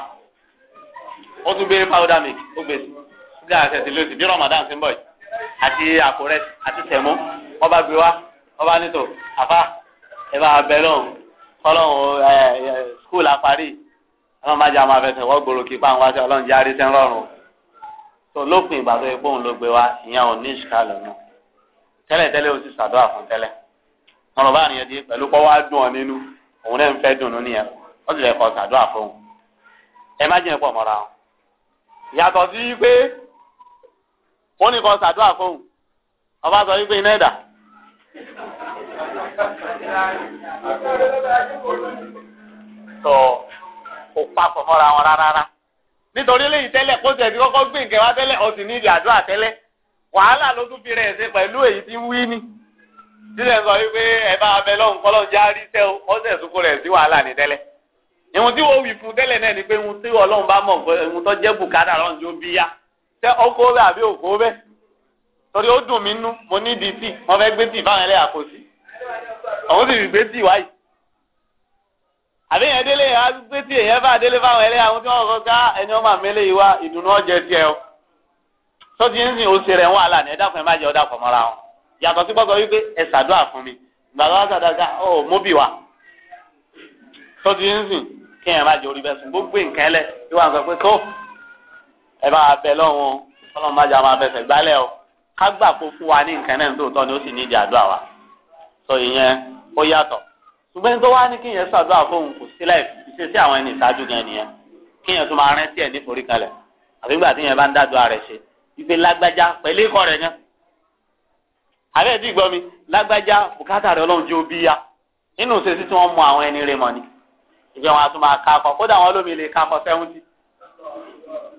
ó tún gbé pàwọ́dà mi ó gbèsè ó gbé àṣẹ sílẹ̀ òsì bí Ramadan ti ń bọ̀ yìí àti àkórẹ́ àti tẹ̀mú ọba gbé wa ọba nítò àfa ẹ bá bẹ lọ́hùn kọ́lọ́hùn ẹ skul apari ọlọ́run má jẹ́ àwọn afẹsẹ̀ wọ́n gbòòrò kí pàǹwá sí ọlọ́run jẹ́ àrísẹ́ ńlọ́run tó lópin ìgbà tó yẹ kóun ló gbé wa ìyẹn ò ní ìṣúká lọ́nà tẹ́lẹ̀tẹ́lẹ̀ ó sì ṣàdúrà fún tẹ́lẹ̀ ọ̀rọ̀ bá nìyẹn di pẹ̀lú pọ́ wá dùn ọ nínú òun náà ń fẹ́ dùn nínú yẹn wọ́n sì lè kọ́ ṣàdúrà fún un ẹ má jẹ́ pọ̀ mọ́ra wọn. yàtọ̀ sí pé wọ́n ní kọ́ ṣàdúrà fún un ọba sọ wípé iná ẹ̀dá sọ kò papọ̀ mọ́ra wọn rárá nítorí lẹ́yìn tẹ́lẹ̀ kó tẹ̀ sí kọ́kọ́ gbé nǹkan wá tẹ́lẹ̀ ọ̀sìn ní ìdí àdúrà tẹ́lẹ̀ wàhálà ló tún fi rẹ̀ ṣe pẹ̀lú èyí tí ń wí ni sílẹ̀ sọ wípé ẹ bá abẹ lọ́hùn kọ́lọ́ já rí tẹ́ o ọ̀sẹ̀ tó kó rẹ̀ sí wàhálà ní tẹ́lẹ̀ ìhun tí wọ́n wí fún tẹ́lẹ̀ náà ni pé ìhun tí ọlọ́run bá mọ̀ pé ìhun tó jẹ́ bùkátà lọ́run tó bí yá tẹ́ ọkọ bẹ́ẹ̀ àbí òkó bẹ́ẹ̀ torí ó dùn mí nú mo ní dìtì wọ́n fẹ́ gbé tì fáwọn ẹlẹ́yà kò àwọn sì gbé tì wáyé àbí yẹn délé yẹn á gbé tì èyẹ bá délé fáwọn ẹlẹ́yà àwọn tí wọ́n kọ́ ká ẹni ọmọ àmẹ́lẹ́ yìí wá ìdùnnú ọ̀jẹ̀ tiẹ̀ o sọ́tì ń sìn oṣù rẹ̀ wọ́n àlà ní ẹ̀dá fún ẹ má jẹ́ ọ̀dà pọ̀ mọ́ra wọn yàtọ̀ sí gbọ́dọ̀ wípé ẹ ṣàdúrà fún mi gbàgbọ́ wá ṣàdúrà ó móbì wa sọ́tì ń sìn kí ẹ má jẹ́ orí bẹ́sùn gbogbo nǹkan ẹlẹ́ ìwà nǹkan pé tó ẹ bá bẹ lọ́wọ́n ọlọ́run má jẹ́ àwọn abẹ́fẹ̀ gbálẹ̀ o ká gbà kó fún ó yàtọ̀ ṣùgbọ́n tó wá ní kíyàn ṣàdúrà fóun kò sí láì ṣe sí àwọn ẹni ìṣáájú gan nìyẹn kíyàn tó máa rántí ẹ̀ ní forí kalẹ̀ àbí gbà tíyàn bá ń dádúrà rẹ̀ ṣe ìgbé lágbájá pẹ̀lú ikọ̀ rẹ̀ yẹn àbẹ́ ẹ̀dí gbọ́ mi lágbájá bùkátà rẹ̀ ọlọ́run jẹ́ ó bí ya nínú ìṣesí tí wọ́n mú àwọn ẹni rẹ̀ mọ́ ni ìgbẹ́ wọn a tún kódà wọn lómi lè kákọ sẹ́wọ́ntì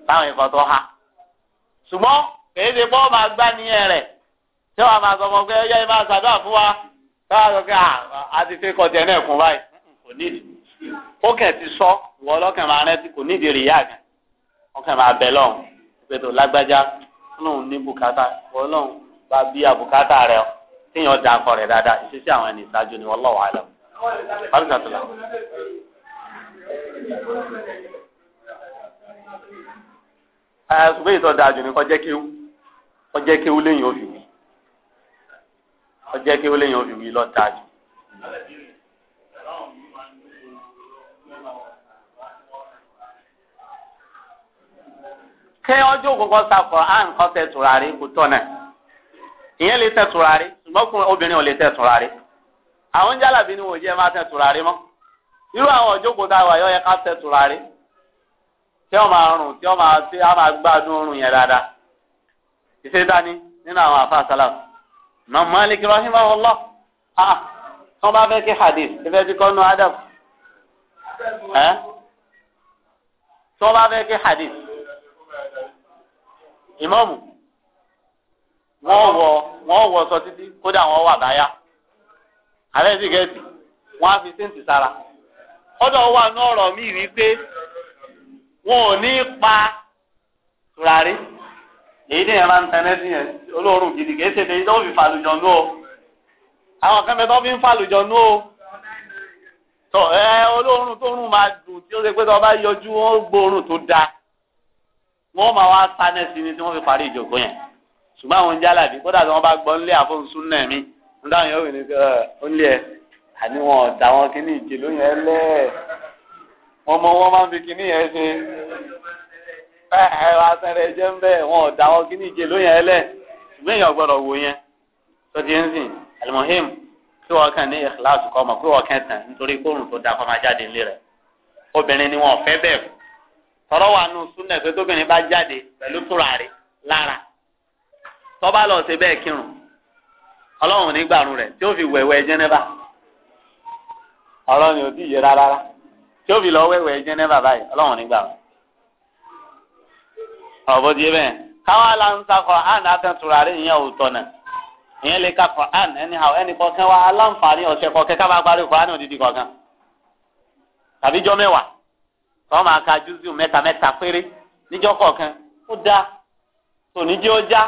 táwọn ìkan tó ha ṣùgbọ́n kèéde pọ́ máa gbá níyẹn rẹ̀ tí máa sọ fún pé ẹ káwọn kí àti fi náà kún báyìí kò nídìí ó ti sọ wọ́n lọ́kàn máa rántí kò nídìí rìyá gan ọkàn máa bẹ̀ lọ́hùn ìpètò lágbájá lóhùn ní bùkátà wọ́n lọ́hùn bá bí àbùkátà rẹ̀ rẹ̀ dáadáa ìṣesí àwọn ẹni ni wọ́n ni kéwú kéwú lẹ́yìn òfin. ọjọ́ kí wọ́n lè yan òbí lọ́ta jù. kẹ́ ọjọ́ kọ́kọ́ sa Quran kọ́ tẹ tùràrí kò tọ̀nà ìyẹn lè tẹ tùràrí ṣùgbọ́n obìnrin ò lè tẹ tùràrí àwọn jálàbí ni wọn ò jẹ́ máa tùràrí mọ́ irú àwọn ọjọ́ a yẹ ká tùràrí tí wọ́n máa rùn tí wọ́n máa Imam Malik rahimahullah ah wọ́n bá fẹ́ kí hadith ìfẹ́ ti kọ́ nu adab ẹ́ tí wọ́n hadith ìmọ̀mù wọ́n wọ títí kódà wọ́n wà báyà fi sára wọn èyí ni ẹ̀rọ ntẹ̀nẹ́tì yẹn olóòórùn gidi kìí ṣe èyí tó fi fàlùjọ nú o àwọn kan bẹ tó fi ń fàlùjọ nú o tọ ẹ olóòórùn tó rùn máa dùn tí ó ṣe pé tó bá yọjú wọn ó gbóòórùn tó da wọn máa wá sánẹ́sì ni tí wọ́n fi parí ìjókòó yẹn ṣùgbọ́n àwọn jálàbí kódà tí wọ́n bá gbọ́ nílé àfọ̀nsún náà mi ń dáhùn yóò wí ní ó ń lé ẹ àní wọn ọ̀dà wọn kíní ìjì lóyún ẹ lẹ́ẹ̀ wọ́n mọ wọ́n máa ń fi kíní yẹn ṣe ẹ wá sẹ́rẹ̀ jẹ́ ń bẹ́ẹ̀ wọn ò dá wọn kí ní ìjẹ lóyún ẹ lẹ̀ ṣùgbọ́n èèyàn gbọ́dọ̀ wò yẹn tó ti ń sìn alimohim kí wọ́n kàn ní ìkìláàsì kọ́ ọmọ kí wọ́n kàn tán nítorí kóòrùn tó dáa kọ́ máa jáde nílé rẹ̀ obìnrin ni wọn ò fẹ́ bẹ́ẹ̀ tọrọ wà nù súnà pé tóbìnrin bá jáde pẹ̀lú tùràrí lára tọ́ba lọ sí bẹ́ẹ̀ kírun ọlọ́run nígbàrún rẹ̀ tí ó fi wẹ̀wẹ̀ jẹ́nẹ́bà ọlọ́run ò tí ì yé rárá tí ó fi lọ wẹ̀wẹ̀ jẹ́nẹ́bà báyìí ọlọ́run nígbàrún ọ di bẹ́ẹ̀ káwá la ń ta na àtẹn turari ìyẹn na tọ̀nà ìyẹn lè ka anyhow ẹnì kọ̀ọ̀kan wa aláǹfààní ọ̀sẹ̀ kọ̀ọ̀kan ká bá parí Quran òdìdí kọ̀ọ̀kan tàbí jọ ka péré ó da ó já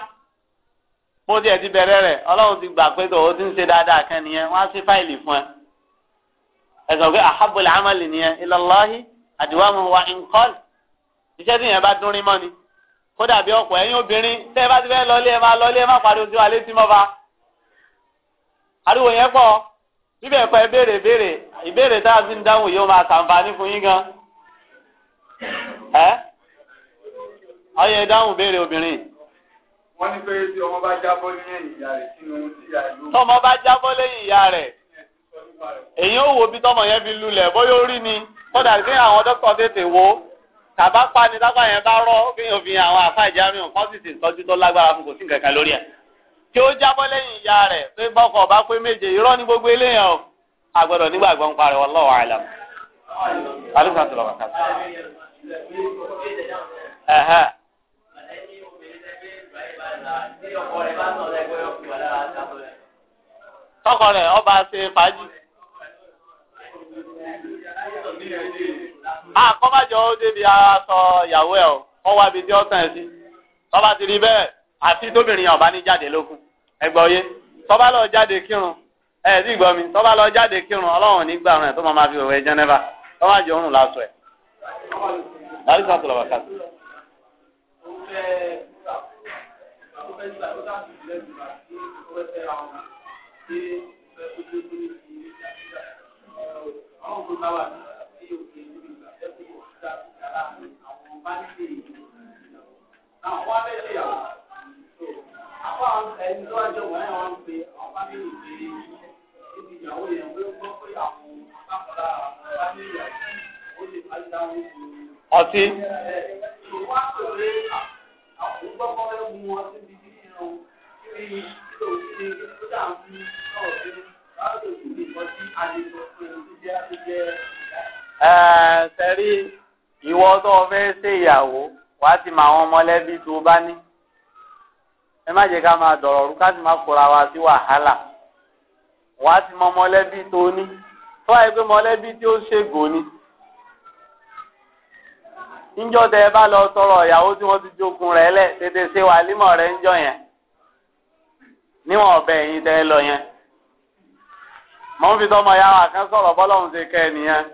bó tiẹ̀ ti bẹ̀rẹ̀ rẹ̀ ọlọ́run ti gbà pé ti ń ṣe dáadáa kan nìyẹn wọ́n á fáìlì fún ẹ pé amali nìyẹn wa yẹn bá dúnrín ni kódà bí ọkọ ẹ̀yin obìnrin tẹ ẹ bá ti fẹ́ lọlé ẹ máa lọlé ẹ má pariwo sí wa létí mọ́ ba ariwo yẹn pọ̀ bíbẹ̀ ẹ̀kọ́ ẹ béèrè béèrè ìbéèrè tá a fi ń dáhùn yìí máa ṣàǹfààní fún yín gan ẹ ọyẹ dáhùn béèrè obìnrin. wọ́n ní pé tí ọmọ bá jábọ́ lẹ́yìn ìyá rẹ̀ sínú ohun ìyá rẹ̀ ló. tọmọ bá jábọ́ lẹ́yìn ìyá rẹ̀ èyí ó wo bí tọmọ yẹn fi lulẹ̀ bóyá ó rí ni kódà sí àwọn dókítà tètè wo. tàbá pani tábà yẹn bá rọ àwọn àfa ìjánu nǹkan sì sì tọ́jú tó lágbára fún kò sí nǹkan kan lórí ẹ̀. kí ó jábọ́ lẹ́yìn ìyá rẹ̀ pé bọ́kọ̀ ọba pé méje irọ́ ní gbogbo eléyàn o àgbọ̀dọ̀ ń ọba ṣe àkọ́bàjọ́ ó débi aṣọ ìyàwó ẹ̀ o wọ́n wá ibi tí ó tàn ẹ́ sí tọ́ba ti rí bẹ́ẹ̀ àti tóbìnrin ọ̀bá ní jáde lókun ẹgbọ́ yé tọ́ba lọ jáde kírun ẹ̀ sì gbọ́ mi tọ́ba lọ jáde kírun ọlọ́run ní gbàrún ẹ̀ tó máa fi òwe jẹ́nẹ́fà tọ́ba jọ òórùn lásọ ẹ̀. dárí sàtò lọ wákàtí. Thank you àwọn òkú náà wà ní òkè níbi ìgbà tẹ́kùn òkúta ìjàlá àwọn bá ní ṣe ìlú àwọn wá bẹ́ẹ̀ ṣèyàwó àwọn ẹni tó wájọ wọ́n yẹn wọ́n ń pe àwọn bá ní ìgbé níbi ìyàwó yẹn wọ́n gbọ́ pé àwọn àpapọ̀ àwọn bá ní ìyàwó ó lè má dáwọn ìlú. ọtí. sẹ́rí ìwọ tó o fẹ́ ṣe ìyàwó wà á ti mọ àwọn mọ̀lẹ́bí tó o bá ní. ẹ má jẹ́ ká máa dọ̀rọ̀ ká sì kóra wa sí wà á mọ mọ̀lẹ́bí tó o ní tó pé tí ó ṣègùn ni níjọ́ tẹ tí wọ́n ti jokun rẹ̀ lẹ̀ tètè ṣe wà límọ̀ rẹ̀ yẹn níwọ̀n ọ̀bẹ tẹ ẹ ya wà sọ̀rọ̀ ṣe kẹ́ ẹ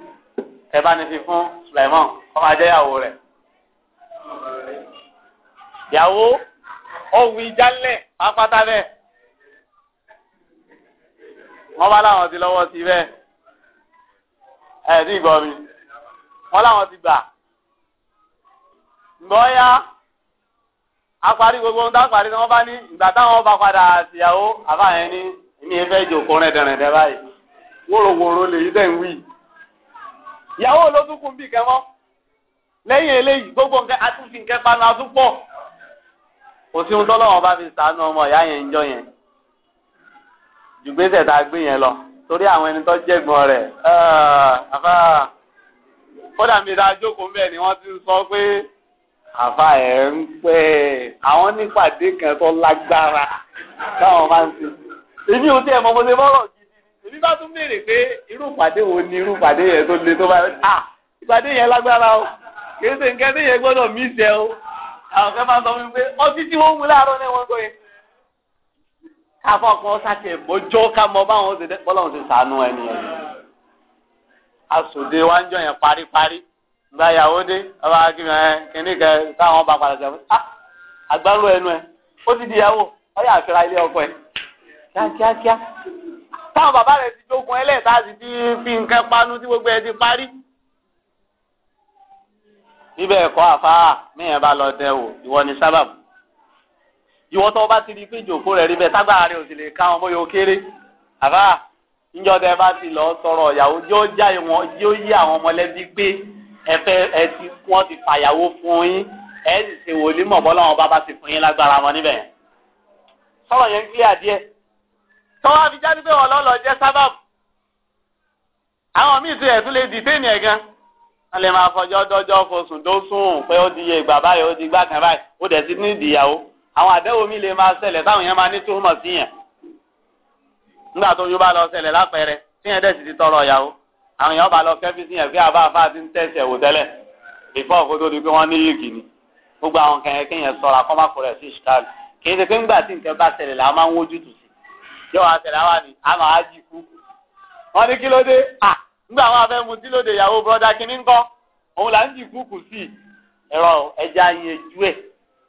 ẹ ni ní fi fún Sulaiman ọmọ ajẹ́ ìyàwó rẹ̀. ìyàwó ọ̀hún ìjálẹ̀ pápátá bẹ́ẹ̀ wọ́n bá láwọn ti lọ́wọ́ sí bẹ́ẹ̀ ẹ̀ ní ìgbọ́ mi wọ́n láwọn ti gbà gbọ́yá apari gbogbo ń dápari tí wọ́n bá ní ìgbà táwọn bá padà síyàwó àbáyẹn ní ní ẹgbẹ́ ìjòkó rẹ̀ dẹ̀rẹ̀dẹ̀ báyìí wóróworó lèyí tẹ̀ ń wí ìyàwó ló tún kún bí kẹmọ́ lẹ́yìn eléyìí gbogbo nǹkan atúnfi nǹkan panu atúpọ̀ kò sí ohun tọ́lọ́wọ́n bá fi sànú ọmọ ìyá yẹn ń jọ yẹn ju gbèsè tá a gbé yẹn lọ torí àwọn ẹni tó jẹ́gbọ́n rẹ̀ ah, àfa kódà mi ra jókòó ń bẹ̀ ni wọ́n ti sọ pé àfa ẹ̀ ń pẹ́ àwọn nípàdé kan tó lágbára táwọn máa ń ṣe èmi ò tí ẹ̀ mọ̀ mo ṣe bọ́rọ̀ jù èmi bá tún béèrè pé irú ìpàdé wo ni irú ìpàdé yẹn tó le tó bá ah ìpàdé yẹn lágbára o kìí ṣe nǹkan tí yẹn gbọ́dọ̀ mí jẹ o àwọn kan máa ń sọ fún mi pé ọtí tí wọ́n mú láàárọ̀ náà wọ́n sọ yẹn káfọ́ kan sáti ẹ̀mọ́jọ́ ká mọ báwọn ṣe bọ́lọ́run ṣe sànú ẹni ẹ̀ asòde wa ń jọ yẹn paríparí gba ìyàwó dé ọba akíni eh, ẹ kíní kẹ táwọn bá padà sẹ́fún ah àgbárò ẹnu ẹ ó ti di ìyàwó ọyà àfẹ́ra ilé ọkọ ẹ kíákíákíá táwọn bàbá rẹ̀ ti jogun ẹlẹ́ta sì ti fi nǹkan panu tí gbogbo ẹ ti parí. bíbẹ̀ ẹ̀kọ́ àfáà míyẹn bá lọ dẹ o ìwọ ni sábàbù. ìwọ tó bá ti di pé ìjòkó rẹ̀ rí bẹ́ẹ̀ tágbára rẹ̀ ò sì lè ká wọn bóyá ó kéré. àfáà níjọ́ tẹ bá ti lọ sọ̀rọ̀ ìyàwó yóò já ìwọ̀n yóò yí àwọn ọmọlẹ́bí pé ẹ̀fẹ́ ẹ ti wọ́n ti fàyàwó fún yín ẹ̀ sì ṣe wòlímọ̀ bọ́lá wọn bá bá ti fún yín lágbára wọn níbẹ̀. sọ̀rọ̀ yẹn ń díẹ̀ tọ́wọ́ fi jáde pé ọlọ́lọ́ jẹ́ sábàbù àwọn míì ti ẹ̀sùn lè dìtẹ́ẹ̀nì ẹ̀ gan wọ́n lè máa fọjọ́ dọ́jọ́ fosùn tó sùn pé ó di iye ìgbà báyìí ó di igbá kan báyìí ó dẹ̀ sí ní ìdìyàwó àwọn àdéhùn mi lè máa ṣẹlẹ̀ táwọn yẹn máa ní túmọ̀ sí yẹn nígbà tó yún bá lọ ṣẹlẹ̀ lápẹẹrẹ tí yẹn dẹ̀ sì ti tọrọ ìyàwó àwọn èèyàn bá lọ kẹ́fí sí yẹn fí àbá àfáà ti ń tẹ̀sí ẹ̀wò tẹ́lẹ̀ bífọ́ kó tó di pé wọ́n ní yìí kìíní gbogbo àwọn kẹyìn kéèyàn sọra kọ́ má kó rẹ̀ sí ìṣkáàlù kì í ṣe pé ńgbà tí nǹkan bá ṣẹlẹ̀ là á máa ń wójú tù yóò wá tẹ̀lé àwa ni a máa jí kú. wọ́n ní kí ló dé à nígbà wọn afẹ́ mu tí ló dé ìyàwó bọ́dá kínní ńkọ́ òun là ń jí kú kù sí i ẹ̀rọ ẹja yẹn ju ẹ̀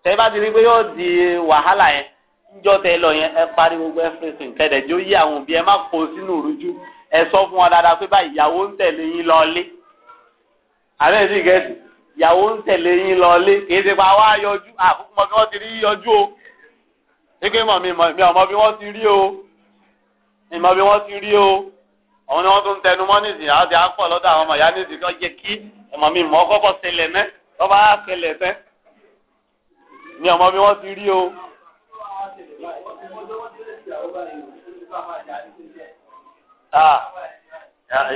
tẹ́ bá ti rí pé yóò di wàhálà yẹn níjọ́ tẹ́ lọ yẹn ẹ parí gbogbo ẹ fèsì kẹ́dẹ̀ jó yí àwọn òbí ẹ má kó sínú ìrújú ẹ sọ fún wọn dáadáa pé báyìí ìyàwó ń tẹ̀lé yín lọ lé àbẹ́ ẹ̀ sì gẹ̀ẹ́sì ìyàwó ń tẹ̀lé yín lọ lé kì í ṣe pa wá yọjú àkókò mọ bí wọ́n ti rí yọjú o ṣé pé mọ̀ mi mọ̀ mi ọ̀mọ́ bí wọ́n ti rí o ìmọ̀ bí wọ́n ti rí o àwọn ni wọ́n tún tẹnu mọ́ nìsín àti akọ lọ́dọ̀ àwọn ọmọ ìyá nìsín kọ́ jẹ́ kí ọmọ mi mọ́ kọ́kọ́ ṣẹlẹ̀ mẹ́ lọ́ba á ṣẹlẹ̀ tẹ́ ni ọmọ bí wọ́n ti rí o.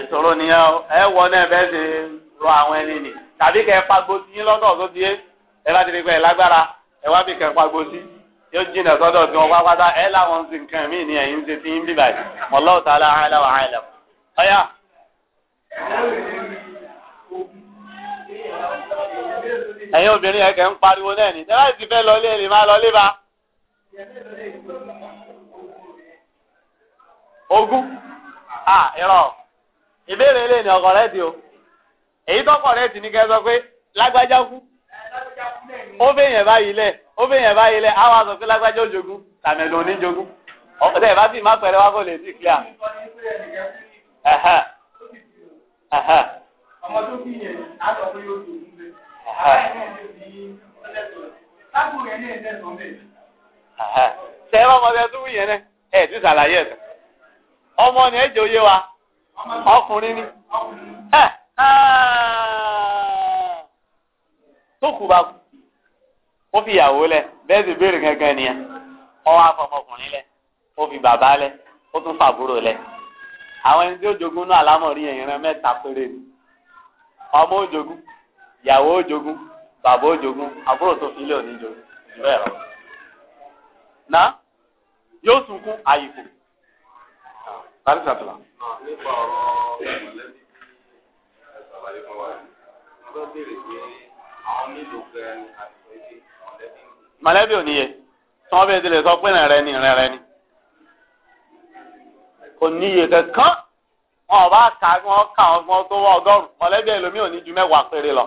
ìṣòro nìyẹn o ẹ wọ náà bẹ́ẹ̀ ṣe rọ àwọn ẹni nì tàbí kẹ́ ẹ pagbo sí yín lọ́dọ̀ tó ti yé ẹ láti rí pé ẹ lágbára ẹ wá bí kẹ́ ẹ pagbo sí. yóò jìnnà sọ́dọ̀ tí wọ́n pápátá ẹ láwọn ń nǹkan mí ni ẹ̀yin ti ń bí báyìí a'la wa a'lam. ọ̀yà. ẹ̀yin obìnrin yẹn kẹ́ ń pariwo náà ni tẹ́lá ti lọlé lè má lọlé o èyí tọkọ rẹ ti ní pé lágbájá kú ó báyìí ó fi yẹn báyìí lẹ àwọn aṣọ pé lágbájá ó jogún tàmẹ̀lò ní jogún ọ̀dẹ̀ bá sì má pẹ̀lẹ́ wá kó lè sí clear. ọmọ tó bí yẹn á sọ pé yóò jogún bẹ́ẹ̀ àwọn ẹ̀yìn ẹ̀ ní ọlẹ́sọ̀rọ̀ lágbóhùn ẹ̀ ní ẹ̀ẹ́dẹ́sọ̀ bẹ́ẹ̀. ṣé ẹ bá ọmọ tẹ tó wù yẹn náà ẹ ti ṣàlàyé ẹ̀ ọmọ ni ẹ jẹ́ òye wa ọkùnrin ni tó kù bá kù ó fi ìyàwó lẹ̀ bẹ́ẹ̀ sì béèrè gangan nìyẹn ó wá fọmọkùnrin lẹ̀ ó fi bàbá lẹ̀ ó tún fàbúrò lẹ̀ àwọn ẹni tí ó jogún náà àlámọ̀rí yẹn rẹ mẹ́ta péré ni ọmọ ó jogún ìyàwó ó jogún bàbá ó jogún àbúrò tó fi ilé òní jogún bẹ́ẹ̀ rọ na yóò sunkún àyíkò. Parí sàtìlá. Nípa ọ̀rọ̀ mọ̀lẹ́bí ẹ̀sàlàyé fún wa, wọ́n bẹ̀rẹ̀ pé àwọn nílò gan-an àti mọ̀lẹ́bí ò níye tí wọ́n bẹ́ẹ̀ tilẹ̀ sọ pé rẹ̀ ni rẹ̀ ni kò níye kankan wọn ò bá kà wọn kà wọn tó wọ ọgọ́rùn mọ̀lẹ́bí ẹlòmíì ò ní ju mẹ́wàá péré lọ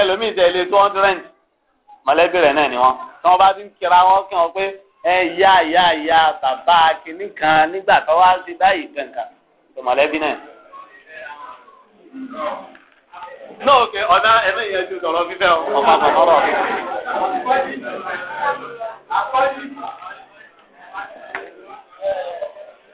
ẹlòmíì tẹ̀ lé two hundred mọ̀lẹ́bí rẹ̀ náà ni wọn tí wọ́n bá ti ń kira wọn kí wọn pé ẹ ya ya ya bàbá kìnnì kan nígbà tó wá sí báyìí kankan tó mọ̀lẹ́bí náà. náà òkè ọ̀dà ẹ̀mí yẹn ti sọ̀rọ̀ fífẹ́ ọ̀pá kọ̀ọ̀rọ̀. Thank you.